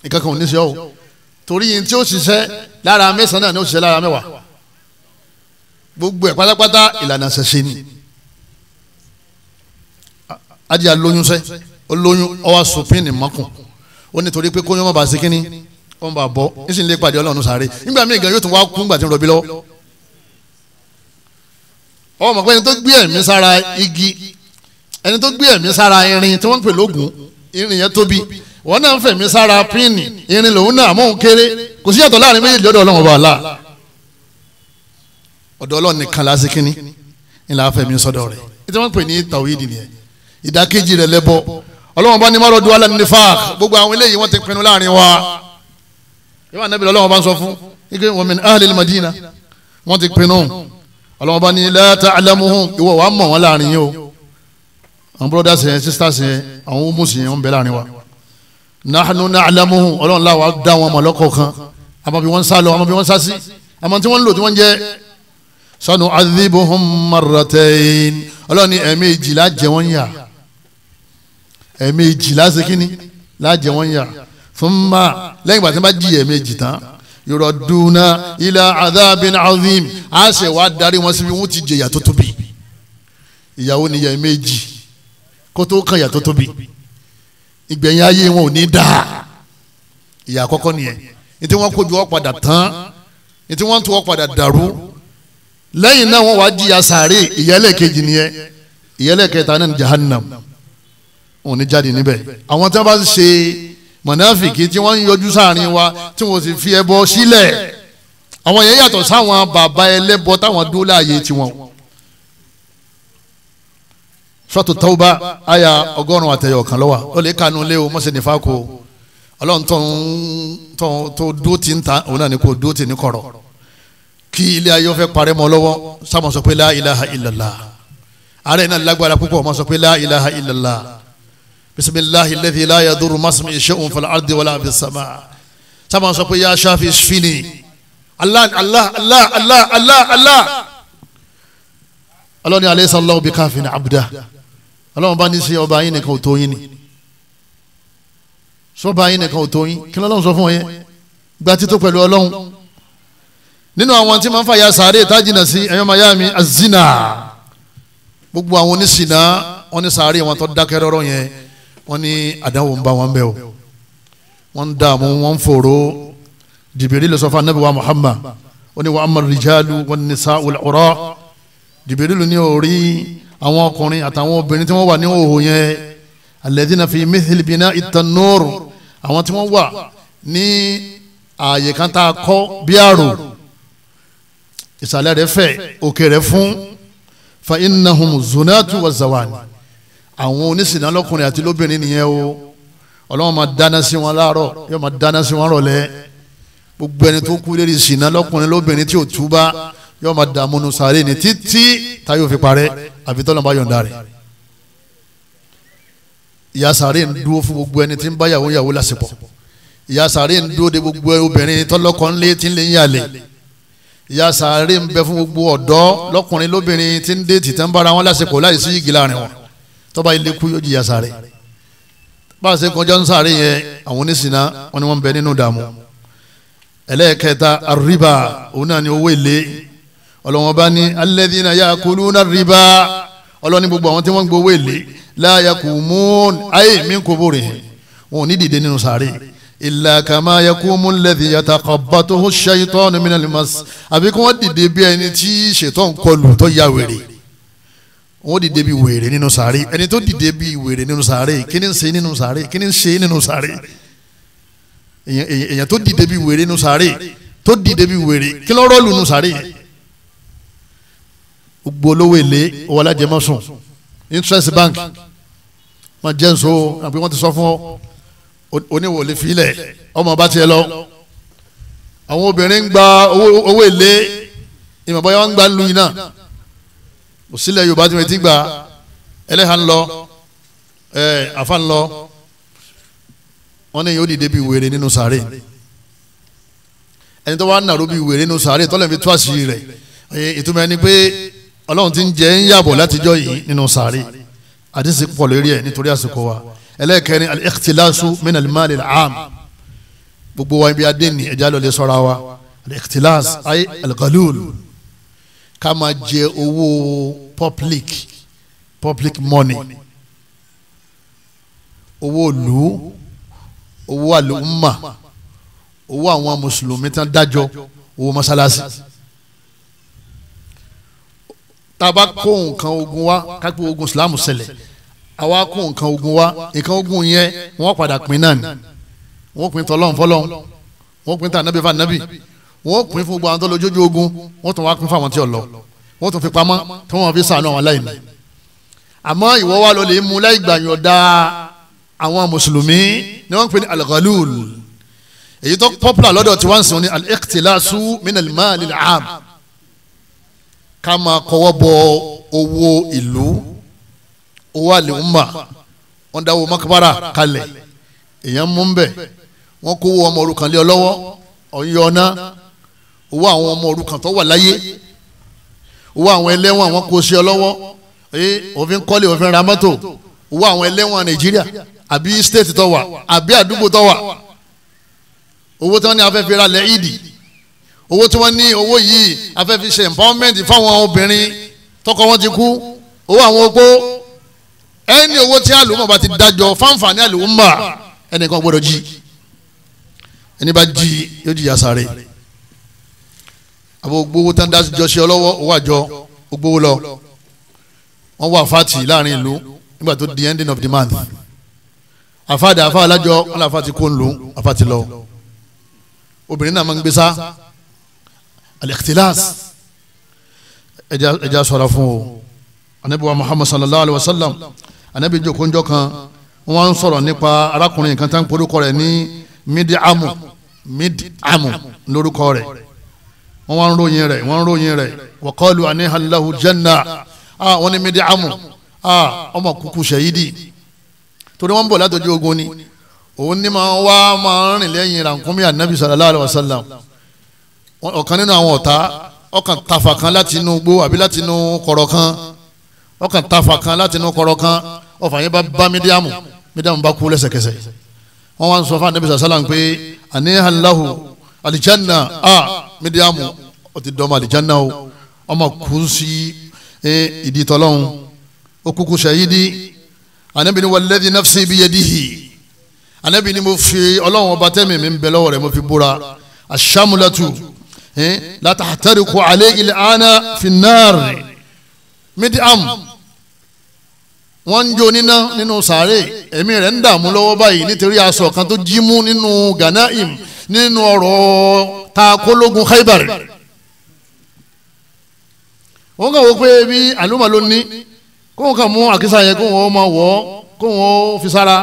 nǹkan ò ní ṣe ọ́ torí yìí tí ó ṣiṣẹ́ lára mẹ́sàn-án náà ni ó ṣiṣẹ́ lára mẹ́wàá gbogbo ẹ̀ pátápátá ìlànà ṣẹṣẹ ni adìyà lóyún sẹ́ ó lóyún ó wá sopínì mọ́kùn ó ní torí pé kóyún ọmọ bá ṣe kínní ọmọ bá bọ́ ó ọwọ́ mọ̀ pé ẹni tó gbé ẹ̀mí sára igi ẹni tó gbé ẹ̀mí sára irin tí wọ́n ń pè lógun irin yẹn tóbi wọn náà ń fẹ̀mí sára píìnì irin lòun náà mọ̀ ń kéré kò sí yàtọ̀ láàrin méjèèjì ọ̀dọ̀ ọlọ́run ọba àlá ọ̀dọ̀ ọlọ́run nìkan la ṣe kínní ni la fẹ̀mí sọ́dọ̀ rẹ̀ ètò wọn pè ní tàwíìdì nìyẹn ìdákejì rẹ̀ lẹ́bọ ọlọ́run bá ní má rọ̀dù alẹ́ ní fáà gbogbo ọlọ́mọba ní la ta'lamuhum ìwọ wàá mọ̀ wọ́n láàrin yín o àwọn brothers yẹn sisters yẹn àwọn umus yẹn ń bẹ láàrin wa nahnu na'lamuhum ọlọ́run láwa dá wọn mọ̀ lọ́kọ̀ọ̀kan àmọ́ bí wọ́n sá lọ àmọ́ bí wọ́n sá sí àmọ́ tí wọ́n ń lò sanu adhibuhum marratayn ọlọ́run ní ẹ̀ẹ̀mejì la jẹ wọ́n yà ẹ̀ẹ̀mejì la ṣe kíni la jẹ wọ́n yà thumma lẹ́yìn ìgbà tí wọ́n bá jí ẹ̀ẹ̀mejì tán yuraduna ila adhabin azim a ṣe wá darí wọn síbi wọn ti jẹ ìyà tó tóbi ìyàwó ni ìyà méjì kó tó kan ìyà tó tóbi ìgbẹ̀yìn ayé wọn ò ní dáa ìyà àkọ́kọ́ nìyẹn ní tí wọ́n kojú wọn padà tán ní tí wọ́n wọn padà dàrú lẹ́yìn náà wọ́n wá jìyà sàárè ìyẹ́lẹ̀ kejì nìyẹn ìyẹ́lẹ̀ kẹta náà ní jahannam wọn ò ní jáde níbẹ̀ àwọn tí wọ́n bá ṣe mọ̀nàfìkì tí wọ́n ń yọjú sáàrin wa tí wọ́n sì fi ẹbọ sílẹ̀ àwọn yẹn yàtọ̀ sáwọn bàbá ẹlẹ́bọ táwọn dúró láàyè tiwọn. Suratu Tauba aya ọgọ́rùn-ún àtẹ̀yọ̀ kan lọ́wọ́ ó lè kanu lé o mọ̀sẹ̀ nífa kó o ọlọ́run tó ń tó tó dúró ti ń ta òun náà ni kò dúró ti ní kọ̀rọ̀ kí ilé ayé fẹ́ parẹ́ mọ́ lọ́wọ́ sáwọn sọ pé ààrẹ náà lágbára púpọ̀ mọ́ sọ pé bisimilahi lẹ́dí láyà dúró masumi ṣéun fẹlẹ́ àdé wàlá àbí sàmà sábà sọ pé yá ṣáfi fini allah allah allah allah allah allah ọlọ́ni aleyhi sallallahu bi káfíìn abuda ọlọ́run bá ní sí ọba yín nìkan ò tó yín ni sọba yín nìkan ò tó yín kí lọ́lọ́run sọ fún ọ yẹn gba tító pẹ̀lú ọlọ́run nínú àwọn tí máa ń fàyà sàárè tájìnà sí ẹ̀yọ́ mayami azina gbogbo àwọn oníṣìnà wọn ní sàárè wọn tó dákẹ́ rọ́rọ́ yẹn wọ́n ní àdáwò ń bá wọn bẹ́ o wọ́n ń dààmú wọ́n ń fòró jìbìrì lọ sọ fún anabi wa muhammad wọ́n ní wa amma rijalu wan nisa'u al-ura jìbìrì ló ní orí àwọn ọkùnrin àtàwọn obìnrin tí wọ́n wà ní òhò yẹn alladhina fi mithli bina'i àwọn tí wọ́n wà ní ààyè kan tá a kọ́ bí àrò ìsàlẹ̀ rẹ̀ fẹ̀ òkè rẹ̀ fún fa innahum zunatu wa zawani àwọn oníṣìnà lọ́kùnrin àti lóbìnrin nìyẹn o ọlọ́wọ́n máa dáná sí wọn láàárọ̀ yóò máa dáná sí wọn rọ̀lẹ́ gbogbo ẹni tó kú lérí ìṣìnà lọ́kùnrin lóbìnrin tí ò túbá yóò máa dààmú nu sàárè ní títí táyọ̀ fi parẹ́ àfi tọ́lọ́ bá yọ̀ǹda rẹ̀ ìyà sàárè ń dúró fún gbogbo ẹni tí ń bá yàwó yàwó lásìkò ìyà sàárè ń dúró de gbogbo obìnrin tọ́lọ́kọ ńlé tí ń lè ń yàlẹ̀ ìyà sàárè ń bẹ fún gbogbo ọ̀dọ́ lọ́kùnrin lóbìnrin tí ń dé tìtẹ́ ń bára wọn lásìkò láì sí igi láàrin wọn tọ́ba ilé kú yóò jìyà sáré bá a ṣe kọjá ń sáré yẹn àwọn oníṣìná wọn ni wọ́n bẹ nínú dààmú ẹlẹ́ẹ̀kẹta àríbà òun náà ni owó èlé ọlọ́wọ́n bá ní alladhina yakuluna riba ọlọ́ni gbogbo àwọn tí wọ́n ń gbowó èlé la yakumun ayé mi kò bóre wọn ò ní dìde nínú sáré illa kama yakumu alladhi yataqabbatuhu ash-shaytanu minal mas àbí kí wọ́n dìde bí ẹni tí ṣètọ́ ń wọn dìde bíi wèrè nínú sàárè ẹni tó dìde bíi wèrè nínú sàárè kíni ń ṣe nínú sàárè kíni ń ṣe nínú sàárè èèyàn tó dìde bíi wèrè nínú sàárè tó dìde bíi wèrè kí ló rọ́ọ̀lù nínú sàárè gbogbo olówó èlé owó alájẹmọ́sùn interest bank máa jẹ́ nso àbí wọ́n ti sọ fún ọ oníwòlé filẹ̀ ọmọ bá tiẹ̀ lọ àwọn obìnrin ń gba owó èlé ìmọ̀ bọ́yá wọn ń gba lu yìí náà kò sílẹ̀ yorùbá tí wọ́n ti gbà ẹlẹ́hà ń lọ ẹ àfa ń lọ wọ́n ní yóò dìde bí wèrè nínú sàárè ẹni tó wá ń nàró bí wèrè nínú sàárè tọ́lẹ̀ fi tú àṣírí rẹ̀ ìtumọ̀ ẹni pé ọlọ́run ti ń jẹ́ ń yàbọ̀ látijọ́ yìí nínú sàárè àdìsí pọ̀ lórí ẹ̀ nítorí àsìkò wa ẹlẹ́kẹ̀rin al-ikhtilasu min al-mal gbogbo wa ibi adé ni ẹ̀já lọ́lẹ́ sọ́ra wa al-ikhtilas ay ká máa jẹ owó public public money owó ìlú owó àlùmọ̀ owó àwọn mùsùlùmí tán dájọ́ owó mọ́sálásí tàbá kó nǹkan ogun wá kápẹ́ ogun islam ṣẹlẹ̀ àwa kó nǹkan ogun wá nǹkan ogun yẹn wọ́n padà pín náà ni wọ́n pín tọ́lọ́n fọ́lọ́n wọ́n pín tà nábì fà nábì wọ́n pín fún gbogbo àwọn tó lójoojú ogun wọ́n tún wá pín fáwọn tí ò lọ wọ́n tún fi pamọ́ tí wọ́n fi sànù àwọn aláìní àmọ́ ìwọ wa lọ lè mú láì gbàyàn da àwọn mùsùlùmí ni wọ́n ń pè ní al-ghalul èyí tó popular lọ́dọ̀ tí wọ́n ń sọ ní al-iqtilasu min am ká máa kọ́wọ́ bọ owó ìlú owó àlèhùnmá wọ́n dáwọ́ makabara kalẹ̀ èèyàn mú ń bẹ̀ wọ́n kówó ọmọ òrukàn lé ọ ọ̀yọ́ náà owó àwọn ọmọ òrukàn tó wà láyé owó àwọn ẹlẹ́wọ̀n àwọn kò ṣe ọlọ́wọ́ òfin kọ́lé òfin ra mọ́tò owó àwọn ẹlẹ́wọ̀n Nàìjíríà àbí state tó wà àbí àdúgbò tó wà owó tí wọ́n ní afẹ́fẹ́ ra lẹ́ ìdì owó tí wọ́n ní owó yìí afẹ́fẹ́ ṣe empowerment fáwọn obìnrin tọkọ wọn ti kú owó àwọn opó ẹni owó tí àlùmọ̀ bá ti dájọ́ fáǹfààní àlùmọ̀ ẹnìkan gbọ́dọ̀ jí ẹni bá jí yóò jìyà sáré àbò gbowó tán dási jọ ṣe ọlọ́wọ́ owó àjọ gbowó lọ wọ́n wá fati láàrin ìlú nígbà tó di ending of the month àfáàdà àfáà alájọ wọn là fati kó ń lò àfàtì lọ obìnrin náà máa ń gbé sá al-ikhtilas ẹja sọ̀rọ̀ fún o anabi wa muhammad sallallahu alayhi wa sallam anabi joko njọ kan wọ́n ń sọ̀rọ̀ nípa arákùnrin kan tá ń porúkọ rẹ̀ ní midiamu midiamu lórúkọ rẹ̀ wọ́n wá ń ròyìn rẹ̀ wọ́n ń ròyìn rẹ̀ wọ́kọ́lù anihalahu janna wọ́n ní midiamu ọmọ kúkú ṣẹ̀yídì torí wọ́n ń bọ̀ látọjú ogun ni òun ní máa wá máa rìn lẹ́yìn rànkúnmí anabi sallallahu alayhi wa sallam ọ̀kan nínú àwọn ọ̀tá ọkàn tafa kan láti inú gbó àbí láti inú kọ̀rọ̀ kan ọkàn tafa kan láti inú kọ̀rọ̀ kan ọfà yẹn bá bá mídíàmù mídíàmù bá kú lẹ́sẹ̀kẹsẹ̀ wọ́n wá ń sọ fún anabi sallallahu alayhi wa sallam pé anihalahu alijanna a mídíàmù ó ti dọ́mọ àlìjáná o ọmọ kù sí eh, ìdí tọ́lọ́hún ó kúkú ṣàyídí anabi ni walladhi nafsi biyadihi anabi ni mo fi ọlọ́run ọba tẹ́mi mi ń bẹ lọ́wọ́ rẹ̀ mo fi búra aṣamulatu eh, la tahtariqu alayhi al-ana fi an-nar midiam wọ́n ń jó níná nínú sàárè ẹ̀mí rẹ̀ ń dààmú lọ́wọ́ báyìí nítorí aṣọ kan tó jí mú nínú ghanaim nínú ọ̀rọ̀ ta kólógun khaybar òun kàn wọ́n pé bí àlùmọ̀ ló ní kóun kàn mú àkísà yẹn kóun ó máa wọ̀ ọ́ kóun ó fi sára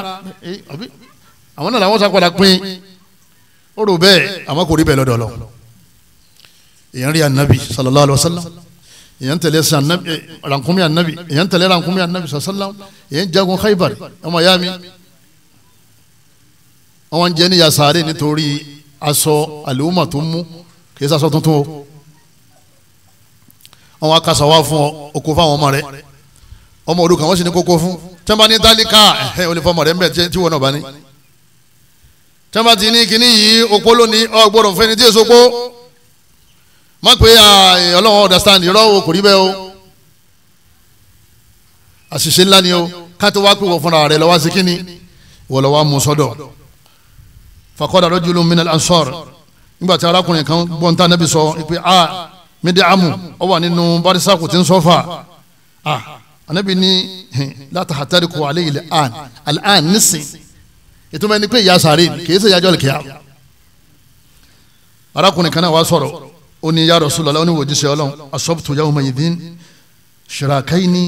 àwọn náà làwọn sàpadà pín ó rò bẹ́ẹ̀ àmọ́ kò rí bẹ́ẹ̀ lọ́dọ̀ lọ èèyàn rí anabi sallallahu alayhi wa sallam èèyàn tẹ̀lé eh, rankumi anabi èèyàn tẹ̀lé rankumi anabi sallallahu èèyàn jagun khaybar ọmọ ya mi wọn jẹ ní yasare nítorí aṣọ àlùmọ̀ tó mú kì í sasọ tuntun o wọn wá kásá wá fún ọ oko fáwọn ọmọ rẹ ọmọ òrukàn wọn sì ní kókó fún tẹ́nba ní tálíkà ẹ̀ ò lè fọmọ rẹ tí wọn náà bá ní. tẹ́nba ti ní kínní yìí opó lónìí ọ gbọ́dọ̀ fẹ́ni tí èso má pé ọlọ́wọ́n understand irọ́ o kò rí bẹ́ẹ̀ o àṣìṣe ńlá ni o káàtó wá pé wọ́n fúnra rẹ̀ lọ́wọ́ sí kínní wọ́n lọ́wọ́ mú sọ́dọ̀ faqala rajulun min al-ansar nígbà tí arákùnrin kan gbọ́ntàn nábì sọ pé a mídíàmù ọ wà nínú barisaku tí ń sọ́fà ah anabi ní látàtàríkù aleyhi al'an al'an nísìn ìtumọ̀ ẹni pé ìyá sàárè kìí ṣe ìyájọ́ kìá arákùnrin kan náà wá sọ̀rọ̀ ó ní ya Rasulullah ó ní wòjíṣẹ́ ọlọ́run asabtu yawma idhin shirakaini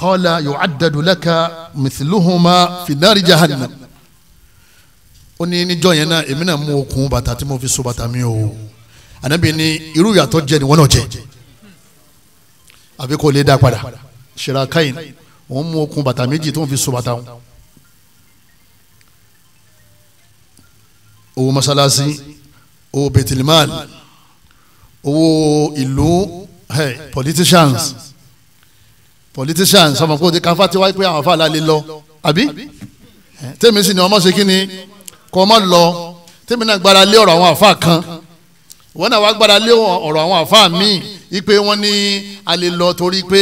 qala yu'addadu laka mithluhuma fi dari jahannam ó ní níjọ́ yẹn náà èmi náà mú okùn bàtà tí mo fi so bàtà mi o anabi ni irú yàtọ̀ jẹ ni wọn náà jẹ àbí ko le da padà ṣẹlá kain. òun mú okùn bàtà méjì tó ń fi so bàtà wọn. owó masalasi owó betilimal owó ìlú hey, politicians politicians ọmọ kò de kanfa ti wáyé pé àwọn afáàlà lè lọ àbí tèmi ni ọmọ ṣe kí ni kọ́ ọmọ lọ tèmi náà lé ọ̀rọ̀ àwọn afáà kan wọn náà wá gbára lé ọ̀rọ̀ àwọn àfa mi ipe wọn ní a lè lọ torí pé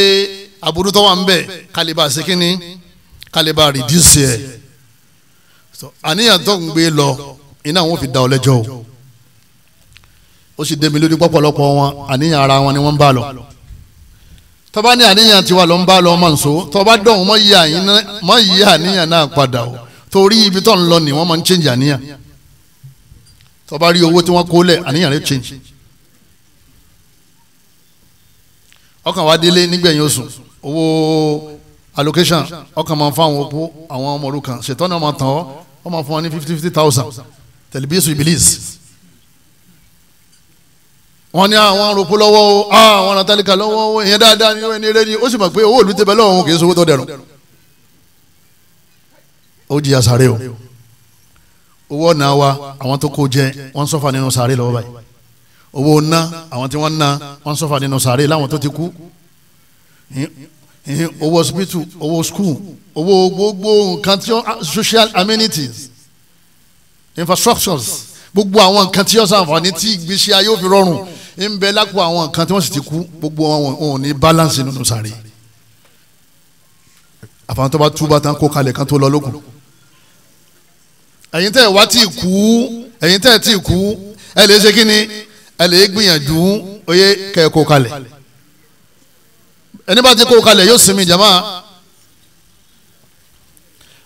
aburú tó wà ń bẹ kálíbà síkínní kálíbà rìdíùsì ẹ̀ àníyàn tó ń gbé lọ iná wọn fi da ọ lẹ́jọ́ ó sì dé mi lórí pọ̀pọ̀lọpọ̀ wọn àníyàn ara wọn ni wọ́n ń bá lọ tọ́ba ní àníyàn tiwa ló ń bá lọ ọmọ nsọ tọ́ba dọ̀hún mọ́ yí àníyàn náà padà o torí ibi tó ń lọ ni wọ́n máa ń change àníyàn tó bá rí owó tí wọ́n kó lẹ̀ àníyàn rẹ̀ change ọkàn wa délé nígbẹ̀yìn oṣù owó allocation ọkàn máa ń fáwọn opó àwọn ọmọ òrukàn ṣètọ́nà ọmọ tán ọ́ wọ́n máa fún wọn ní fifty fifty thousand tẹlifíṣù ibilis wọ́n ní àwọn ah, arúgbó lọ́wọ́ o àwọn ah, àtàlíkà lọ́wọ́ o ìyẹn dáadáa ní ẹni eré ni ó sì mọ̀ pé owó òlù tẹ̀bẹ̀ lọ́wọ́ òun kì í sọ owó tó dẹrùn ó jìyà sáré o owó ọ̀nà wa àwọn tó kó jẹ wọ́n sọ́fà nínú sàárè lọ́wọ́ báyìí owó ọ̀nà àwọn tí wọ́n ná wọ́n sọ́fà nínú sàárè láwọn tó ti kú owó hospital owó school owó gbogbo nǹkan tí ah, social amenities infrastructures gbogbo àwọn nǹkan tí yóò ṣàǹfààní tí ìgbésí ayé ò fi rọrùn ń bẹ lápò àwọn nǹkan tí wọ́n sì ti kú gbogbo wọn ò ní balance nínú sàárè àfahàn tó bá túbà tán kó kalẹ̀ kan tó lọ lókun ẹ̀yin tẹ́ ẹ̀ wá tí ì kú ẹ̀yin tẹ́ ẹ̀ tí ì kú ẹ̀ lè ṣe kí ni ẹ̀ lè gbìyànjú oyè kẹ́ ẹ̀ kó kalẹ̀ ẹni bá ti kó kalẹ̀ yóò sinmi jama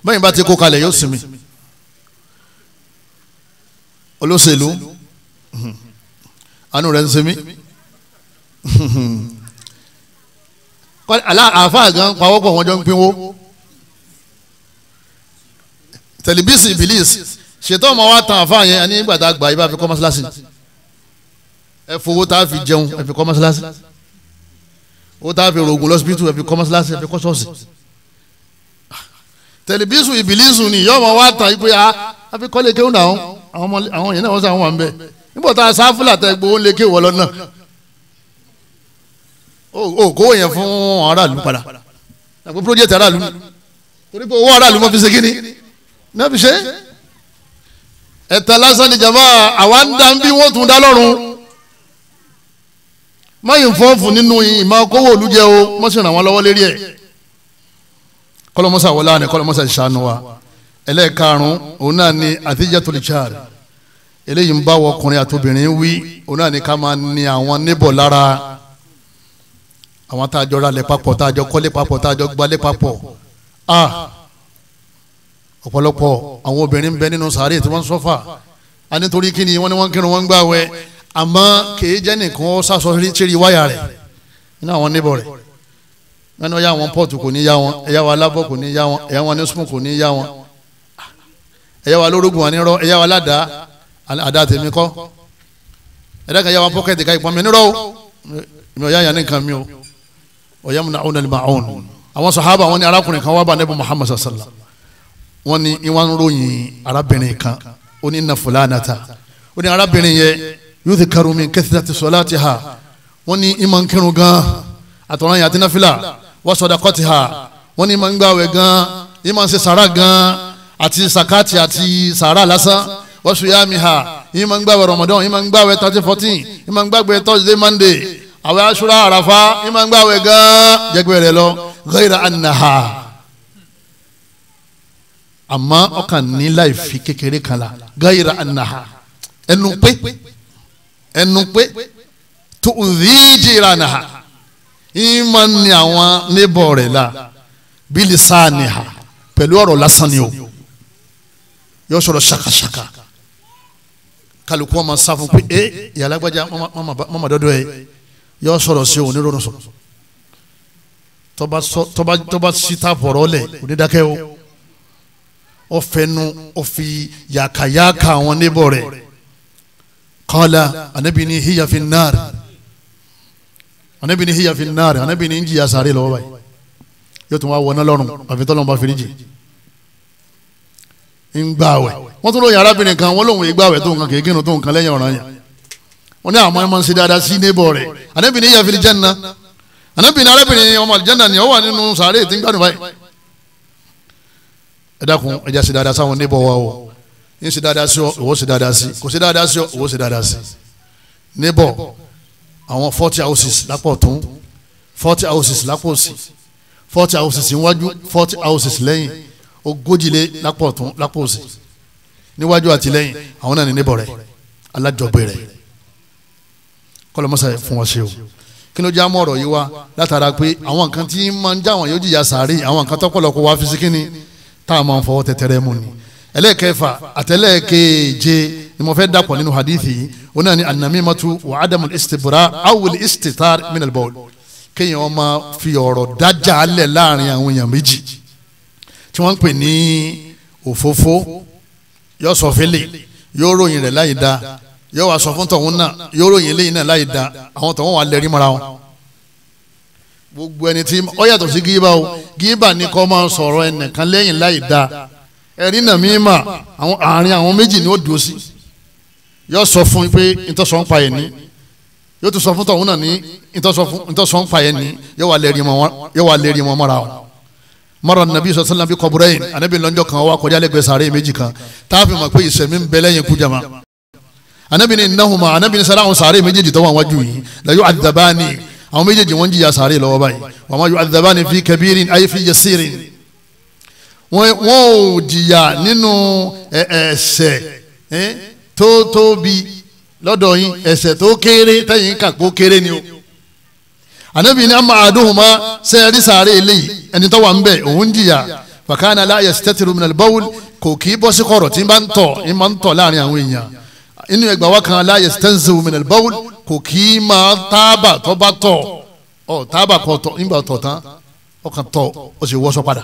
bẹ́yìn bá ti kó kalẹ̀ yóò sinmi olóṣèlú àánú rẹ̀ ń sinmi àlá àáfàá gan pawọ́pọ̀ wọn jọ ń pinwó tẹlifísì ìbílíìsì ṣètò ọmọ wa tan àfa yẹn ẹni gbàdá gbà yìí bá fi kọ́ mọ́ṣáláṣí ẹ fowó tá a fi jẹun ẹ fi kọ́ mọ́ṣáláṣí owó tá a fi rògùn lọ́sibítù ẹ fi kọ́ mọ́ṣáláṣí ẹ fi kọ́ ṣọ́ọ̀ṣì tẹlifísù ìbílísù ni yọọ ma wá tàn yí pé ah, a àfi kọ́lé kéwù náà àwọn àwọn yẹn náà wọ́n sàn wà ń bẹ̀ nígbà tá a sáfúlà tẹ gbowó lé kéwù ọlọ́ náà o o kówó yẹn fún aráàlú padà àpò pírójẹ́tì aráàlú torí pé owó aráàlú mọ́ fi ṣe kíní nẹ́ẹ̀fi ṣe lásán ni jàmbá àwa ń dá bí wọ́n tún dá lọ́rùn mọ́yìn fọ́ọ̀fù nínú ìmọ̀ kówó olùjẹ́ o mọ́sí ràn wọ́n lọ́wọ́ lérí ẹ̀ kọ́lọ́mọ́sá wọlé àná kọ́lọ́mọ́sá ìṣàánú wa ẹlẹ́ẹ̀karùn-ún òun náà ni àtijọ́tò lè ṣáàrì eléyìí ń bá ọkùnrin àtobìnrin wí òun náà ni ká máa ní àwọn níbọ̀ lára àwọn tá a jọ ralẹ̀ papọ̀ tá a jọ kọ́lé papọ̀ tá a jọ gbalé papọ̀ ah ọ̀pọ̀lọpọ̀ àwọn obìnrin bẹ nínú sàárè tí wọ́n sọ́fà a nítorí kí ni wọ́n ní wọ́n kírun wọ́n gbà wẹ̀ àmọ́ kìí jẹ́ nìkan ó sásọ tíri wáyà rẹ̀ nínú àwọn níbọ̀ rẹ̀ nínú ya wọn pọ́ọ̀tù kò ní ya wọn ẹ̀yà wa lábọ̀ kò ní ya wọn ẹ̀yà wọn nísùn kò ní ya wọn ẹ̀yà wa lórógùn ànírọ̀ ẹ̀yà wa ládàá àdá tèmi kọ́ ẹ̀dá kan ya wọn pọ́kẹ́tì Muhammad sallallahu wọ́n ní ìwọ́n ń ròyìn arábìnrin kan ó ní nàfọlá nàta ó ní arábìnrin yẹn yóò ti karùn mi kẹsìtà ti sọlá ti ha wọ́n ní ìmọ̀ ń gan àtọ̀rọ̀ yẹn àti wọ́n sọ̀dà kọ́ ha wọ́n ní ìmọ̀ ń gan ìmọ̀ ń sàrà gan àti sàkáàtì àti sàrà lásán wọ́n sọ yá mi ha ìmọ̀ ń gbàwẹ̀ ìmọ̀ ń gbàwẹ̀ fourteen ìmọ̀ ń Thursday Monday àwẹ̀ Ashura Arafa ìmọ̀ ń gan jẹgbẹ́ rẹ lọ ghaira annaha àmọ́ ọkàn ní láìfi kékeré kan la gáyìrà ànàhà ẹnu pé ẹnu pé tó ríjìrà ànàhà ìmọ̀ ni àwọn níbọ̀ rẹ̀ la bílí sáànìhà pẹ̀lú ọ̀rọ̀ lásán ni o yóò sọ̀rọ̀ ṣakaṣaka kálukú ọmọ sáfún pé eh, ẹ ìyàlágbájá mọ́mọ́ dọ́dọ́ ẹ yóò sọ̀rọ̀ sí onírúurú sọ̀rọ̀ tọ́ba sí táàpù lẹ̀ onídàkẹ́ o ọ̀fẹ́nu ọ̀fi yàkàyàkà àwọn níbọ̀ rẹ̀ kọ́lá anabi ni hiya fi nnaar anabi ni hiya fi nnaar anabi ni jìyà sáré lọ́wọ́ báyìí yóò tún wá wọná lọ́rùn àfi tọ́lọ́n bá fìríjì ń gbààwẹ̀ wọ́n tún lóye arábìnrin kan wọ́n lóun ìgbààwẹ̀ tó nǹkan kéékìnnú tó nǹkan lẹ́yìn ọ̀ràn yẹn wọ́n ní àwọn ọmọ ń ṣe dáadáa sí níbọ̀ rẹ̀ anabi ni hiya fi janna anabi ni arábìnrin ọmọ aljanna ni ó wà nínú sáré tí báyìí ẹ dákun ẹ já sí dáadáa sáwọn níbọ̀ wa o yín sí dáadáa sí ọ ìwọ sí dáadáa sí kò si, dáadáa sí ọ ìwọ sí dáadáa sí níbọ̀ àwọn forty houses lápò tún forty houses lápò sí forty houses níwájú forty houses lẹ́yìn ogójìlé lápò tún lápò sí níwájú àti lẹ́yìn àwọn náà ní níbọ̀ rẹ̀ alájọgbé rẹ̀ kọlọmọsà fún wa ṣe o kí ló já mọ́ ọ̀rọ̀ yìí wá látara pé àwọn nǹkan tí máa ń já àwọn yóò jìyà sàárè àwọn nǹkan tọ́pọ̀lọpọ̀ wá fi sí kínni tá a máa ń fọwọ́ tẹ̀tẹ̀rẹ̀ mú ni ẹlẹ́ẹ̀kẹfà àtẹlẹ́ẹ̀keje ni mo fẹ́ dàpọ̀ nínú hadithi yìí ó náà ni anamimatu wa adamu istibra awul istitar minal bawl kéèyàn máa fi ọ̀rọ̀ dájà alẹ̀ láàrin àwọn èèyàn méjì tí wọ́n ń pè ní òfófó yóò sọ fẹ́lẹ̀ yóò ròyìn rẹ̀ láì da yóò wá sọ fún tọ̀hún náà yóò ròyìn lẹ́yìn náà láì da àwọn tọ̀hún wà lẹ́rìí mọ́ra wọn gbogbo ẹni tí ó yàtọ̀ sí gíbá o gíbà ni kọ́ máa sọ̀rọ̀ ẹnìkan lẹ́yìn láì dáa ẹ̀rí nàmímà àárín àwọn méjì ni ó dùn sí yóò sọ fún pé ìtọ́sọ̀ ń pa ẹ̀ ní yóò tún sọ fún tọ̀hún náà ní ìtọ́sọ̀ ń pa ẹ̀ ní yóò wà lérí wọn mọ́ra wọn mọ́ra nàbí sọ sọ́nà bí kọ́bùrẹ́ yìí ànábì lọ́njọ́ kan wá kọjá lẹ́gbẹ̀ẹ́ sàárẹ̀ méjì kan táàfin mọ̀ pé ìsẹ̀mí ń bẹ lẹ́yìn kú jama ànábì ní ìnáhùnmá ànábì ní sàrà àwọn sàárẹ̀ méjèèjì tó wà wájú yìí lẹ́yìn àdàbáni àwọn méjèèjì wọ́n ń jìyà sàárè lọ́wọ́ báyìí wa ma yu'adhabani fi kabirin ay fi yasirin wọ́n ò jìyà nínú ẹ̀ṣẹ̀ tó tóbi lọ́dọ̀ yín ẹ̀ṣẹ̀ tó kéré tẹ̀yìn kàpó kéré ni o anabi ni ama aduhuma sẹ́ẹ̀rí sàárè eléyìí ẹni tó wà ń bẹ̀ òun jìyà fakana la yastatiru minal bawl kò kì í bọ́ sí kọ̀rọ̀ tí n bá ń tọ̀ láàrin àwọn èèyàn inú ẹgbàá wa kan la yastanzu minal bawl kò kì í máa tábà tó bá tọ̀ ọ tábà kọ tọ̀ nígbà tọ̀ tán ọkàn tọ̀ ó sì wọ́sọ padà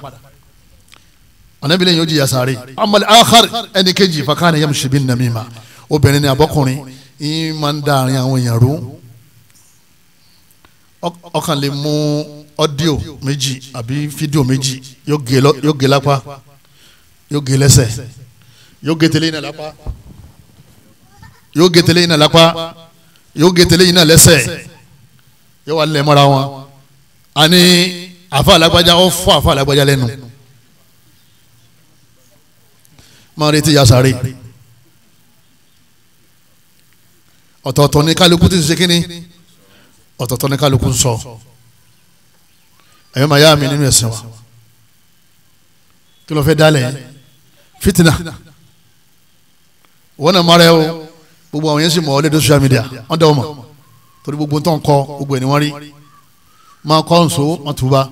ànábìlẹ̀ yóò jìyà sáré amali akhari ẹni kejì fakana yamshi bin namima obìnrin ni abọ́kùnrin yín máa ń dàrin àwọn èèyàn rú ọkàn lè mú ọ́díò méjì àbí fídíò méjì yóò gé lápá yóò gé lẹ́sẹ̀ yóò gé tẹ̀lé iná lápá yóò gé tẹ̀lé iná lápá yóò gé tẹ́lẹ̀ yìí náà lẹ́sẹ̀ yóò wá lẹ̀ mọ́ra wọn àní àfa alágbájá ó fọ́ àfa alágbájá lẹ́nu máa retí yasare ọ̀tọ̀ọ̀tọ̀ ni kálukú ti ń ṣe kínní ọ̀tọ̀ọ̀tọ̀ ni kálukú ń sọ ẹ̀yọ́ màá yá mi nínú ẹ̀sìn wa kí ló fẹ́ dálẹ̀ fitina wọ́n náà mara ẹ o gbogbo àwọn yẹn sì mọ̀ ọ́ lẹ́dọ̀ social media wọ́n dẹ̀ wọ́n mọ̀ torí gbogbo tó ń kọ gbogbo ẹ̀ ni wọ́n rí máa kọ́ ǹso wọ́n tù bá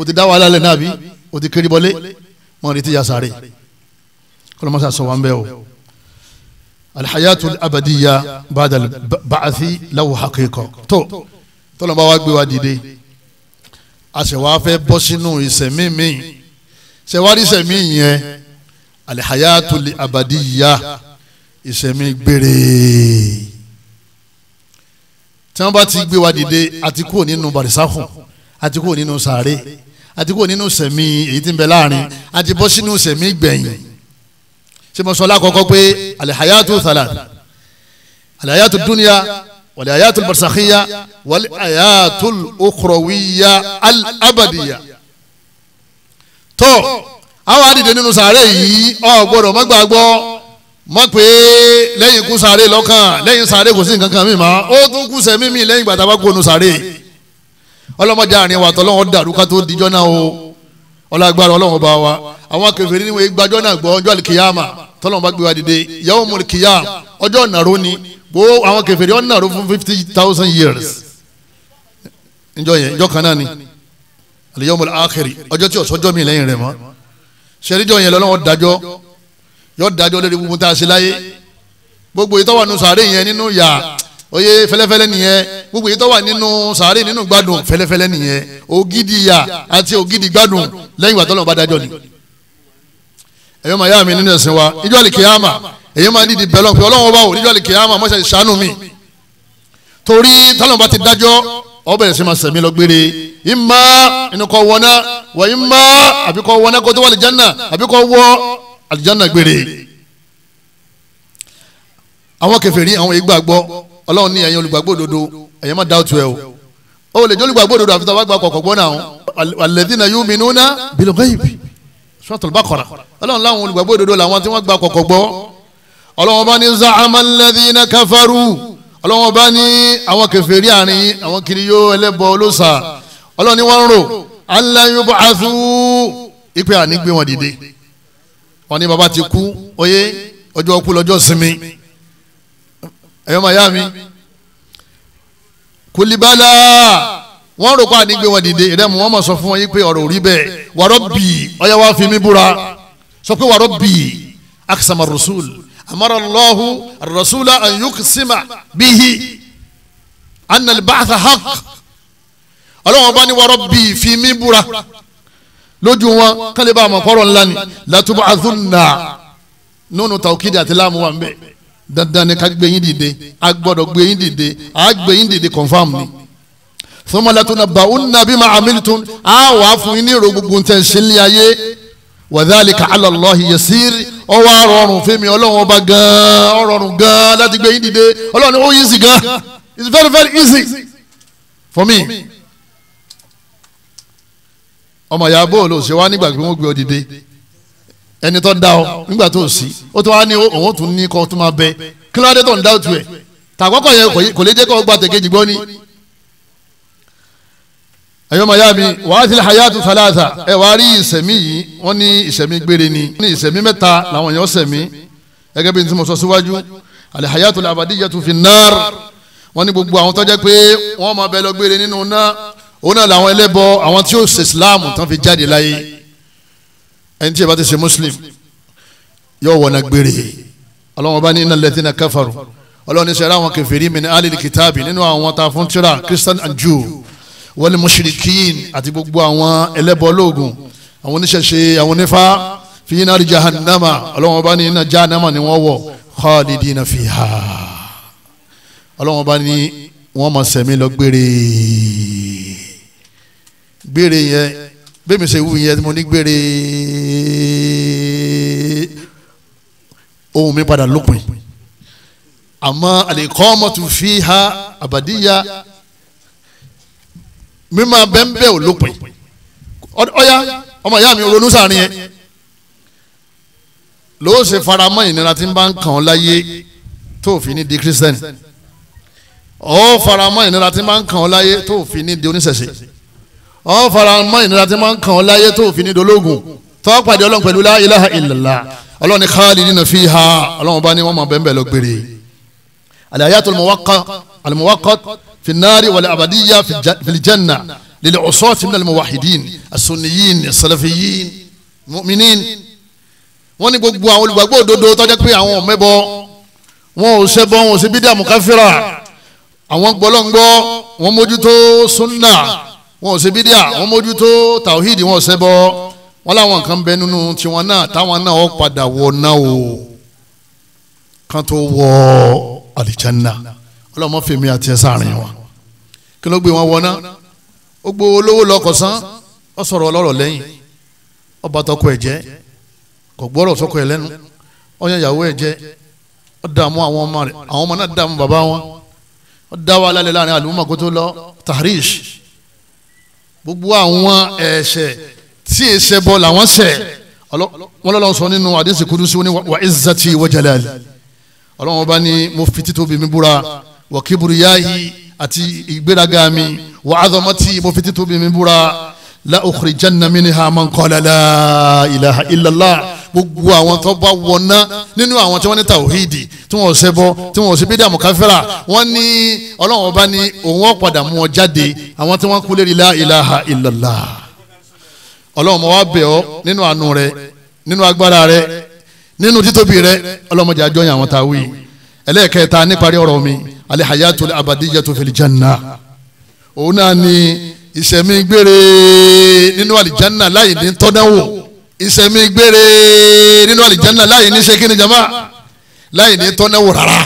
o ti dá wàhálà lẹ̀ náà bí o ti kiri bọ́lé wọ́n retí ya sáré kọ́lọ́ mọ́sá sọ wọn bẹ́ẹ̀ o alihayatu abadiya badal baasi lawo hakeko tó tọ́lọ́ wa gbé wa dìde a sì wá fẹ́ bọ́ sínú ìsẹ̀mí mi ṣẹ̀wárí ìsẹ̀mí yẹn alihayatu abadiya ìṣẹ̀mí gbére tí wọ́n bá ti gbé wa dìde àti kúrò nínú barisakun àti kúrò nínú sàárè àti kúrò nínú sẹ̀mí èyí tí ń bẹ láàrin àti bọ́ sínú sẹ̀mí gbẹ̀yìn ṣé mo sọ lákọ̀ọ́kọ́ pé alihayatu thalat alihayatu dunya walihayatu barisakhiya walihayatu okorowiya alabadiya tó àwọn àdìde nínú sàárè yìí ọ̀ gbọ́dọ̀ má mọ̀ pé lẹ́yìn kú sáré lọ́kàn lẹ́yìn sáré kò sí nǹkan kan mímọ́ ó tún kú sẹ́mi mi lẹ́yìn gbàtà bá kónú sáré ọlọ́mọdé àárín wa tọ́lọ́wọ́ dàrú ká tó dijọ́ náà o ọlọ́gbàrá ọlọ́wọ́ bá wa àwọn kèfèrí níwọ̀n ìgbàjọ́ náà gbọ́ ọjọ́ àlìkìyàmà tọ́lọ́wọ́ bá gbé wa dìde yawmul kìyàm ọjọ́ ọ̀nàró ni gbogbo àwọn kèfèrí ọ̀nàró fún fifty thousand years níjọ́ yẹn ìjọ́ kan náà ni al-yawmul akhiri ọjọ́ tí ọ̀sọ́jọ́ mi lẹ́yìn rẹ̀ mọ́ ṣẹ́ríjọ́ yẹn lọ́lọ́wọ́ dájọ́ yọ dájọ́ lórí gbogbo tá a ṣe láyé gbogbo yìí tó wà nínú sàárè yẹn nínú yà oyè fẹlẹfẹlẹ nìyẹn gbogbo yìí tó wà nínú sàárè nínú gbádùn fẹlẹfẹlẹ nìyẹn ògidì yà àti ògidì gbádùn lẹ́yìn ìgbà tọ́lọ́run bá dájọ́ ni. ẹ̀yọ́ màá yá mi nínú ẹ̀sìn wa ìjọ́ àlìkìyàmà èyí máa dìdì bẹ́ẹ̀ lọ́n pé ọlọ́run bá wò níjọ́ àlìkìyàmà mọ́ṣẹ́ ìṣàánú mi torí tọ́lọ́run bá ti dájọ́ ọbẹ̀ ẹ̀sìn máa sẹ̀mí lọ gbére ìmá ìnukọ̀ wọná wà ìmá àbíkọ̀ wọná kó tó wà lè jẹ́nà àbíkọ̀ wọ àlìjáná gbére àwọn kèfèrí àwọn ìgbàgbọ́ ọlọ́run ní ẹ̀yin olùgbàgbọ́ òdodo ẹ̀yin má dáwọ́tù ẹ̀ o ó lè jẹ́ olùgbàgbọ́ òdodo àfi tá a bá gba kọ̀kọ̀ gbọ́ náà alladhina yu'minuna bil ghaibi suratul baqara ọlọ́run láwọn olùgbàgbọ́ òdodo làwọn tí wọ́n gba kọ̀kọ̀ gbọ́ ọlọ́run bá ní za'ama alladhina kafaru ọlọ́run bá ní àwọn kèfèrí àárín àwọn kiriyó ẹlẹ́bọ olóòsà ọlọ́run wọn ní baba ti kú oyé ọjọ́ kú lọ́jọ́ sinmi ẹ̀yọ́ máa yá mi kulibala wọn rò kó ànígbé wọn dìde ìrẹ́mu wọn mọ̀ sọ fún wọn yí pé ọ̀rọ̀ òrí bẹ́ẹ̀ wàrọ̀ bì ọ̀yà wa fi mí búra sọ pé wàrọ̀ bì akisama rasul amara allahu rasula an bihi anna al-ba'tha ọlọ́wọ́n bá ní wàrọ̀ bì fi mí búra lójú wọn kálí bá àmọ̀ kọ́rọ̀ ńlá ni látúbà àzúnà nínú tàwùkìdì àti láàmú wa ń bẹ dandan ni ká gbé yín dìde a gbọ́dọ̀ gbé yín dìde a gbé yín dìde confam ni sọmọ látúnà bàún nàbí ma amiltun a wà fún yín ní ro gbogbo tẹ̀ ṣe ní ayé wàdálìkà alàlọ́hì yẹsìrì ọwọ́ àrọ̀rùn fẹ́mi ọlọ́run ọba gan-an ọ̀rọ̀rùn gan-an láti gbé yín dìde ọlọ́run ó yín sí gan it. it's very very easy for me. For me ọmọ ìyá bóòlù ṣe wá nígbà pé wọ́n gbé ọ dìde ẹni tó ń da ọ nígbà tó sí ó tó wá ní òun tún ní kó tún máa bẹ kí ló dé tó ń dá òtún ẹ̀ tàkọ́kọ́ yẹn kò lè jẹ́ kó gba tẹ̀kejì gbọ́ ni. ẹ̀yọ́ màyá mi wàá ti hayatu salasa ẹ̀ wàá rí ìsẹ̀mí yìí wọ́n ní ìsẹ̀mí gbére ni wọ́n ní ìsẹ̀mí mẹ́ta làwọn èèyàn sẹ̀mí gẹ́gẹ́ bí n tí mo sọ síwájú àlẹ́ hayatu labadiyatu fi nar wọ́n ní gbogbo àwọn tó pé wọ́n máa bẹ lọ gbére nínú náà òun náà làwọn ẹlẹ́bọ àwọn tí ó ṣe islam tán fi jáde láyé ẹni tí ẹ bá ti ṣe muslim yóò wọ̀nà gbére ọlọ́wọ́n bá ní iná lẹ́tìnà káfàrú ọlọ́wọ́n ní sẹ́ra àwọn kẹfẹ́rí mi ní alìlì kìtàbì nínú àwọn ta fún tíra christian and jew wọ́n ní mushrikin àti gbogbo àwọn ẹlẹ́bọ lóògùn àwọn oníṣẹ̀ṣe àwọn onífá fi iná rí jahannama ọlọ́wọ́n bá ní iná jahannama ni wọ́n wọ̀ fiha ọlọ́wọ́n bá ní wọ́n máa sẹ̀mí lọ gbére gbére yẹn bẹ́ẹ̀mi ṣe wù yẹn mo ní gbére ohun mi padà lópin àmọ́ àlèkọ́mọ̀tò fi ha àbàdíyà mímọ bẹ́ńbẹ́ ò lópin ọ̀ya ọmọ ìyá mi ronú sàárín yẹn ló ṣe faramọ́ ìnira tí ń bá ń kàn ọ́ láyé tó fi ní di kírísítẹ́nì ó faramọ́ ìnira tí ń bá ń kàn ọ́ láyé tó fi ní di oníṣẹ̀ṣe ọ fara mọ́ ìnira tí máa ń kàn ọ́ láyé tó fi ní dológun tó pàdé ọlọ́run pẹ̀lú la ilaha illallah ọlọ́run ní khalidina fiha ọlọ́run bá ní wọ́n máa bẹ́ẹ̀ bẹ́ẹ̀ lọ gbére al-hayatul muwaqqat fi an-nari wal-abadiyya fil janna lil usati min al-muwahhidin as-sunniyin as-salafiyin mu'minin wọ́n ní gbogbo àwọn olùgbàgbọ́ òdodo tó pé àwọn ọ̀mẹ́bọ wọn ò ṣẹbọ wọn ò ṣe bídíà mùkáfíra àwọn gbọ́lọ́ngbọ́ wọn mójútó sunna wọn ò ṣe bídíà wọn mójútó tawhid wọn ò ṣẹbọ wọn làwọn kan bẹ nínú tiwọn náà táwọn náà ó padà wọ náà o kan tó wọ àlìjánnà ọlọmọ fèmí àti ẹsẹ àárín wa kí ló gbé wọn wọ náà ó gbó olówó lọkọsán ó sọ̀rọ̀ ọlọ́rọ̀ lẹ́yìn ó bà tọkọ ẹ̀ jẹ́ kò gbọ́rọ̀ sọkọ ẹ̀ lẹ́nu ó yan ìyàwó ẹ̀ jẹ́ ó dààmú àwọn ọmọ rẹ̀ àwọn ọmọ náà dààmú bàbá wọn ó dá wa lálẹ́ láàrin àlùmọ́ kó tó lọ tahrish gbogbo àwọn ẹ̀ṣẹ̀ tí èsẹ̀ bọ́ làwọn ṣẹ̀ wọ́n lọ́lọ́ sọ nínú àdéhùn kudusi ní wa izzati wa jalali ọlọ́wọ́n bá ní mo fi títóbi mi búra wa kibriyahi àti ìgbéraga mi wa azamati mo fi títóbi mi búra la ukhrijanna minha man qala la ilaha illallah gbogbo àwọn tó bá wọná nínú àwọn tí wọ́n ní tàwíìdì tí wọ́n ṣe bọ́ tí wọ́n ṣe bídàmù káfíra wọ́n ní ọlọ́run ọba ní òun ó padà mú wọn jáde àwọn tí wọ́n kú lérí la ilaha illallah ọlọ́run mọ̀ wá bẹ̀ ọ́ nínú àánú rẹ nínú agbára rẹ nínú títóbi rẹ ọlọ́mọdé àjọyìn àwọn tàwí ẹlẹ́ẹ̀kẹta níparí ọ̀rọ̀ mi alihayatul abadiyatu ìsẹ̀mí gbére nínú àlìjáná láì ní ṣe kíni jama láì ní tọ́nẹ́wò rárá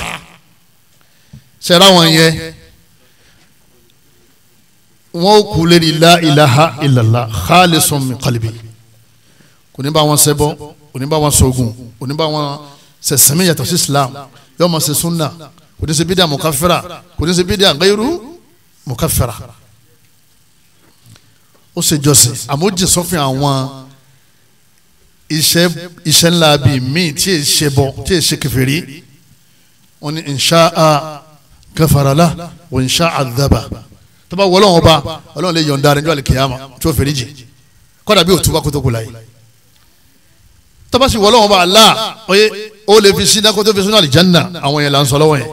ṣẹ̀rá wọn yẹn wọn ò kú lérí la ilaha illallah khalisun min qalbi kò ní bá wọn ṣẹbọ kò ní bá wọn ṣoògùn kò ní bá wọn ṣẹ̀sìnmí yàtọ̀ sí islam yóò máa ṣe sunna kò ní ṣe bídà mùkàfẹ́rà kò ní ṣe bídà gairu mùkàfẹ́rà ó ṣe jọ́sìn àmójì sọ́fin àwọn iṣẹ́ iṣẹ́ ńlá bíi míì tí èyí ṣe bọ̀ tí èyí ṣe kèfèrí wọn ni nṣáà kẹfàràlà wọn nṣáà dábà tó bá wọlé wọn bá ọlọ́run lè yọ̀ǹda rẹ̀ ní ọ̀lẹ́ kìyàmá tó fèrè jì kọ́dà bí òtún bá kótó kù láyé tó sì wọlé wọn bá oye ó lè fi sí dákótó fi sínú àlìjánná àwọn yẹn là ń sọ lọ́wọ́ yẹn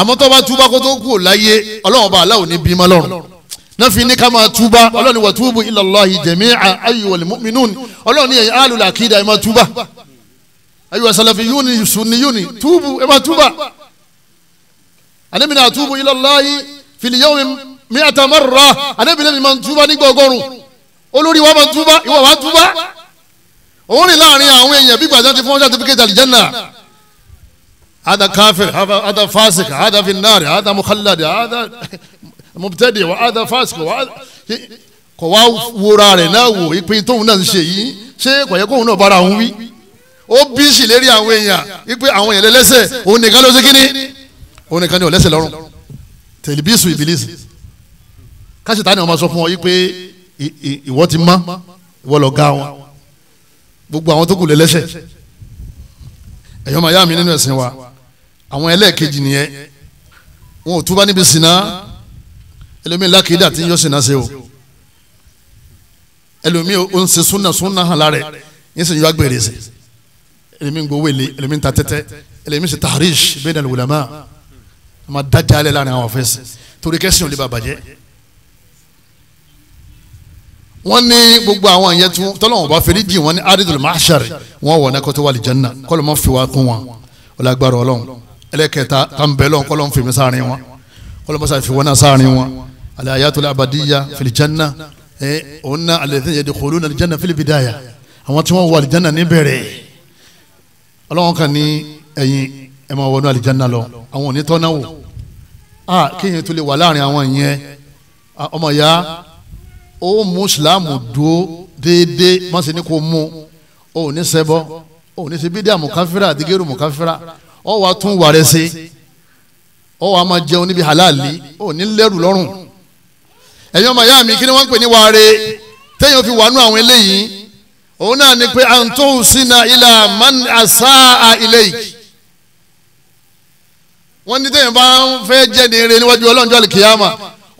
àmọ́ tó bá kótó kù láyé ọlọ́run bá Allah ò ní bímọ lọ́rùn nàfi ní ká máa túbá ọlọ́ni wà túbú ilallahi jami'a ayyuhal mu'minun ọlọ́ni ẹ̀yin alùlà àkìdá ẹ̀ máa túbá ayyuhas salafiyuni sunniyuni túbú ẹ̀ máa túbá anamina túbú ilallahi fil yawmi mi'ata marra anamina ni máa túbá ní gbọ̀gọ́rùn olórí wa máa túbá ìwọ wa túbá òun ni láàrin àwọn èèyàn bí gbàdá ti fún certificate aljanna hada kafir hada fasik hada finnari hada mukhallad hada mọ̀tẹ́dẹ̀ wà á dá fásitì wà á kọ̀ wá wúra rẹ̀ náà wò ìpín tóun náà ń ṣe yìí ṣé kò yẹ kóun náà bára òun wí ó bí sì àwọn èèyàn wípé àwọn èèyàn lẹ́lẹ́sẹ̀ òun nìkan ló ṣe kí ni òun nìkan ni ò lẹ́sẹ̀ lọ́rùn tẹ̀lifíṣù ìbílíṣì káṣíta ni wọ́n máa sọ fún ọ wípé ìwọ ti mọ́ ìwọ lọ ga wọn gbogbo àwọn tó kù lẹ́lẹ́sẹ̀ ẹ̀yọ́ máa yá mi nínú ẹ̀sìn wa àwọn ẹlẹ́ẹ̀kejì nìyẹn wọn ò túbá níbi sìnà ẹlòmíì lákìdá tí yóò ṣìnà ṣe o ẹlòmíì ó ń ṣe súnà súnà hàn lára ẹ yín sì yọ agbèrè ṣe ẹlòmíì ń gbowó èlé ẹlòmíì ń ta tẹ́tẹ́ ẹlòmíì ṣe tahrish bẹ́ẹ̀ dàn wùlámà a máa dájà alẹ́ láàrin àwọn afẹ́sì torí kẹ́sìn ò lè ba bàjẹ́ wọ́n ní gbogbo àwọn ìyẹn tí tọ́lọ́wọ́n bá fẹ́rí jì wọ́n ní aridul mahshar wọ́n wọ̀ náà tó wà lè janna kọ́lọ́ fi wá kún wọn ọ̀làgbàrọ̀ ọlọ́run ẹlẹ́kẹta tá bẹ́ lọ́n kọ́lọ́ fi mi sáárín wọn kọ́lọ́ mọ́ fi wọ́n náà sáárín wọn alayatul abadiyya filijanna ẹ eh, òun náà alẹ́sẹ̀ yẹ di kòló náà alijanna filibidaya àwọn tí wọ́n wọ alijanna níbẹ̀rẹ̀ ọlọ́wọ́n kan ní ẹ̀yin ẹ̀ máa wọnú alijanna lọ àwọn ò ní tọ́ná wò a kéèyàn tó lè wà láàrin àwọn yẹn ọmọ ya ó mú sìláàmù dúró déédéé má sì ní kó mú ó ní ṣẹbọ ó ní ṣe bídíà mùkáfírà àdìgẹ́rù mùkáfírà ó wàá tún wàrẹ́ ṣe ó wàá máa jẹun níbi halali ó ní lẹ́rù lọ́rùn ẹ̀yin ọmọ ìyá mi kí ni wọ́n ń pè ní wàre téèyàn fi wàánú àwọn eléyìí òun náà ni pé àǹtóhùn sínú ilà man àṣà ilayki wọ́n ní téèyàn bá ń fẹ́ jẹ́ ní eré níwájú ọlọ́njọ́ àlìkìyàmà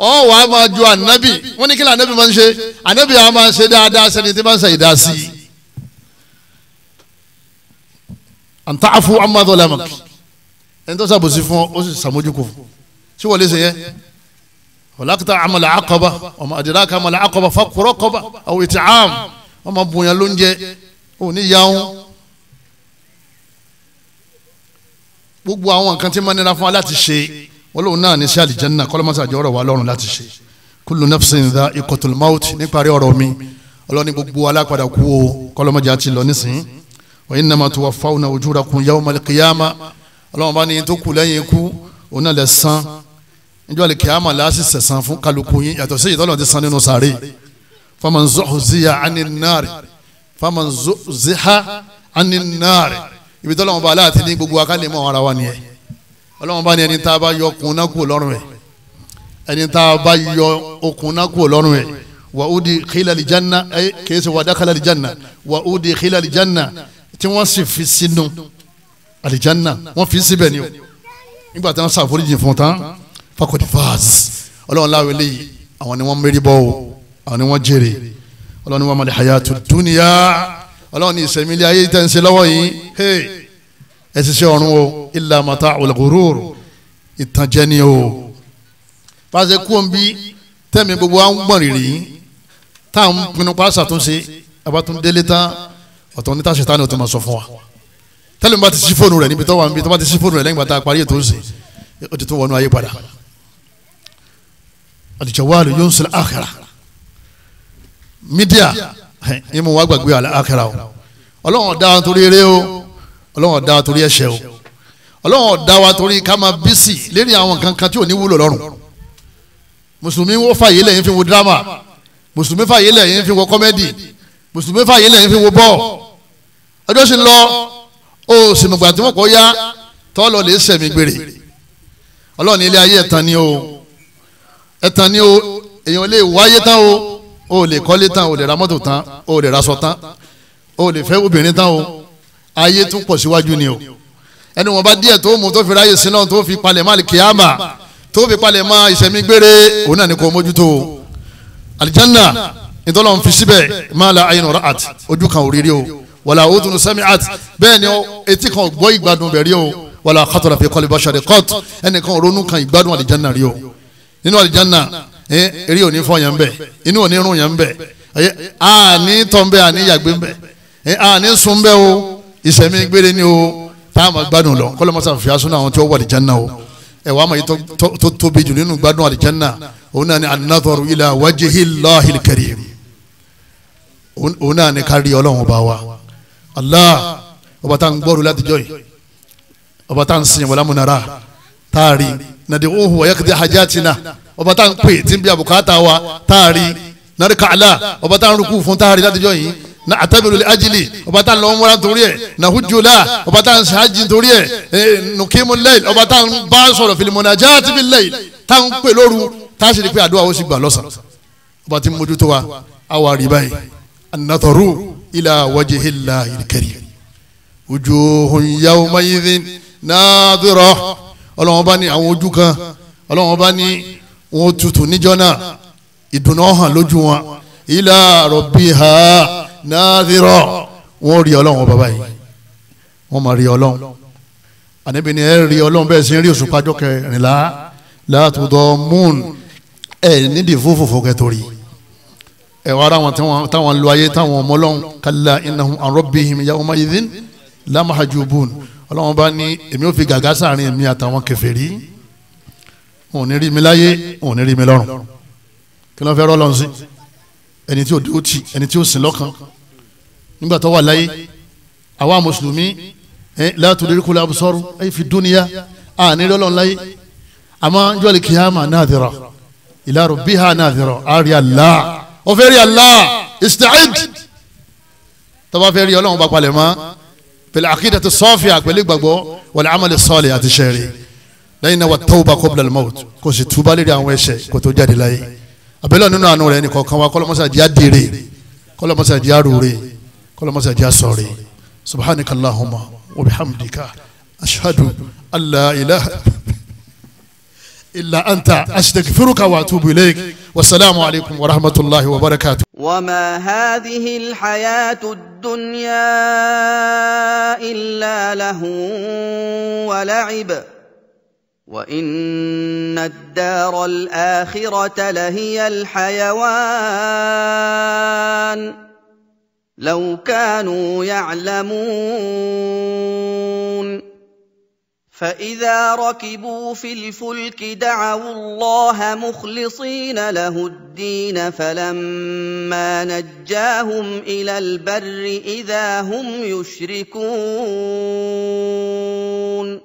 ọ̀hún wàá máa ju ànábì wọ́n ní kí ni ànábì máa ń ṣe ànábì á máa ṣe dáadáa sẹ́ni tí bá ń ṣe ìdásí. àǹtá àfu amadu ọlẹ́mọ̀kì ẹni tó ṣàbòsí fún ọ ó sì ṣàmójúkò fún ṣé ṣe yẹn ولقد عمل عقبة وما أدراك àmàlà àkọ́bà fàkùrọ̀ kọ́bà àwọn ètò àm ọmọ bùnyàn ló ń jẹ òní yahun gbogbo àwọn nǹkan tí ma nira fún wa láti ṣe wọ́n lóun náà ní sí àlìjẹ́nà kọ́lọ́mọ́sá àjọ ọ̀rọ̀ wa lọ́rùn láti ṣe kullu nafsin dha ikotul maut níparí ọ̀rọ̀ mi ọlọ́ni gbogbo alápadà kú o kọ́lọ́mọ́jà ti lọ nísìnyí wa innama tuwaffawna ujurakum yawmal qiyama ọlọ́wọ́n bá ní tó kù lẹ́yìn ikú òun náà níjọ́ lè kíámà láàsì sẹ̀sán fún kálukú yín yàtọ̀ sí ìtọ́lọ̀ ti san nínú sàárè faman zuhziha ani nari faman zuhziha ani nari ibi tọ́lọ̀ wọn bá aláàtí ní gbogbo akálẹ̀ mọ́ ara wa nìyẹn ọlọ́wọ́n bá ní ẹni tá a bá yọ okùn náà kúrò lọ́rùn ẹ̀ ẹni tá a bá yọ okùn náà kúrò lọ́rùn ẹ̀ wà ó di kílà lè janna ẹ kìí ṣe wà dákàlà lè janna wà ó di kílà lè janna tí wọ́n sì fi sínú àlìjanna wọ́n fi síbẹ̀ ni o nígbà tí wọ́n ṣàforíjì fún tán fakọ̀tì fàás ọlọ́run láwọn eléyìí àwọn ni wọ́n mérí bọ́ o àwọn ni wọ́n jèrè ọlọ́run ni wọ́n mọ̀lẹ́ hayatu dúnìyà ọlọ́run ni ìsẹ̀mí ilé ayé tẹ̀sí lọ́wọ́ yìí hey ẹ ti ṣe ọ̀run o ilà mata olùkúrúur ìtànjẹ ni o pàṣẹ kú òun tẹ̀mí gbogbo à ń gbọ̀n rírì tá à ń pinnu pa ṣàtúnṣe abatúndélé tán ọ̀tọ̀ níta ṣètá ni o ti máa sọ fún wa tẹ́lẹ̀ mi bá ti ṣí fóònù rẹ̀ níbi tó wà níbi tó bá ti ṣí fóònù rẹ̀ lẹ́yìn bàtà parí ètò ìsìn ó ti tún wọnú ayé padà àdìjọwáàlù yóò ń sọ àkàrà mídíà ìmú wa gbàgbé àlẹ́ àkàrà o ọlọ́run ọ̀dá wa torí eré o ọlọ́run ọ̀dá wa torí ẹ̀ṣẹ̀ o ọlọ́run ọ̀dá wa torí ká máa bísì lérí àwọn kankan tí ò ní wúlò lọ́rùn mùsùlùmí wọ́n fàyè lẹ́yìn fi wo dírámà mùsùlùmí fàyè lẹ́yìn fi wo kọ́mẹ́dì mùsùlùmí fàyè lẹ́yìn fi wo bọ́ọ̀ ọjọ́ sì ń lọ o sìmùgbà tí wọ́n kọ́ ya tọ́ lọ lè sẹ̀mí gbèrè ọlọ́run ilé ayé ẹ̀tàn ni o ẹ̀tàn ni o èèyàn lè wáyé tán o o lè kọ́lé tán o lè ra mọ́tò tán o lè raṣọ tán o lè fẹ́ obìnrin tán o ayé tún pọ̀ síwájú ni o ẹni wọn bá díẹ̀ tó mú tó fi ráyè sílọ́n tó fi palẹ̀ máa kíyàmà tó fi palẹ̀ máa ìṣẹ̀mí gbére òun náà ni kò mójútó o alijanna ìtọ́lọ̀ ń fi síbẹ̀ máa la ayinura at ojú kan òrírí o wàlà òtún sẹ́mi at bẹ́ẹ̀ ni etí kan gbọ́ ìgbádùn bẹ̀rí o wàlà kátó la fi kọ́lé bá ṣàdé kọ́t ẹnìkan ronú kan ìgbádùn alijanna rí o nínú àlìjánná eré òní fọyàn ń bẹ inú òní rún yàn ń bẹ àní tọ́ ń bẹ àní yàgbé ń bẹ àní sun ń bẹ o ìsẹ̀mí gbére ni o tá a máa gbádùn lọ kọ́lọ́ mọ́sá fìyà sún àwọn tí wọ́n wà àlìjánná o ẹ̀ wàá mọ̀ yìí tó tóbi jù nínú gbádùn àlìjánná òun náà ni anadọ́rù ilà wajihillahil karim òun náà ni kárí ọlọ́run ọba wa allah ọba tá à ń gbọ́rù látijọ́ yìí ọba tá à ń sìn wọlé táàrí nàdìhóhù ọ̀yẹ́kìtì hajatina ọba tá à ń pè tí ń bí àbùkátà wa tá a rí nàrí kàlá ọba tá à ń rúkú fún tá a rí látijọ́ yìí na atabiru li ajili ọba tá à ń lọ múra torí ẹ na hujula ọba tá à ń sàájì torí ẹ nukimu layl ọba tá à ń bá sọ̀rọ̀ bil layl tá à ń pè lóru tá a sì rí pé àdúrà ó sì gbà lọ́sàn wa àwa rí báyìí anatọ̀rù ilà wajihilá ìkẹrì ojú ohun yawma ọlọ́wọ́n bá ní àwọn ojú kan ọlọ́wọ́n bá ní wọn tutù níjọ́ náà ìdùnnú hàn lójú wọn ilà rọ̀bì ha nàdírọ̀ wọn rí ọlọ́wọ́n bàbá yìí wọn máa rí ọlọ́wọ́n àníbi ni ẹ rí ọlọ́wọ́n bẹ́ẹ̀ sí rí òṣùpájọ́ kẹrìnlá látọ̀dọ̀ moon ẹ nídìí fúfúfú kẹtọ́rì ẹ wá ara wọn táwọn lu ayé táwọn ọmọ ọlọ́wọ́n kálá innahum an rabbihim yawma idhin lamahjubun ọlọ́run bá ní èmi ò fi gàgá sáàrin èmi àtàwọn kèfèrí òun ní rí mi láyé òun ní rí mi lọ́run kí ló fẹ́ rọ́ lọ́run sí ẹni tí ò dúró tì ẹni tí ò sìn lọ́kàn nígbà tó wà láyé àwa mùsùlùmí la tudrikul absar ay fi dunya àní rí ọlọ́run láyé àmọ́ jọ́lì kìyàmà nadhira ila rabbiha nadhira àrí Allah ọ̀fẹ́ rí Allah ista'id tó bá fẹ́ rí ọlọ́run bá palẹ̀ mọ́ pẹ̀lú akidatu sọ́fìà pẹ̀lú gbàgbọ́ wal amali salih àti sẹ́ẹ̀rì lẹ́yìn náà wà tawba qabla al-maut kò sì túbà lérí àwọn ẹ̀ṣẹ̀ kò tó jáde láyé àbẹ̀lẹ̀ nínú àánú rẹ̀ nìkan kan wa kọ́lọ́mọ́sá di adìrẹ̀ kọ́lọ́mọ́sá di arúre kọ́lọ́mọ́sá di asọ̀rẹ̀ subhanakallahumma wa bihamdika ashhadu alla ilaha. إلا أنت أستغفرك وأتوب إليك والسلام عليكم ورحمة الله وبركاته وما هذه الحياة الدنيا إلا له ولعب وإن الدار الآخرة لهي الحيوان لو كانوا يعلمون فاذا ركبوا في الفلك دعوا الله مخلصين له الدين فلما نجاهم الى البر اذا هم يشركون